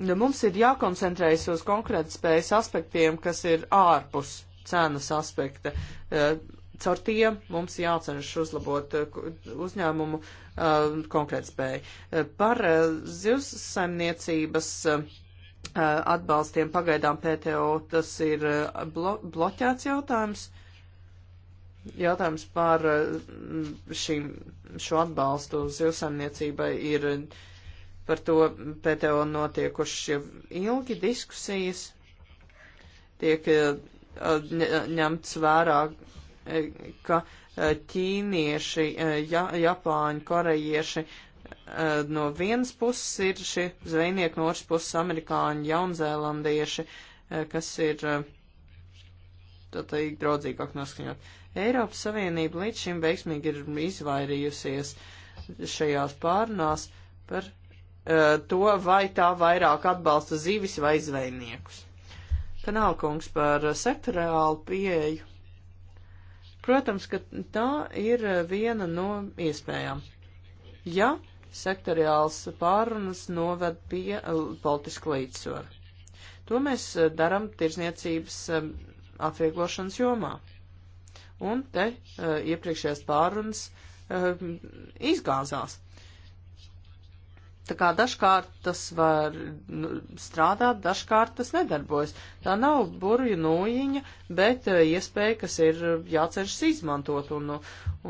Nu, mums ir jākoncentrējas uz konkrētas spējas aspektiem, kas ir ārpus cenas aspekta. Uh, caur tiem mums jācenš uzlabot uzņēmumu konkrētspēju. Par zivsaimniecības uh, Uh, atbalstiem pagaidām PTO. Tas ir uh, blo bloķēts jautājums. Jautājums par uh, šīm, šo atbalstu zivsaimniecībai ir par to PTO notiekušas jau ilgi diskusijas. Tiek ņemts vērā, ka ķīnieši, ja, japāņi, korejieši Eh, no vienas puses ir šie zvejnieki, no otras puses amerikāņi, jaunzēlandieši, eh, kas ir eh, tātad draudzīgāk noskaņot. Eiropas Savienība līdz šim veiksmīgi ir izvairījusies šajās pārunās par uh, to, vai tā vairāk atbalsta zivis vai zvejniekus. Kanālkungs par sektoriālu pieeju. Protams, ka tā ir viena no iespējām. Ja sektoriāls pārunas noved pie eh, politiska līdzsvara. To mēs eh, darām tirzniecības eh, atvieglošanas jomā. Un te iepriekšējās pārunas izgāzās. Tā kā dažkārt tas var nu, strādāt, dažkārt tas nedarbojas. Tā nav burvju nūjiņa, bet iespēja, kas ir jācenšas izmantot. Un, nu,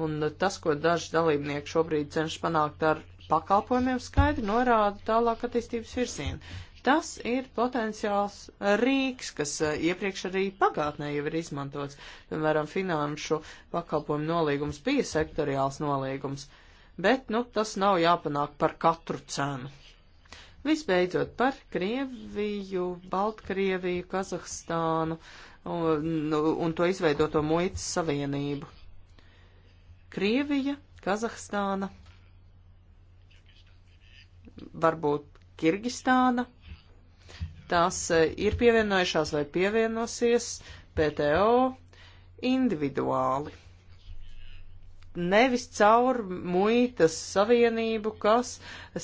un tas, ko daži dalībnieki šobrīd cenšas panākt ar pakalpojumiem skaidri norāda tālāk attīstības virsienu. Tas ir potenciāls rīks, kas eh, iepriekš arī pagātnē jau ir izmantots. Piemēram, finanšu pakalpojumu nolīgums bija sektoriāls nolīgums, bet, nu, tas nav jāpanāk par katru cenu. Visbeidzot par Krieviju, Baltkrieviju, Kazahstānu un, nu, un to izveidoto muitas savienību. Krievija, Kazahstāna varbūt Kirgistāna. Tās e, ir pievienojušās vai pievienosies PTO individuāli. Nevis caur muitas savienību, kas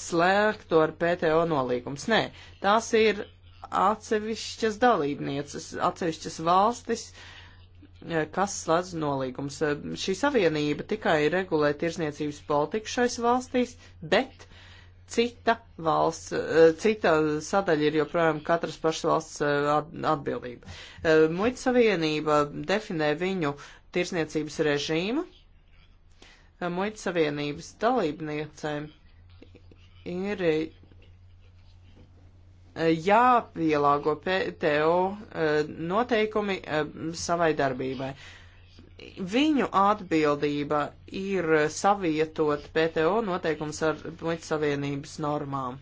slēgtu ar PTO nolīgums. Nē, tās ir atsevišķas dalībnieces, atsevišķas valstis, e, kas slēdz nolīgums. E, šī savienība tikai regulē tirzniecības politiku šais valstīs, bet cita valsts, eh, cita sadaļa ir joprojām katras pašas valsts eh, atbildība. Eh, muitas savienība definē viņu tirsniecības režīmu. Muitas savienības dalībniecēm ir jāpielāgo PTO noteikumi savai darbībai. Uh, viņu atbildība ir savietot PTO noteikums ar muitas savienības normām.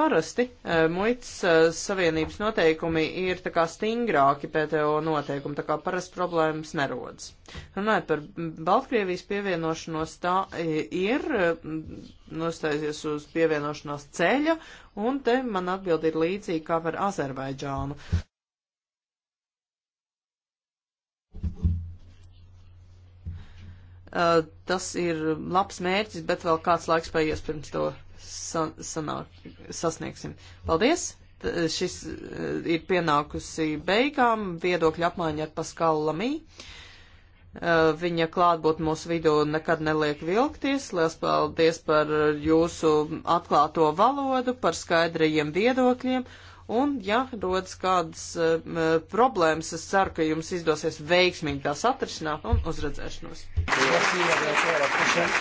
Parasti muitas savienības noteikumi ir tā kā stingrāki PTO noteikumi, tā kā parasti problēmas nerodas. Runājot par Baltkrievijas pievienošanos, tā ir nostājusies uz pievienošanās ceļa, un te man atbild ir līdzīgi kā par Azerbaidžānu. Uh, tas ir labs mērķis, bet vēl kāds laiks paies pirms to sa sanāk, sasniegsim. Paldies! T eh, šis uh, ir pienākusi beigām viedokļa apmaiņa ar Paskalu Lamī. Uh, viņa klātbūt mūsu vidū nekad neliek vilkties. Lielas paldies par jūsu atklāto valodu, par skaidrajiem viedokļiem. Un, ja rodas kādas um, problēmas, es ceru, ka jums izdosies veiksmīgi tās atrisināt un uzredzēšanos. Paldies.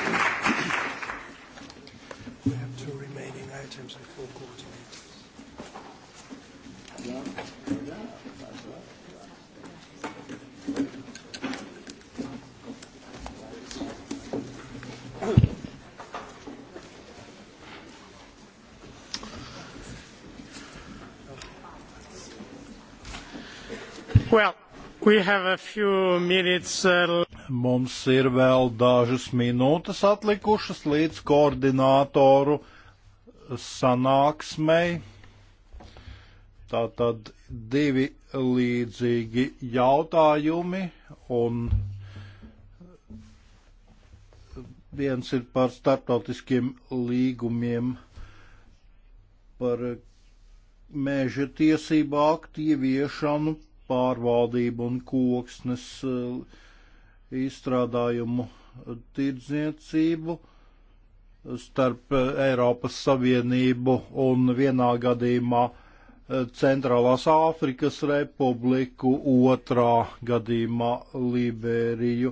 Well, we have a few minutes. Uh... Mums ir vēl dažas minūtes atlikušas līdz koordinātoru sanāksmei. Tātad divi līdzīgi jautājumi un viens ir par starptautiskiem līgumiem par mēža tiesību aktu ieviešanu pārvaldību un koksnes eh, izstrādājumu eh, tirdzniecību starp eh, Eiropas Savienību un vienā gadījumā Centrālās Āfrikas Republiku, otrā gadījumā Liberiju.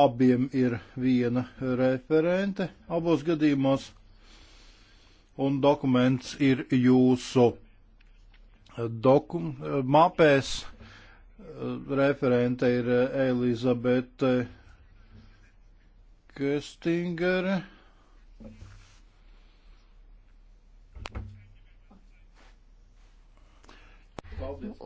Abiem ir viena referente abos gadījumos, un dokuments ir jūsu dokum mapēs referente ir Elizabete Köstingere.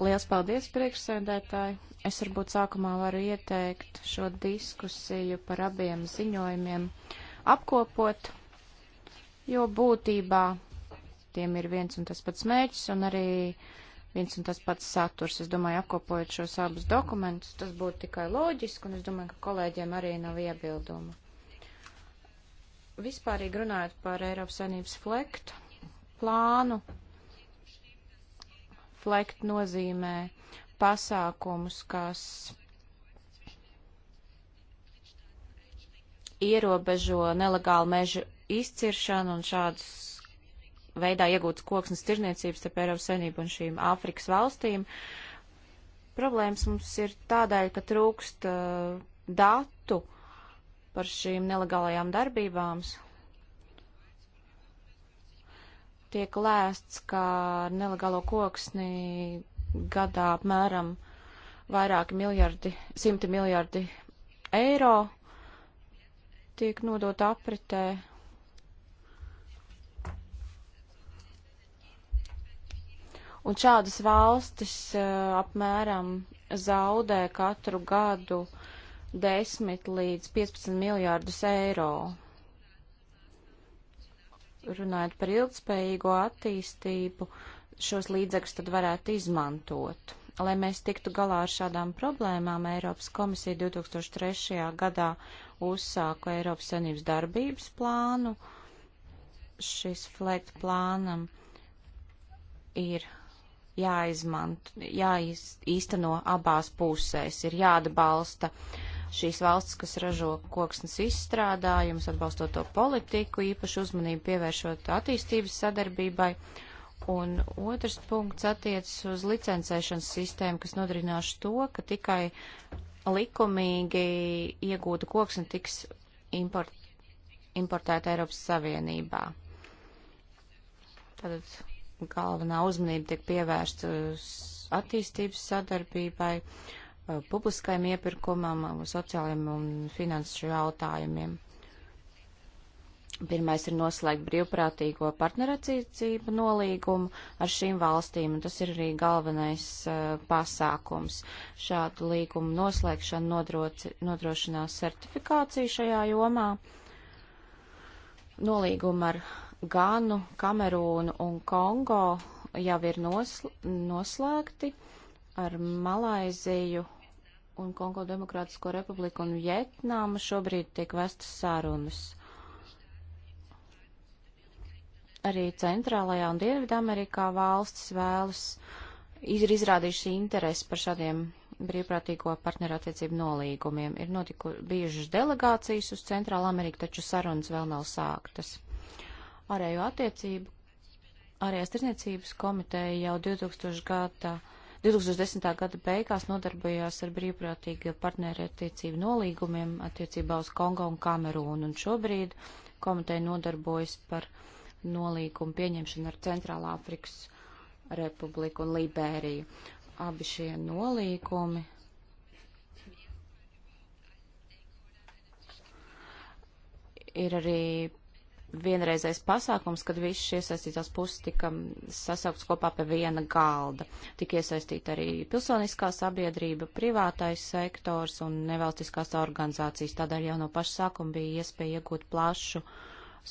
Lielas paldies, priekšsēdētāji! Es varbūt sākumā varu ieteikt šo diskusiju par abiem ziņojumiem apkopot, jo būtībā tiem ir viens un tas pats mērķis, un arī viens un tas pats saturs. Es domāju, apkopojot šos abus dokumentus, tas būtu tikai loģiski, un es domāju, ka kolēģiem arī nav iebildumu. Vispārīgi runājot par Eiropas Savienības flektu plānu, flekt nozīmē pasākumus, kas ierobežo nelegālu mežu izciršanu un šādus veidā iegūts koksnes tirzniecības starp Eiropas Savienību un šīm Āfrikas valstīm. Problēmas mums ir tādēļ, ka trūkst uh, datu par šīm nelegālajām darbībām. Tiek lēsts, ka nelegālo koksni gadā apmēram vairāki miljardi, simti miljardi eiro tiek nodot apritē Un šādas valstis eh, apmēram zaudē katru gadu 10 līdz 15 miljārdus eiro. Runājot par ilgspējīgo attīstību, šos līdzekļus tad varētu izmantot. Lai mēs tiktu galā ar šādām problēmām, Eiropas komisija 2003. gadā uzsāka Eiropas Savienības darbības plānu. Šis flekt plānam ir jāizmant, jāīsteno abās pusēs, ir jāatbalsta šīs valsts, kas ražo koksnes izstrādājumus, atbalstot to politiku, īpaši uzmanību pievēršot attīstības sadarbībai. Un otrs punkts attiecas uz licencēšanas sistēmu, kas nodrināšu to, ka tikai likumīgi iegūta koksne tiks import, importēta Eiropas Savienībā. Tātad galvenā uzmanība tiek pievērsta attīstības sadarbībai, uh, publiskajam iepirkumam, uh, sociālajiem un finanšu jautājumiem. Pirmais ir noslēgt brīvprātīgo partneracīcību nolīgumu ar šīm valstīm, un tas ir arī galvenais uh, pasākums. Šādu līgumu noslēgšana nodroci, nodrošinās certifikāciju šajā jomā. Nolīguma ar Ganu, Kamerūnu un Kongo jau ir nosl noslēgti ar Malaiziju un Kongo Demokrātisko republiku un Vietnamu. Šobrīd tiek vestas sarunas. Arī Centrālajā un Dienvidamerikā valstis vēlas ir izrādījuši interesi par šādiem brīvprātīgo partnerattiecību nolīgumiem. Ir notiku bijušas delegācijas uz Centrālu Ameriku, taču sarunas vēl nav sāktas ārējo attiecību, ārējās tirniecības komiteja jau 2000 gada, 2010. gada beigās nodarbojās ar brīvprātīgu partnerattiecību nolīgumiem attiecībā uz Kongo un Kamerūnu, un šobrīd komiteja nodarbojas par nolīgumu pieņemšanu ar Centrālā Afrikas Republiku un Libēriju. Abi šie nolīgumi ir arī vienreizais pasākums, kad visas šīs iesaistītās puses tika sasauktas kopā pie viena galda. Tika iesaistīta arī pilsoniskā sabiedrība, privātais sektors un nevalstiskās organizācijas. Tādēļ jau no paša sākuma bija iespēja iegūt plašu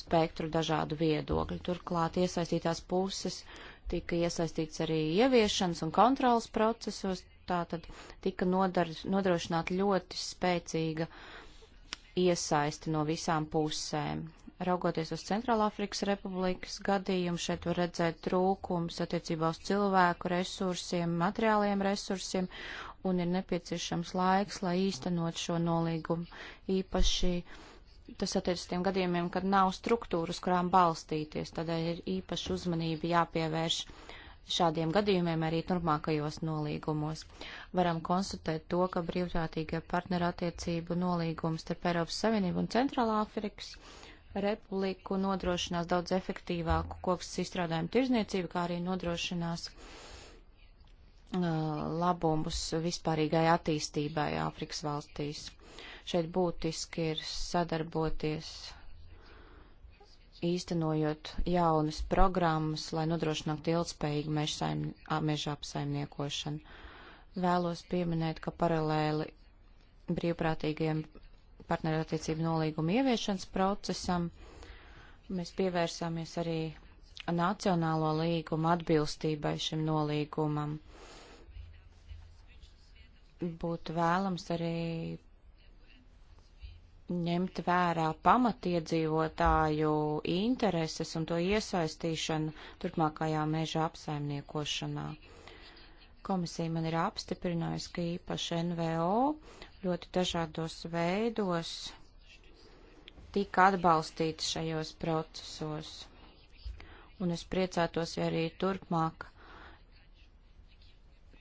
spektru dažādu viedokļu. Turklāt iesaistītās puses tika iesaistīts arī ieviešanas un kontrolas procesos, tātad tika nodar, nodrošināta ļoti spēcīga iesaisti no visām pusēm. Raugoties uz Centrālāfrikas Republikas gadījumu, šeit var redzēt trūkums attiecībā uz cilvēku resursiem, materiāliem resursiem, un ir nepieciešams laiks, lai īstenot šo nolīgumu. Īpaši tas attiecas tiem gadījumiem, kad nav struktūras, kurām balstīties, tādēļ ir īpaši uzmanība jāpievērš šādiem gadījumiem arī turpmākajos nolīgumos. Varam konstatēt to, ka brīvprātīgie partnerattiecību nolīgums starp Eiropas Savienību un Centrālāfrikas Republiku republiku nodrošinās daudz efektīvāku koks izstrādājumu tirzniecību, kā arī nodrošinās uh, labumus vispārīgai attīstībai Āfrikas valstīs. Šeit būtiski ir sadarboties, īstenojot jaunas programmas, lai nodrošinātu ilgspējīgu meža apsaimniekošanu. Vēlos pieminēt, ka paralēli brīvprātīgajiem partnerattiecību nolīgumu ieviešanas procesam. Mēs pievērsāmies arī nacionālo līgumu atbilstībai šim nolīgumam. Būtu vēlams arī ņemt vērā pamatiedzīvotāju intereses un to iesaistīšanu turpmākajā meža apsaimniekošanā. Komisija man ir apstiprinājusi, ka īpaši NVO ļoti dažādos veidos tika atbalstīti šajos procesos. Un es priecātos, ja arī turpmāk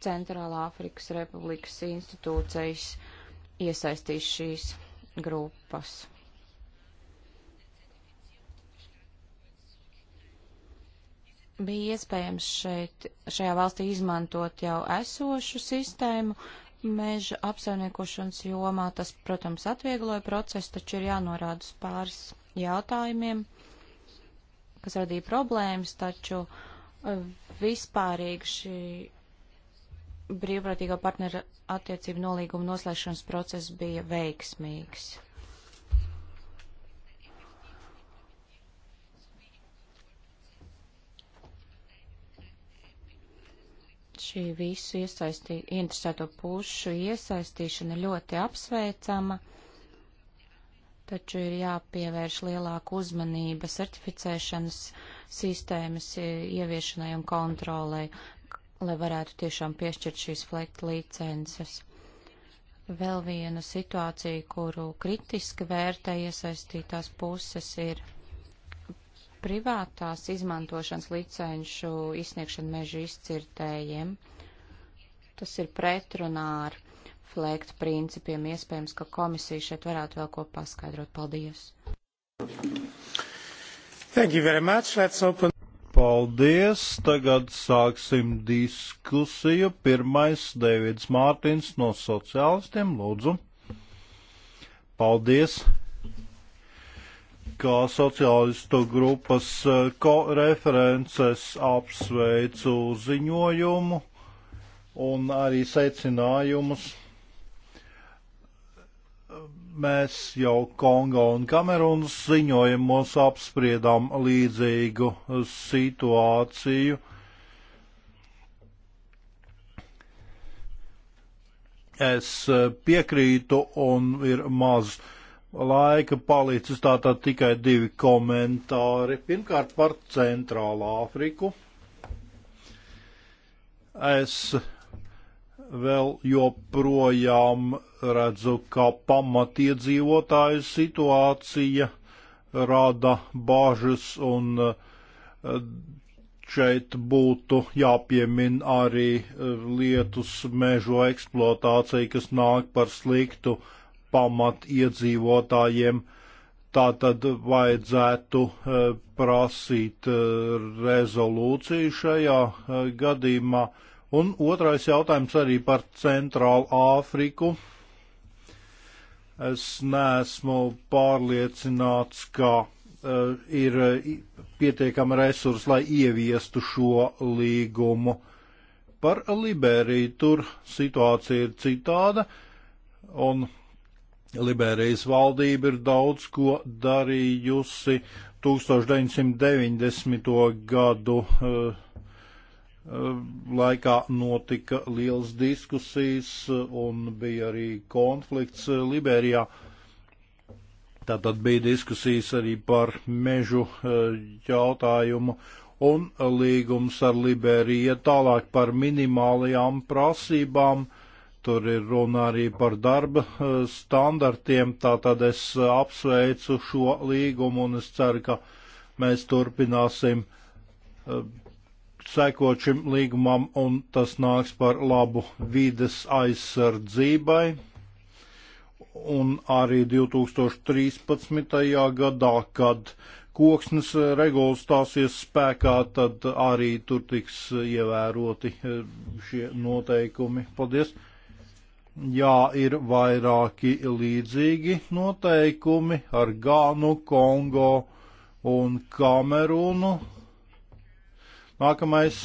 Centrālā Afrikas Republikas institūcijas iesaistīs šīs grupas. Bija iespējams šeit, šajā valstī izmantot jau esošu sistēmu, uh, meža apsaimniekošanas jomā. Tas, protams, atviegloja procesu, taču ir jānorāda uz pāris jautājumiem, kas radīja problēmas, taču eh, vispārīgi šī brīvprātīgā partnera attiecību nolīguma noslēgšanas process bija veiksmīgs. Šī visu iesaistī, interesēto pušu iesaistīšana ļoti apsveicama, taču ir jāpievērš lielāka uzmanība certificēšanas sistēmas ieviešanai un kontrolai, lai varētu tiešām piešķirt šīs flekt licences. Vēl viena situācija, kuru kritiski vērtē iesaistītās puses, ir privātās izmantošanas licenšu izsniegšanu mežu izcirtējiem. Tas ir pretrunā ar flēkt principiem. Iespējams, ka komisija šeit varētu vēl ko paskaidrot. Paldies! Thank you very much. Let's open. Paldies! Tagad sāksim diskusiju. Pirmais Dēvids Mārtiņš no sociālistiem. Lūdzu! Paldies! kā sociālistu grupas eh, references apsveicu ziņojumu un arī secinājumus. Mēs jau Kongo un Kamerūnas ziņojumos apspriedām līdzīgu eh, situāciju. Es eh, piekrītu un ir maz uh, laika palicis tātad tikai divi komentāri. Pirmkārt par Centrālā Āfriku. Es vēl joprojām redzu, ka pamatiedzīvotāju situācija rada bāžas un eh, šeit būtu jāpiemin arī eh, lietus mežu eksploatācija, kas nāk par sliktu uh, pamatiedzīvotājiem. Tā tad vajadzētu eh, prasīt eh, rezolūciju šajā eh, gadījumā. Un otrais jautājums arī par Centrālu Āfriku. Es neesmu pārliecināts, ka uh, ir pietiekama resursa, lai ieviestu šo līgumu. Par Liberiju tur situācija ir citāda, un Liberijas valdība ir daudz ko darījusi 1990. gadu eh, eh, laikā notika liels diskusijas eh, un bija arī konflikts Liberijā. Tātad bija diskusijas arī par mežu jautājumu un līgums ar Liberiju tālāk par minimālajām prasībām. Uh, Tur ir runa arī par darba eh, standartiem, tātad es apsveicu šo līgumu un es ceru, ka mēs turpināsim eh, sekot šim līgumam un tas nāks par labu vides aizsardzībai. Un arī 2013. gadā, kad koksnes regula stāsies spēkā, tad arī tur tiks ievēroti eh, šie noteikumi. Paldies! jā, ir vairāki līdzīgi noteikumi ar Gānu, Kongo un Kamerunu. Nākamais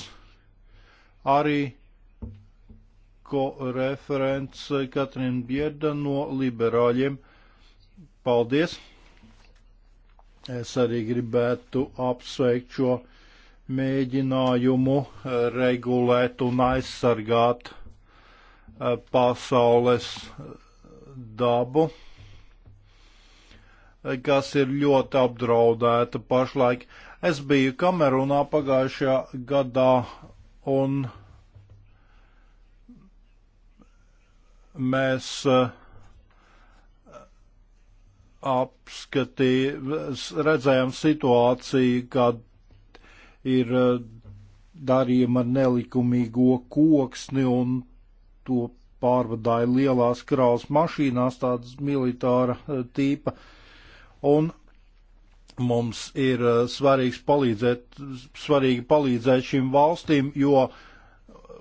arī ko referents Katrina Bierda no liberāļiem. Paldies! Es arī gribētu apsveikt šo mēģinājumu regulēt un aizsargāt Eh, pasaules dabu, eh, kas ir ļoti apdraudēta pašlaik. Es biju Kamerunā pagājušajā gadā un mēs eh, apskatījām, redzējām situāciju, kad ir darījuma nelikumīgo koksni un to pārvadāja lielās kravas mašīnās, tādas militāra e, tīpa. Un mums ir e, svarīgs palīdzēt, svarīgi palīdzēt šīm valstīm, jo, e,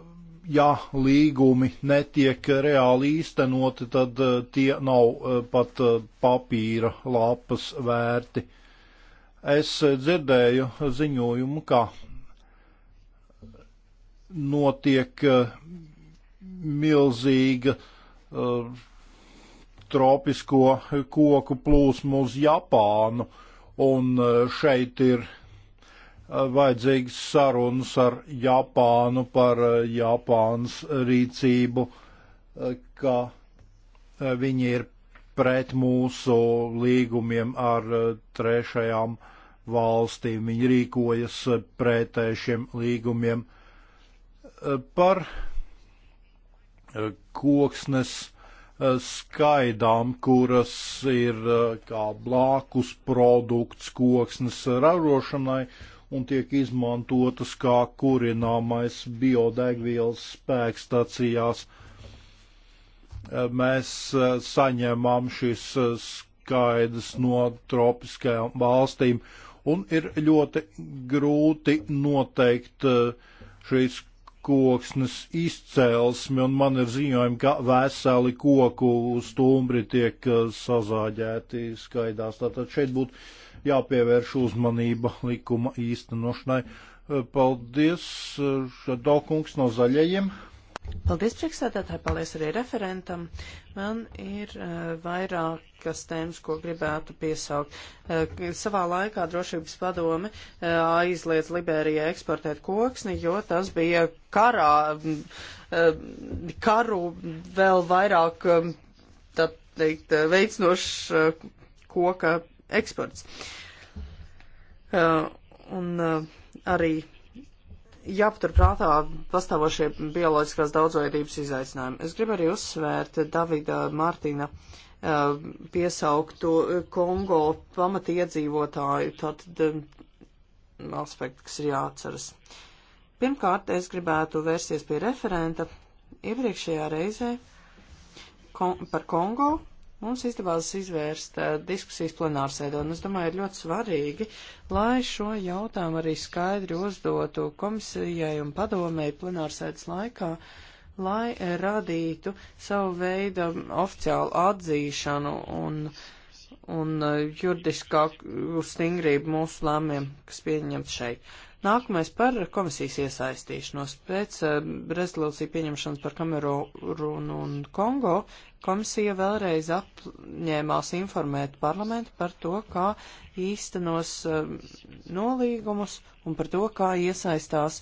ja līgumi netiek reāli īstenoti, tad tie nav pat papīra lapas vērti. Es dzirdēju ziņojumu, ka notiek milzīga uh, tropisko koku plūsmu uz Japānu, un uh, šeit ir uh, vajadzīgs sarunas ar Japānu par uh, Japānas rīcību, ka viņi ir pret mūsu līgumiem ar trešajām valstīm. Viņi rīkojas pretēšiem līgumiem par koksnes eh, skaidām, kuras ir eh, kā blākus produkts koksnes ražošanai un tiek izmantotas kā kurināmais biodegvielas spēkstacijās. Eh, mēs saņemam šis skaidrs no tropiskajām valstīm, un ir ļoti grūti noteikt šīs koksnes izcelsmi, un man ir ziņojumi, ka veseli koku stumbri tiek eh, sazāģēti skaidās. Tātad šeit būtu jāpievērš uzmanība likuma īstenošanai. Eh, paldies, eh, Šadokungs no zaļajiem. Paldies priekšsēdētāji, paldies arī referentam. Man ir uh, vairākas tēmas, ko gribētu piesaukt. Uh, savā laikā drošības padome uh, aizliedz Liberijai eksportēt koksni, jo tas bija karā, uh, karu vēl vairāk, um, tā teikt, veicinošs uh, koka eksports. Uh, un uh, arī jāpaturprātā pastāvošie bioloģiskās daudzveidības izaicinājumi. Es gribu arī uzsvērt Davida Mārtiņa uh, piesaukto uh, Kongo pamatiedzīvotāju tātad um, aspektu, kas ir jāatceras. Pirmkārt, es gribētu vērsties pie referenta iepriekšējā reizē kon par Kongo Mums izdevās izvērst uh, diskusijas plenārsēdē, un es domāju, ir ļoti svarīgi, lai šo jautājumu arī skaidri uzdotu komisijai un padomēji plenārsēdes laikā, lai eh, radītu savu veidu um, oficiālu atzīšanu un uh, un eh, juridiskā stingrība mūsu lēmumiem, kas pieņemts šeit. Nākamais par komisijas iesaistīšanos. Pēc uh, rezolūcija pieņemšanas par Kamerunu un Kongo Komisija vēlreiz apņēmās informēt parlamentu par to, kā īstenos um, nolīgumus un par to, kā iesaistās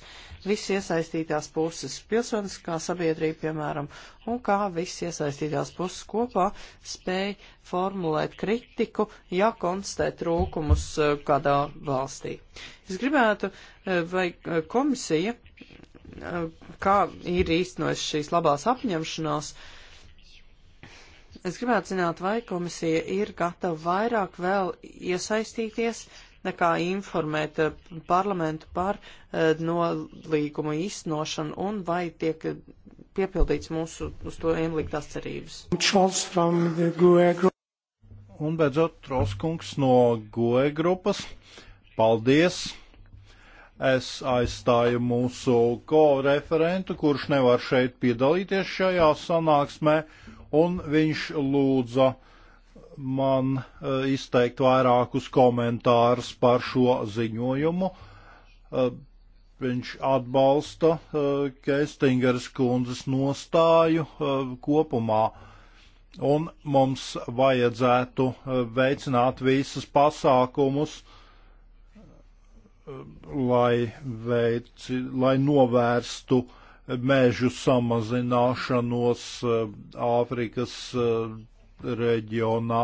visas iesaistītās puses, pilsoniskā sabiedrība, piemēram, un kā visas iesaistītās puses kopā spēj formulēt kritiku, ja konstatē trūkumus uh, kādā valstī. Es gribētu, uh, vai uh, komisija, kā ir īstenojusi šīs labās apņemšanās, uh, Es gribētu zināt, vai komisija ir gatava vairāk vēl iesaistīties nekā informēt eh, parlamentu par eh, nolīgumu īstenošanu un vai tiek eh, piepildīts mūsu uz to iemliktās cerības. E un beidzot, Troskungs no GOE grupas. Paldies! Es aizstāju mūsu ko referentu, kurš nevar šeit piedalīties šajā sanāksmē, un viņš lūdza man eh, izteikt vairākus komentārus par šo ziņojumu. Eh, viņš atbalsta eh, Keistingeras kundzes nostāju kopumā, un mums vajadzētu veicināt visas pasākumus, lai, veici, lai novērstu uh, mēžu samazināšanos eh, Āfrikas eh, reģionā.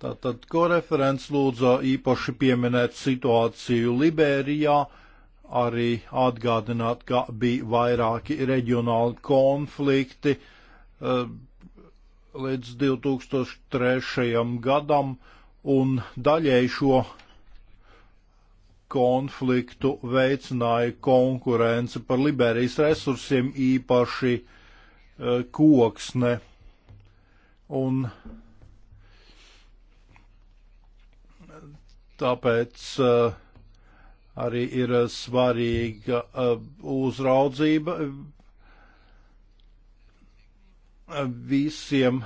Tātad, ko referents lūdza īpaši pieminēt situāciju Liberijā, arī atgādināt, ka bija vairāki reģionāli konflikti eh, līdz 2003. gadam, un daļēji šo konfliktu veicināja konkurence par Liberijas resursiem, īpaši eh, koksne. Un tāpēc eh, arī ir svarīga eh, uzraudzība visiem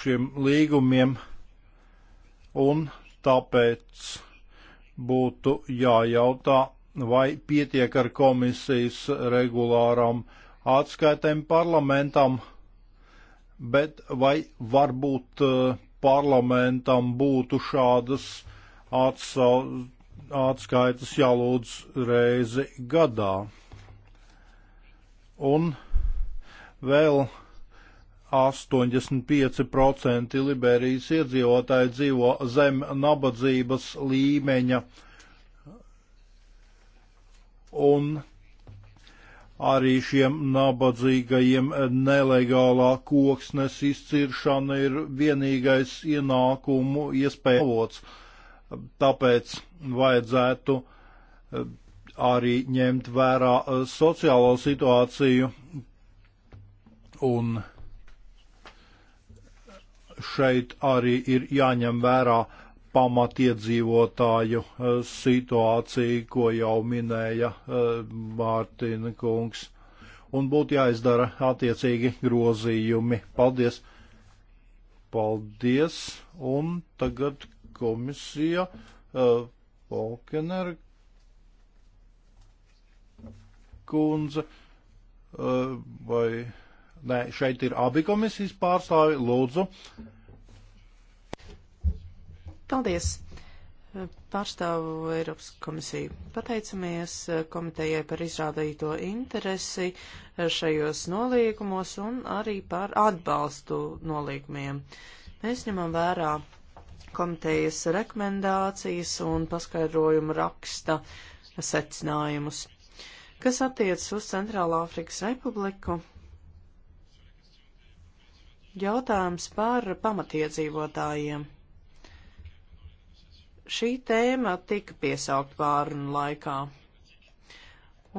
šiem līgumiem, un tāpēc būtu jājautā, vai pietiek ar komisijas regulāram atskaitēm parlamentam, bet vai varbūt eh, parlamentam būtu šādas atskaitas jālūdz reizi gadā. Un vēl 85% Liberijas iedzīvotāji dzīvo zem nabadzības līmeņa. Un arī šiem nabadzīgajiem nelegālā koksnes izciršana ir vienīgais ienākumu iespēja avots. Tāpēc vajadzētu eh, arī ņemt vērā eh, sociālo situāciju un uh, šeit arī ir jāņem vērā pamatiedzīvotāju eh, situāciju, ko jau minēja eh, Mārtiņa kungs. Un būtu jāizdara attiecīgi grozījumi. Paldies! Paldies! Un tagad komisija Polkener eh, kundze vai Nē, šeit ir abi komisijas pārstāvi. Lūdzu. Paldies. Pārstāvu Eiropas komisiju. Pateicamies komitejai par izrādīto interesi šajos nolīgumos un arī par atbalstu nolīgumiem. Mēs ņemam vērā komitejas rekomendācijas un paskaidrojumu raksta secinājumus. Kas attiecas uz Centrālā Afrikas Republiku, Jautājums par pamatiedzīvotājiem. Šī tēma tika piesaukt pārunu laikā.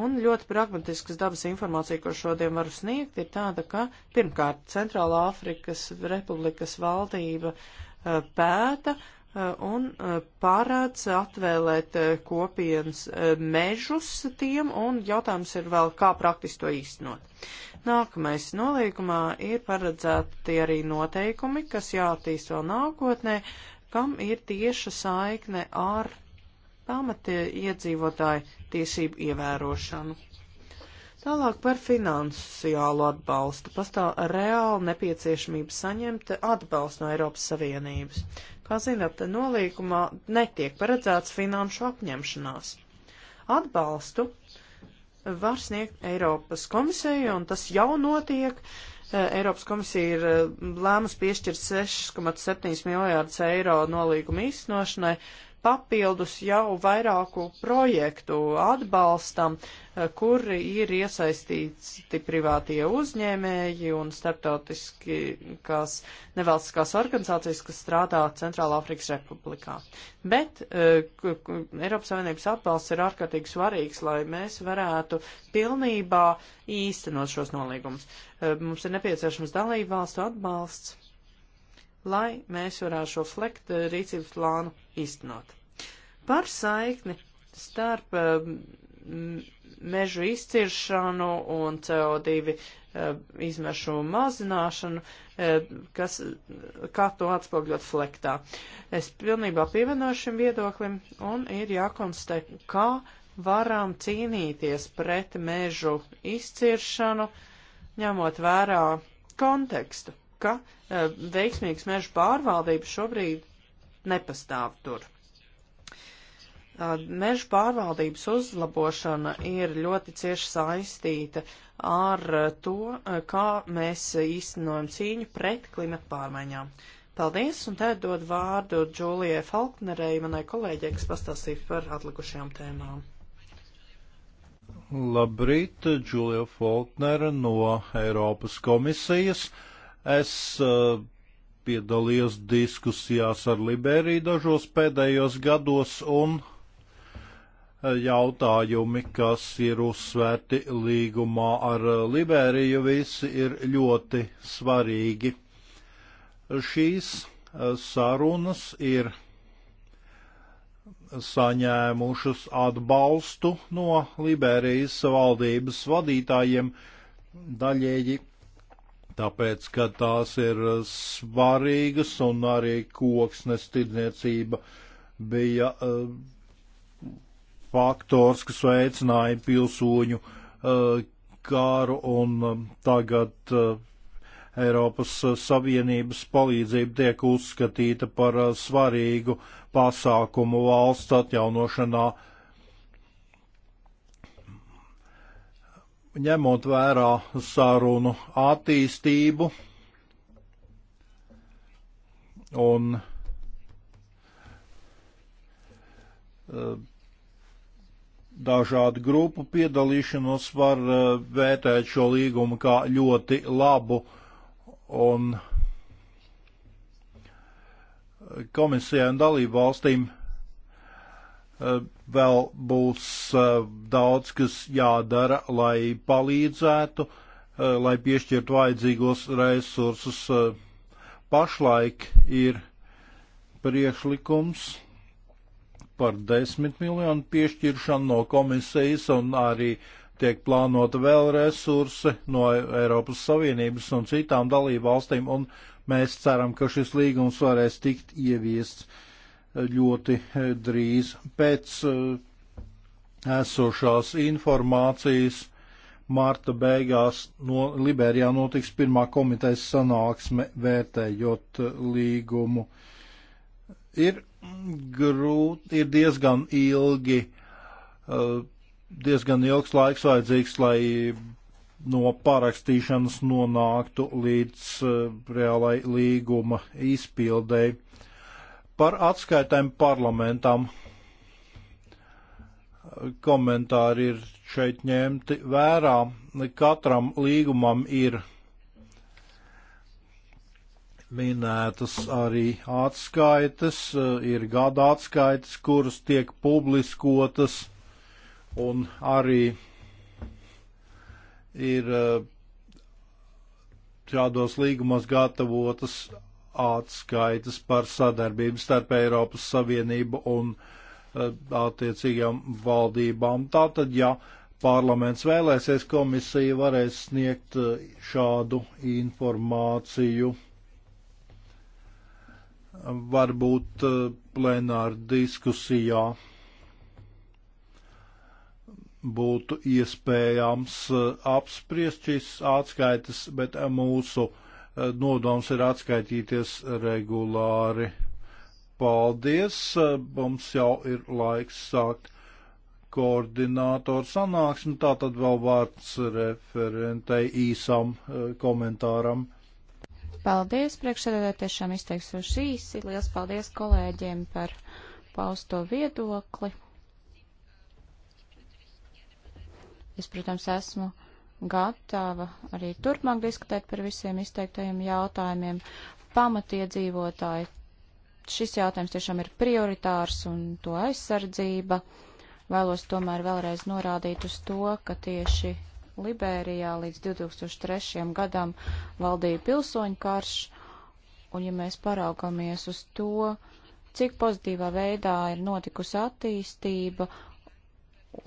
Un ļoti pragmatiskas dabas informācija, ko šodien varu sniegt, ir tāda, ka pirmkārt Centrālā Afrikas Republikas valdība eh, pēta Eh, un eh, pārēdz atvēlēt eh, kopienas mežus tiem, un jautājums ir vēl, kā praktiski to īstenot. Nākamais nolīgumā ir paredzēti arī noteikumi, kas jātīst vēl nākotnē, kam ir tieša saikne ar pamatie iedzīvotāju tiesību ievērošanu. Tālāk par finansiālo atbalstu. Pastāv reāla nepieciešamība saņemt atbalstu no Eiropas Savienības. Kā zinat, nolīgumā netiek paredzēts finanšu apņemšanās. Atbalstu var sniegt Eiropas komisija, un tas jau notiek. E, Eiropas komisija ir e, lēmusi piešķirt 6,7 miljārdus eiro nolīguma īstenošanai, papildus jau vairāku projektu atbalstam, eh, kur ir iesaistīti privātie uzņēmēji un starptautiskās nevalstiskās organizācijas, kas strādā Centrālā Afrikas Republikā. Bet eh, Eiropas Savienības atbalsts ir ārkārtīgi svarīgs, lai mēs varētu pilnībā īstenot šos nolīgumus. Eh, mums ir nepieciešams dalību valstu atbalsts lai mēs varētu šo flekt eh, rīcības plānu īstenot. Par saikni starp eh, mežu izciršanu un CO2 eh, izmešu mazināšanu, kas, kā to atspogļot flektā. Es pilnībā pievienoju šim viedoklim un ir jākonstatē, kā varam cīnīties pret mežu izciršanu, ņemot vērā kontekstu ka e, veiksmīgas meža pārvaldības šobrīd nepastāv tur. E, meža pārvaldības uzlabošana ir ļoti cieši saistīta ar to, e, kā mēs īstenojam cīņu pret klimatu pārmaiņām. Paldies, un tagad dod vārdu Džūlijai Falknerei, manai kolēģei, kas pastāstīs par atlikušajām tēmām. Labrīt, Džūlija Falknere no Eiropas komisijas. Uh, Es eh, piedalījos diskusijās ar Liberiju dažos pēdējos gados un eh, jautājumi, kas ir uzsvērti līgumā ar eh, Liberiju, visi ir ļoti svarīgi. Šīs sarunas ir saņēmušas atbalstu no Liberijas valdības vadītājiem daļēji tāpēc, ka tās ir svarīgas un arī koksnes tirdzniecība bija uh, faktors, kas veicināja pilsoņu uh, eh, kāru un uh, tagad Eiropas Savienības palīdzība tiek uzskatīta par svarīgu pasākumu valsts atjaunošanā ņemot vērā sarunu attīstību un e, dažādu grupu piedalīšanos var e, vērtēt šo līgumu kā ļoti labu un e, komisijai un dalību valstīm Eh, vēl būs eh, daudz, kas jādara, lai palīdzētu, eh, lai piešķirtu vajadzīgos resursus. Pašlaik ir priekšlikums par 10 miljonu piešķiršanu no komisijas un arī tiek plānota vēl resursi no Eiropas Savienības un citām dalību valstīm, un mēs ceram, ka šis līgums varēs tikt ieviests. Uh, ļoti drīz pēc eh, esošās informācijas. Marta beigās no Liberijā notiks pirmā komitejas sanāksme vērtējot eh, līgumu. Ir grūti, ir diezgan ilgi, eh, diezgan ilgs laiks vajadzīgs, lai no pārakstīšanas nonāktu līdz reālai līguma izpildēji Par atskaitēm parlamentām komentāri ir šeit ņemti vērā. Katram līgumam ir minētas arī atskaites, ir gada atskaites, kuras tiek publiskotas, un arī ir eh, šādos līgumos gatavotas atskaitas par sadarbību starp Eiropas Savienību un eh, attiecīgām valdībām. Tātad, ja parlaments vēlēsies, komisija varēs sniegt eh, šādu informāciju. Varbūt eh, plenāra diskusijā būtu iespējams apspriest šīs atskaitas, bet mūsu uh, nodoms ir atskaitīties regulāri. Paldies! Mums jau ir laiks sākt koordinātoru sanāksmi, tā tad vēl vārds referentei īsam eh, komentāram. Paldies, priekšsēdētāji, tiešām izteiksuši īsi. Liels paldies kolēģiem par pausto viedokli. Es, protams, esmu gatava arī turpmāk diskutēt par visiem izteiktajiem jautājumiem. Pamatiedzīvotāji, šis jautājums tiešām ir prioritārs un to aizsardzība. Vēlos tomēr vēlreiz norādīt uz to, ka tieši Liberijā līdz 2003. gadam valdīja pilsoņu karš, un ja mēs paraugamies uz to, cik pozitīvā veidā ir notikusi attīstība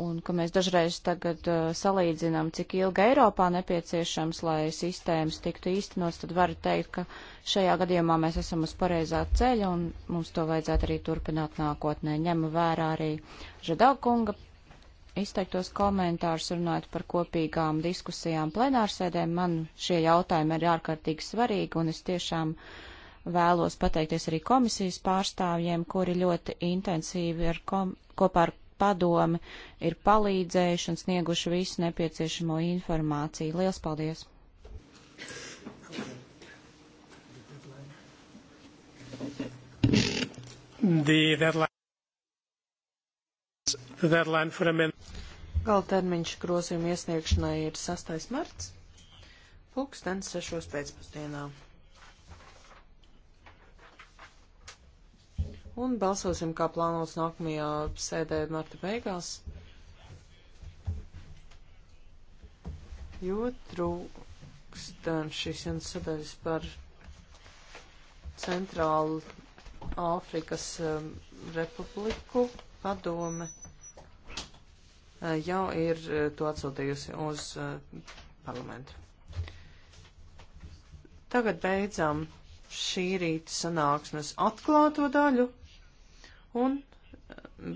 un ka mēs dažreiz tagad uh, salīdzinām, cik ilgi Eiropā nepieciešams, lai sistēmas tiktu īstenots, tad var teikt, ka šajā gadījumā mēs esam uz pareizā ceļa un mums to vajadzētu arī turpināt nākotnē. Ņem vērā arī Žadakunga izteiktos komentārus runājot par kopīgām diskusijām plenārsēdēm. Man šie jautājumi ir ārkārtīgi svarīgi un es tiešām vēlos pateikties arī komisijas pārstāvjiem, kuri ļoti intensīvi ar kom kopā ar padomi ir palīdzējuši un snieguši visu nepieciešamo informāciju. Lielas paldies! The deadline, the deadline for amendment. Gala termiņš grozījuma iesniegšanai ir 6. marts, pulkstens 6. pēcpusdienā. un balsosim, kā plānots nākamajā sēdē marta beigās. Jo trūkst šīs jums sadaļas par Centrālu Āfrikas um, Republiku padome uh, jau ir uh, to atsūtījusi uz uh, parlamentu. Tagad beidzam šī rīta sanāksmes atklāto daļu un eh,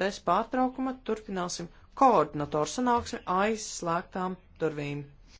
bez pārtraukuma turpināsim koordinatoru sanāksmi aizslēgtām durvīm.